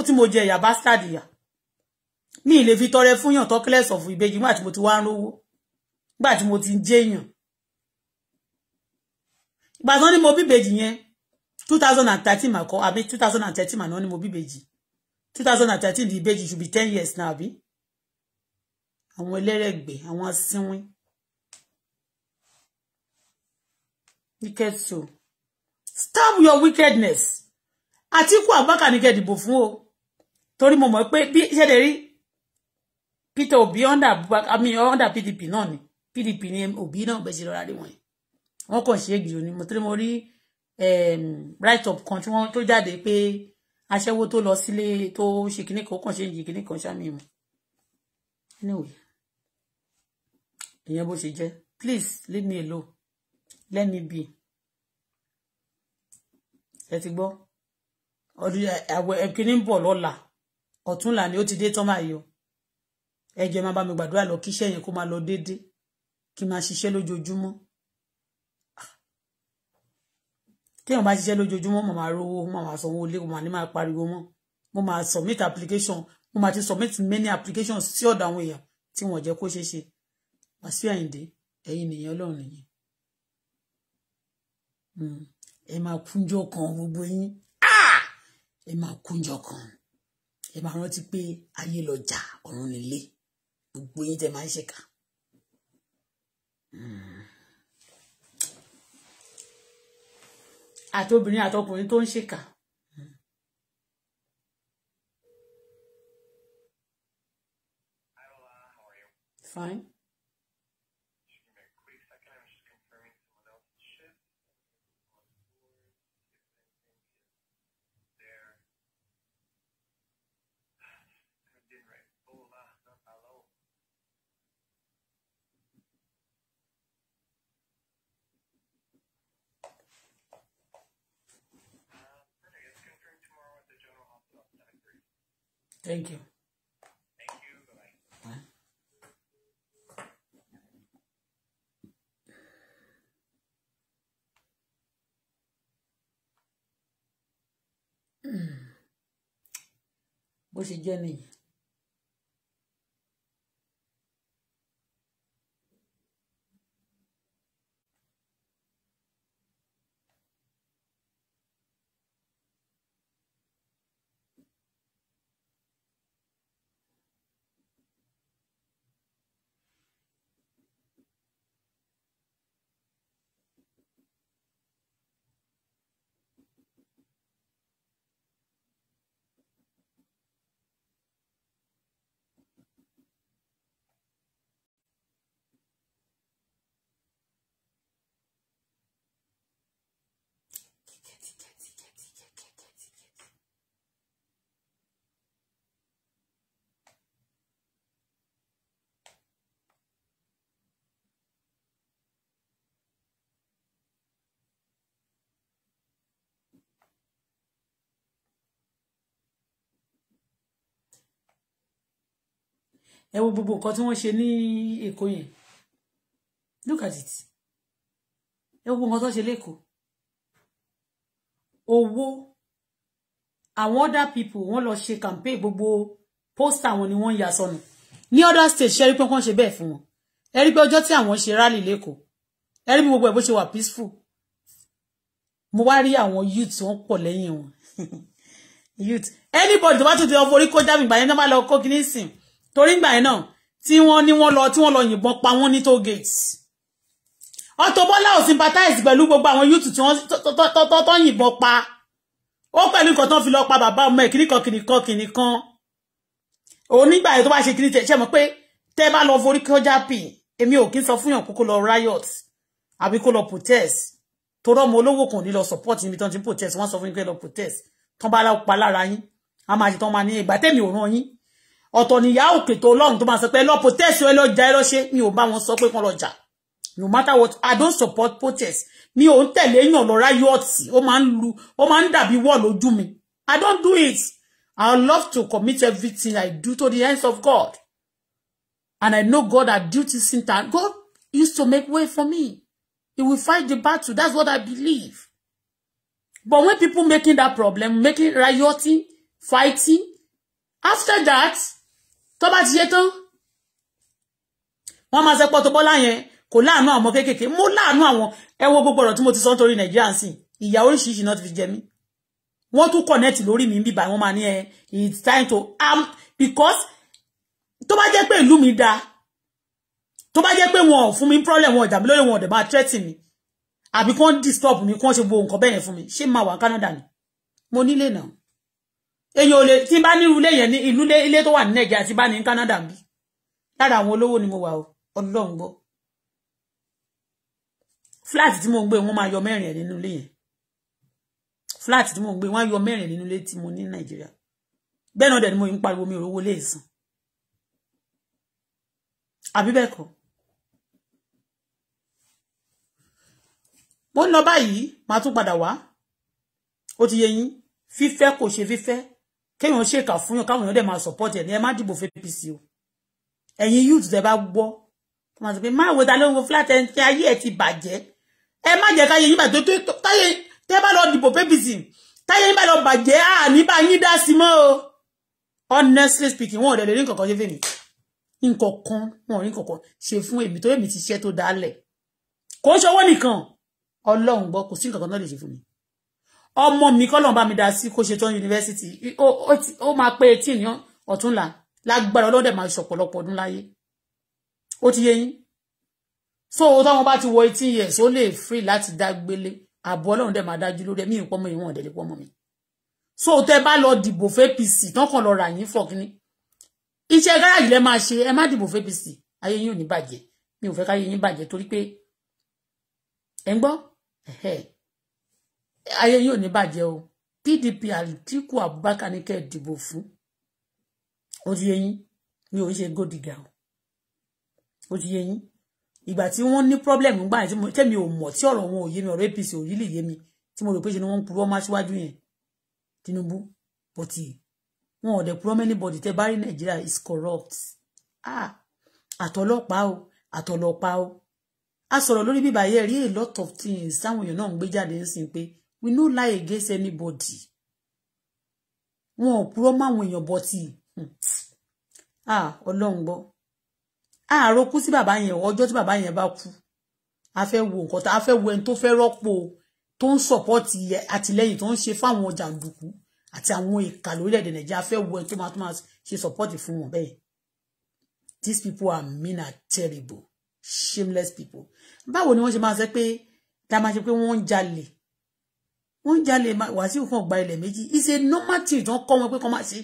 tí mo jẹ ìyà bastard ìyà mi lè fi tọrẹ fún yàn tọ́kílẹ̀ sọ̀fù ìbejì nígbà tí mo ti wá ń rówó nígbà tí mo ti ń jẹ́yàn ìgbà tán ni mo bí ìbejì yẹn 2013 mà kọ́ àbí 2013 mà náà ni mo bí ìbejì 2013 di ìbejì should be 10 years now àbí àwọn ẹlẹ́rẹ̀gbẹ́ àwọn asínwín wicked soul stop your wickedness Àtíkù Abubakar ní kẹ́ dìbò fún o torí mo mọ̀ pé bí ṣẹ́dẹ̀ rí Peter Obi under Abubakar I mean under PDP náà ni PDP ni Obi náà bẹ́ẹ̀ ṣe lọ́ra rí wọ̀nyí wọ́n kàn ṣe ègbìrò ni mo torí mo rí ehm, right up kan tí wọ́n tó jáde pé aṣẹ́wó tó lọ sílé tó ṣe kíní kan ó kàn ṣe ń yí kíní kan ṣáà mi mọ̀ anyway ìyẹn bó ṣe jẹ́ please leave me alone let me be ẹ ti gbọ́ ọdún àwẹ̀ ẹ̀kíní ń bọ̀ lọ́la ọ̀túnla ni ó ti dé tán máa yọ ẹ jẹ́ máa bá mi gbàdúrà lọ kíṣẹ́ yẹn kó máa lọ déédéé kí n máa ṣiṣẹ́ lójoojúmọ́ téèyàn bá ṣiṣẹ́ lójoojúmọ́ mo máa rówó mo máa sanwó ilé mo máa ní máa pariwo mọ́ mo máa submit application mo máa ti submit many applications sí ọ̀dọ̀ àwọn èèyàn tí wọ́n jẹ́ kó ṣeé ṣe Wàsíù Àyìndé ẹ̀yin nìyẹn Ọlọ́run nìyẹn hmm. ẹ máa kúnjọ kan gbogbo yín ah! ẹ máa kúnjọ kan ẹ máa rántí pé ayé lọjà ọ̀run nílé gbogbo yín tẹ máa ń ṣèkà. Hmm. àtobìnrin àtọkùnrin tó ń ṣèkà. Hmm. Fine. Thank you. Thank you. Bye. Huh? Hmm. bó ṣe jẹ́ nìyí. ẹ wo gbogbo nǹkan tí wọ́n ṣe ní Èkó yẹn look at it ẹ wo gbogbo nǹkan tó ṣe lẹ́kọ̀ọ́ owó àwọn other people wọ́n lọ ṣe campaign gbogbo poster wọn ni wọ́n ya sọnù ní other state ṣe rí pé wọ́n ṣe bẹ́ẹ̀ fún wọn ẹ rí pé ọjọ́ tí àwọn ṣe rally lẹ́kọ̀ọ́ ẹ rí bí gbogbo ẹ̀ bó ṣe wà peaceful mo wá rí àwọn youth wọ́n pọ̀ lẹ́yìn wọn youth anybody tó bá tún ti lọ forí kó dá mi gbà yẹn tó bá lọ kó kí ní sìn torí ìgbà yẹn náà tí wọ́n ní wọ́n lọ tí wọ́n lọ yìnbọn pa wọ́n ní toll gate ò sympathize pẹ̀lú gbogbo àwọn youth tí wọ́n tọ́tọ́tọ́ yìnbọn pa ó pẹ̀lú nǹkan tó fi lọ pa bàbá ọmọ ẹ̀ kìnnìkan kìnnìkan kìnnìkan òun nígbà yẹn tó bá ṣe kìnnì tẹ̀ ṣe mọ̀ pé tẹ́ bá lọ forí kọjá pì èmi ò kí ń sọ fún yàn kókó lọ riot àbí kó lọ protest tó rọ́ ọmọ olówó kan ní lọ support níbi tán ti protest wọ́n sọ fún yín pé lọ protest tán bá pa lára yín a máa ṣe tán máa ní ìgbà tẹ́mi ò ràn ọ̀tọ̀ níyà òkè tó ọlọ́run tó máa sọ pé lọ protest ẹ lọ jà ẹ lọ ṣe mi ò bá wọn sọ pé kán lọ jà no matter what i don't support protest mi ò ń tẹ̀lé èèyàn lọ riot ó máa ń lu ó máa ń dàbí wọ́ lójú mi i don't do it i love to commit everything i do to the hands of god and i know god at duty sin time god used to make way for me he will fight the battle that's what i believe but when people making that problem making rioting fighting after that To bá ti ṣe tán wọ́n máa ṣe pọ́ tó bọ́lá yẹn kò láàánú àwọn ọmọ kéékèèké mo láàánú àwọn ẹ gbogbo ọ̀rọ̀ tí mo ti sọ nítorí nàìjíríà ń sìn ìyà oríṣiríṣi náà fi jẹ mí wọ́n tún connect Lori mi bíbá wọ́n máa ní ẹ eh, it's time to am because To bá jẹ́ pé ìlú mi dáa tó bá jẹ́ pé wọn ò mi problem wọn ò jàmí lórí wọn ò dẹ̀ máa threaten mi àbí kí disturb mi kí wọ́n ṣe gbogbo nǹkan bẹ́ẹ̀ yẹn fún mi ṣé máa wà Canada ni mo nílé no èyàn ò lè tí bá nírú ilé yẹn ní ìlú ilé tó wà ní nàìjíríà tí bá ní Canada bi lára àwọn olówó ni mo wà o ọlọ́run gbọ́ flat tí mo ń gbé wọ́n máa yọ mẹ́rin ẹ̀ nínú ilé yẹn flat tí mo ń gbé wọ́n á yọ mẹ́rin nínú mo ní nàìjíríà bẹ́ẹ̀ náà dẹ̀ ni mo ń pariwo mi ò rówó lè sàn àbí bẹ́ẹ̀ mo ń lọ báyìí màá tún padà wá ó ti yẹ yín fífẹ́ kò ṣe kéèyàn ṣèkà fún yàn káwọn èèyàn dẹ̀ máa support ẹ̀ ní ẹ má dìbò fún APC o ẹ̀yin youth tẹ́ bá gbọ́ wọ́n máa sọ pé máa wo ta ló ń wo flat ẹ̀ tí ayé ẹ̀ ti bàjẹ́ ẹ má jẹ́ káyé yín bàjẹ́ tó táyé tẹ́ bá lọ dìbò fún APC táyé yín bá lọ bàjẹ́ àní bá yín dá sí mọ́ o honestly speaking wọn ò dẹ̀ lè rí nǹkan kan ṣe fèmí nǹkan kan wọn ò rí nǹkan kan ṣe fún èmi tó èmi ti ṣiṣẹ́ tó dálẹ̀ kò ń ṣọwọ́ nìkan ọlọ́run gbọ́ kò sí nǹkan kan náà lè ṣe fún mi ọmọ mi kọ́lọ̀ bá mi dá sí kó ṣe tán yunifásitì ó máa pé etí ní ọ̀túnla lágbára ọlọ́dẹ̀ máa ṣọ̀pọ̀lọpọ̀ ọdún láyé ó ti yé yín so táwọn bá ti wọ eighteen years ó lè free láti dá gbélé ààbò ọlọ́run dẹ̀ máa dájú lórí ẹ̀mí ìpọ́nmọ́ ìwọ̀n ọ̀dẹ̀lẹ̀ pọ́nmọ́ mi so tẹ bá lọ dìbò fẹ́ pc tán kàn lọ rà yín fọkíní iṣẹ́ gáràjì lẹ máa ṣe ẹ má dìbò fẹ́ pc ayé yín ò ní bàjẹ́ mi ò fẹ́ káyé yín bàjẹ́ torí pé ẹ ń gbọ́ ẹ̀hẹ́ ayé yóò ní bàjẹ́ o PDP Àtíkù Abubakar ní kẹ́ ẹ̀ dìbò fún ó ti yé yín mi ò ń o ó ti yé yín ìgbà tí wọ́n ní problem ńgbà tẹ́mi ò mọ̀ tí ọ̀rọ̀ wọn ò yé mi ọ̀rọ̀ APC ò yílì yé mi tí mo rò pé ṣe ni wọ́n ń purọ́ má síwájú yẹn Tinubu bọ̀tì wọn ò dẹ̀ purọ́ anybody tẹ́ bá rí Nàìjíríà is corrupt ah àtọlọ́pàá o àtọlọ́pàá o a sọ̀rọ̀ lórí bíbá yẹn rí a lot of things táwọn èèyàn náà ń gbé jáde ń sìn pé we no lie against anybody wọn ò when your body. Ah, tí ọlọ́run gbọ́ àárò kú sí bàbá yẹn ọjọ́ tí bàbá yẹn bá kú a fẹ́ wo nǹkan tá a fẹ́ wo ẹni tó fẹ́ rọ́pò tó ń sọ̀pọ́tì àtìlẹ́yìn tó ń ṣe fáwọn jàǹdùkú àti àwọn ìkà lórílẹ̀‐èdè nàìjíríà a fẹ́ wo ẹni tó máa tó máa ṣe sọ̀pọ́tì fún wọn bẹ́ẹ̀ these people are mean and terrible shameless people báwo ni wọ́n ṣe máa ṣe pé tá a máa ṣe pé wọ́n wọ́n ń jalè Wàsíù kan gba ilẹ̀ méjì ìṣe normal thing tán kọ́ wọn pé kọ́ máa ṣe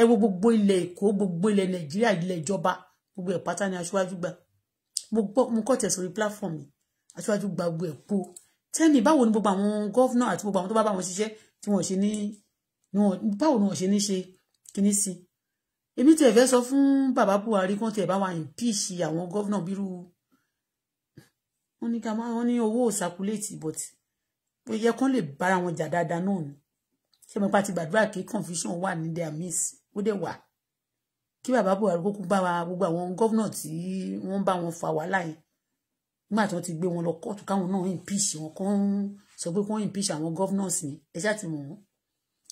ẹ wo gbogbo ilẹ̀ Èkó gbogbo ilẹ̀ Nàìjíríà ilẹ̀ ìjọba gbogbo ẹ̀ pátá ni aṣáájú gbà mo kọ́ tẹ̀ sórí platform aṣáájú gba gbogbo ẹ̀ po tẹ́ni báwo ni gbogbo àwọn gọ́fúnà àti gbogbo àwọn tó bá bá wọn ṣiṣẹ́ tí wọ́n ṣe ní báwo ni wọ́n ṣe ní ṣe kíní sí èmi tí ẹ fẹ́ sọ fún bàbá Buhari kan tí ẹ bá wà ní píìsì àwọn gọ́fúnà bírú wọn ní owó circulate but ó yẹ kán lè bára wọn jà dáadáa náà ni ṣé mo pa ti gbàdúrà kí confusion wà ní their midst ó dẹ̀ wà kí bàbá Buhari kúkú bá wa gbogbo àwọn gómìnà tí wọ́n bá wọn fa wàhálà yẹn nígbà tí wọ́n ti gbé wọn lọ kóòtù káwọn náà impeach wọn kàn ń sọ pé kàn ń impeach àwọn governors yẹn ẹ ṣáà ti mọ̀ wọ́n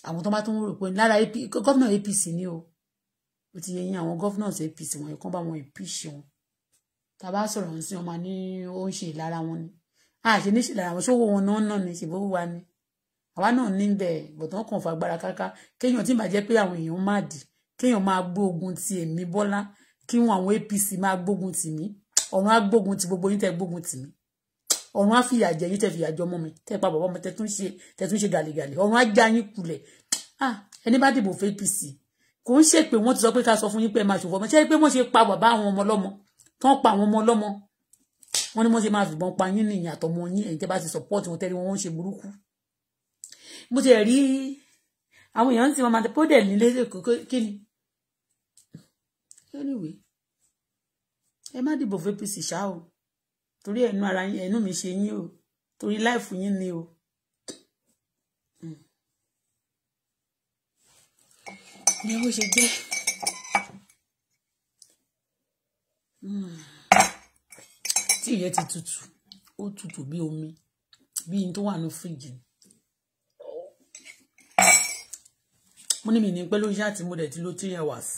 àwọn tó bá tún rò pé lára gómìnà APC ni o ó ti yẹ yín àwọn governors APC wọn yẹn kàn bá wọn impeach wọn tá a bá sí wọn máa ní ó ń ṣe ìlara wọn ni àṣẹ níṣìlá àwọn ṣòwò wọn náà náà ní ṣìbó wa ni àwa náà ní bẹ́ẹ̀ bọ̀tán kàn fà gbára káká kéèyàn tí màá jẹ́ pé àwọn èèyàn má dì kéèyàn máa gbógun ti èmi Bọ́lá kí wọn àwọn APC máa gbógun tì mí ọ̀run á gbógun ti gbogbo yín tẹ́ gbógun tì mí ọ̀run á fìyà jẹ yín tẹ́ fìyà jọ mi tẹ́ pa bàbá ọmọ tẹ́ tún ṣe tẹ́ tún ṣe gàlégàlé á já yín kulẹ̀ ah ẹni bá dìbò fún APC kò ń ṣèpè wọ́n ti sọ pé ká sọ fún yín pé ẹ máa ṣòfò ọmọ ṣe pé wọ́n ṣe pa bàbá àwọn ọmọ ọlọ́mọ tán pa àwọn ọmọ ọlọ́mọ wọ́n ní wọ́n ṣe máa fìbọn pa yín nìyẹn àtọmọ yín ẹ̀yin tẹ́ bá ti support wọn tẹ́lẹ̀ wọn ń ṣe burúkú mo ti rí àwọn èèyàn tí wọ́n máa tẹ́pọ́ dẹ̀ nílé kókó kí ni anyway ẹ má dìbò fún APC ṣá o torí ẹnu ara yín ẹnu mi ṣe yín o torí láìfù yín ni o. ni hmm. ó ṣe jẹ́. Mm tí ìyẹn ti tutù ó tutù bí omi bí n tó wà ní fíríjì mo ní mi ní pẹ́ ló ṣáà tí mo dẹ̀ ti lo three hours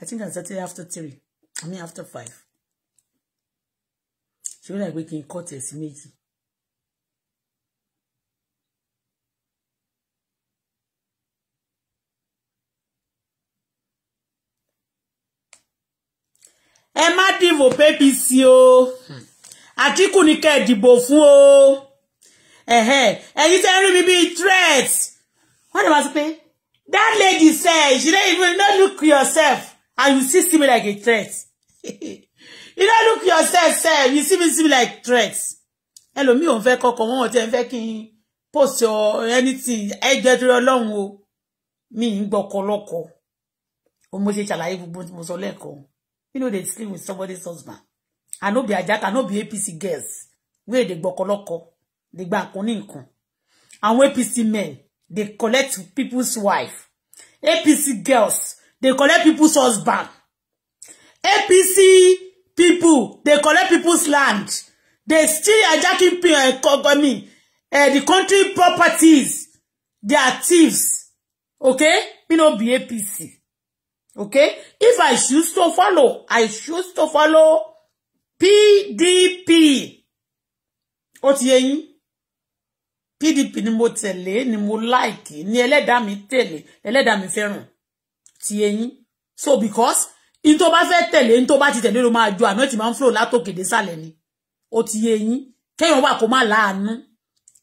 I think I started after three I mean after five ṣé ó dàgbé kí n kọ́ tẹ̀sí méjì ẹ má dìbò APC o Àtíkù ní kẹ́ ẹ dìbò fún o ẹ̀yin tẹ́ rí mi bíi threat wọ́n dẹ̀ wá sí pé that lady said she don't even no look yourself and you still see me like a threat you don't look yourself sef you see see me like threat ẹlòmíì ò ń fẹ́ kọkàn wọn ò tiẹ̀ ń fẹ́ kí n post or anything ẹgbẹ́ torí ọlọ́run o mi ń gbọ́kọ o mo ṣe ṣàlàyé gbogbo tí mo sọ lẹ́ẹ̀kan You know they sleep with somebody's husband. I no be a jack. I no be APC girls. Where they gbokoloko, they bank on income. And where APC men, they collect people's wife. APC girls, they collect people's husband. APC people, they collect people's land. They steal jacking people, eh, I mean, uh, the country properties. They are thieves. Okay? Me no be APC. Okay? If I choose to follow, I choose to follow PDP. Ó ti PDP ni mo tẹ̀lé, ni mo like, ni ẹlẹ́dàá mi tẹ̀lé, ẹlẹ́dàá mi fẹ́ràn. Ti yé So because in tó bá fẹ́ tẹ̀lé, in tó bá ti tẹ̀lé ló máa jọ àná tí máa ń flow látòkè dé sàlẹ̀ ni. Ó ti yé yín? Kéèyàn wà kó má láàánú.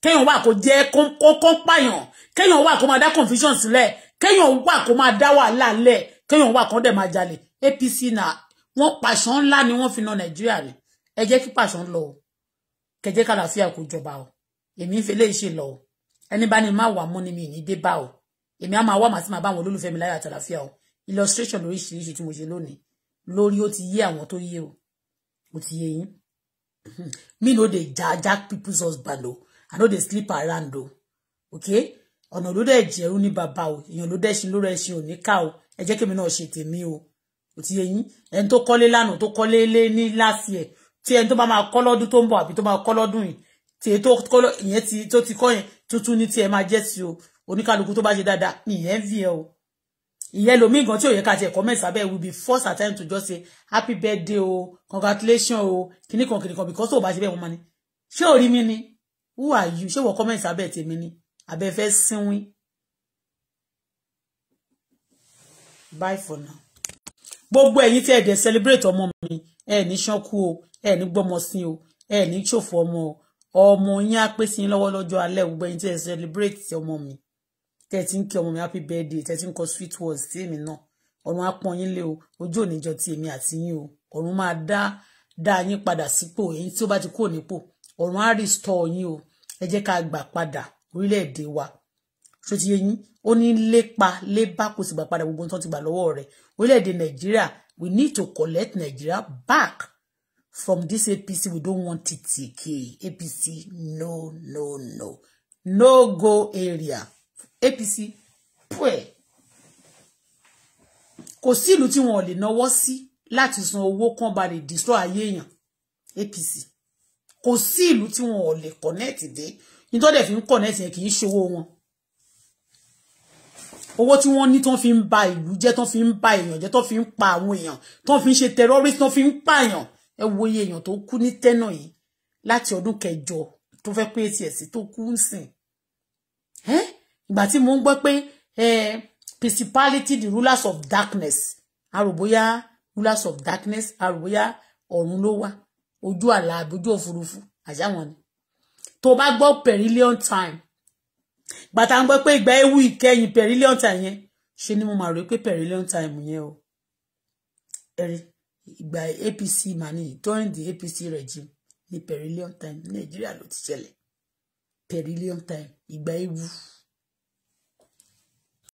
Kéèyàn wà kó jẹ́ kó kó pààyàn. Kéèyàn wà kó máa dá confusion sílẹ̀. Kéèyàn wà kó máa dá wàhálà lẹ̀ kéèyàn wà kán dẹ̀ máa jalè APC na wọ́n pàṣán ńlá ni wọ́n fi na Nàìjíríà rẹ̀ ẹ jẹ́ kí pàṣán lọ o kẹjẹ́ kàlàáfíà kò jọba o èmi ń fẹlẹ́ ṣe lọ o ẹni bá ní má wà mú ni mi ní dé bá o èmi á máa wà màá sí máa bá àwọn olólùfẹ́ mi láyà àtàlàfíà o illustration lóríṣiríṣi tí mo ṣe lónìí lórí ó ti yé àwọn tó yé o ó ti yé yín me no dey jaja people's husband o i no dey sleep around o okay ọ̀nà ló dẹ̀ jẹ́rú ní bàbá o èèyàn ló dẹ̀ ṣe lórí ẹṣin ò ní ká o ẹ jẹ́ kémi náà ṣe tèmi o ò ti yé yín ẹni tó kọ́lé lánàá tó kọ́lé lé ní láti ẹ̀ tí ẹni tó bá máa kọ́ lọ́dún tó ń bọ̀ àbí tó máa kọ́ lọ́dún yìí tí èyí tó kọ́ ìyẹn ti tó ti kọ́ yẹn tuntun ní tiẹ̀ máa jẹ́ sí o oníkálukú tó bá ṣe dáadáa ní ìyẹn vi ẹ o ìyẹn lomi nǹkan tí ò yẹ ká tiẹ̀ comment abẹ́ will be first attempt to just say happy birthday o congratulations o kìnnìkan kìnnìkan because ò bá ṣe bẹ́ẹ̀ wọ́n máa ní ṣé orí mi ni who are you ṣé wọ́n comment abẹ́ tèmi ni abẹ́ fẹ́ sínwín bye for now gbogbo ẹ̀yin tí ẹ dẹ̀ celebrate ọmọ mi ẹ ní ṣánkú o ẹ ní gbọ́mọ sí o ẹ ní ṣòfò ọmọ o ọmọ yín á pé sí lọ́wọ́ lọ́jọ́ alẹ́ gbogbo ẹ̀yin tí ẹ celebrate ọmọ mi tẹ́ ti ń kí mi happy birthday tẹ́ ti ń sweet words sí èmi náà ọ̀run á pọ́n yín lé o ojú òníjọ ti èmi àti yín o ọ̀run máa dá dá yín padà sípò èyí tí ó bá ti kúrò nípò ọ̀run á restore yín o ẹ jẹ́ ká gbà padà orílẹ̀-èdè wa So, ti yé yín ó ní lépa lébá kò sì gbà padà gbogbo nǹkan ti gbà lọ́wọ́ rẹ̀ orílẹ̀-èdè we need to collect nigeria back from this apc we don't want it again apc no no no no go area apc pue kò sí ìlú tí wọn ò lè náwó sí láti san owó kan bá lè destroy ayé èèyàn apc kò sí ìlú tí wọn ò lè connect dé nítorí ẹ̀ fi ń connect yẹn kì í ṣe owó owó tí wọ́n ní tán fi ń ba ìlú jẹ́ tán fi ń ba èèyàn jẹ́ tán fi ń pa àwọn èèyàn tán fi ń ṣe terrorist tán fi ń pààyàn ẹ wo iye èèyàn tó kú ní tẹ́nà yìí láti ọdún kẹjọ tó fẹ́ pé tiẹ̀ sí tó kú ń sìn ẹ́ ìgbà tí mo ń gbọ́ pé principality the rulers of darkness aròbóyá rulers of darkness aròbóyá ọ̀run ló wà ojú àlà àbójú òfurufú àṣà wọn ni tó bá gbọ́ perillion time gbàtà ń gbọ́ pé ìgbà ewu ìkẹyìn perillion time yẹn ṣe ni mo máa rò pé perillion time yẹn o ẹ̀rí ìgbà APC mani during the APC regime ní perillion time Nàìjíríà ló ti ṣẹlẹ̀ perillion time ìgbà ewu.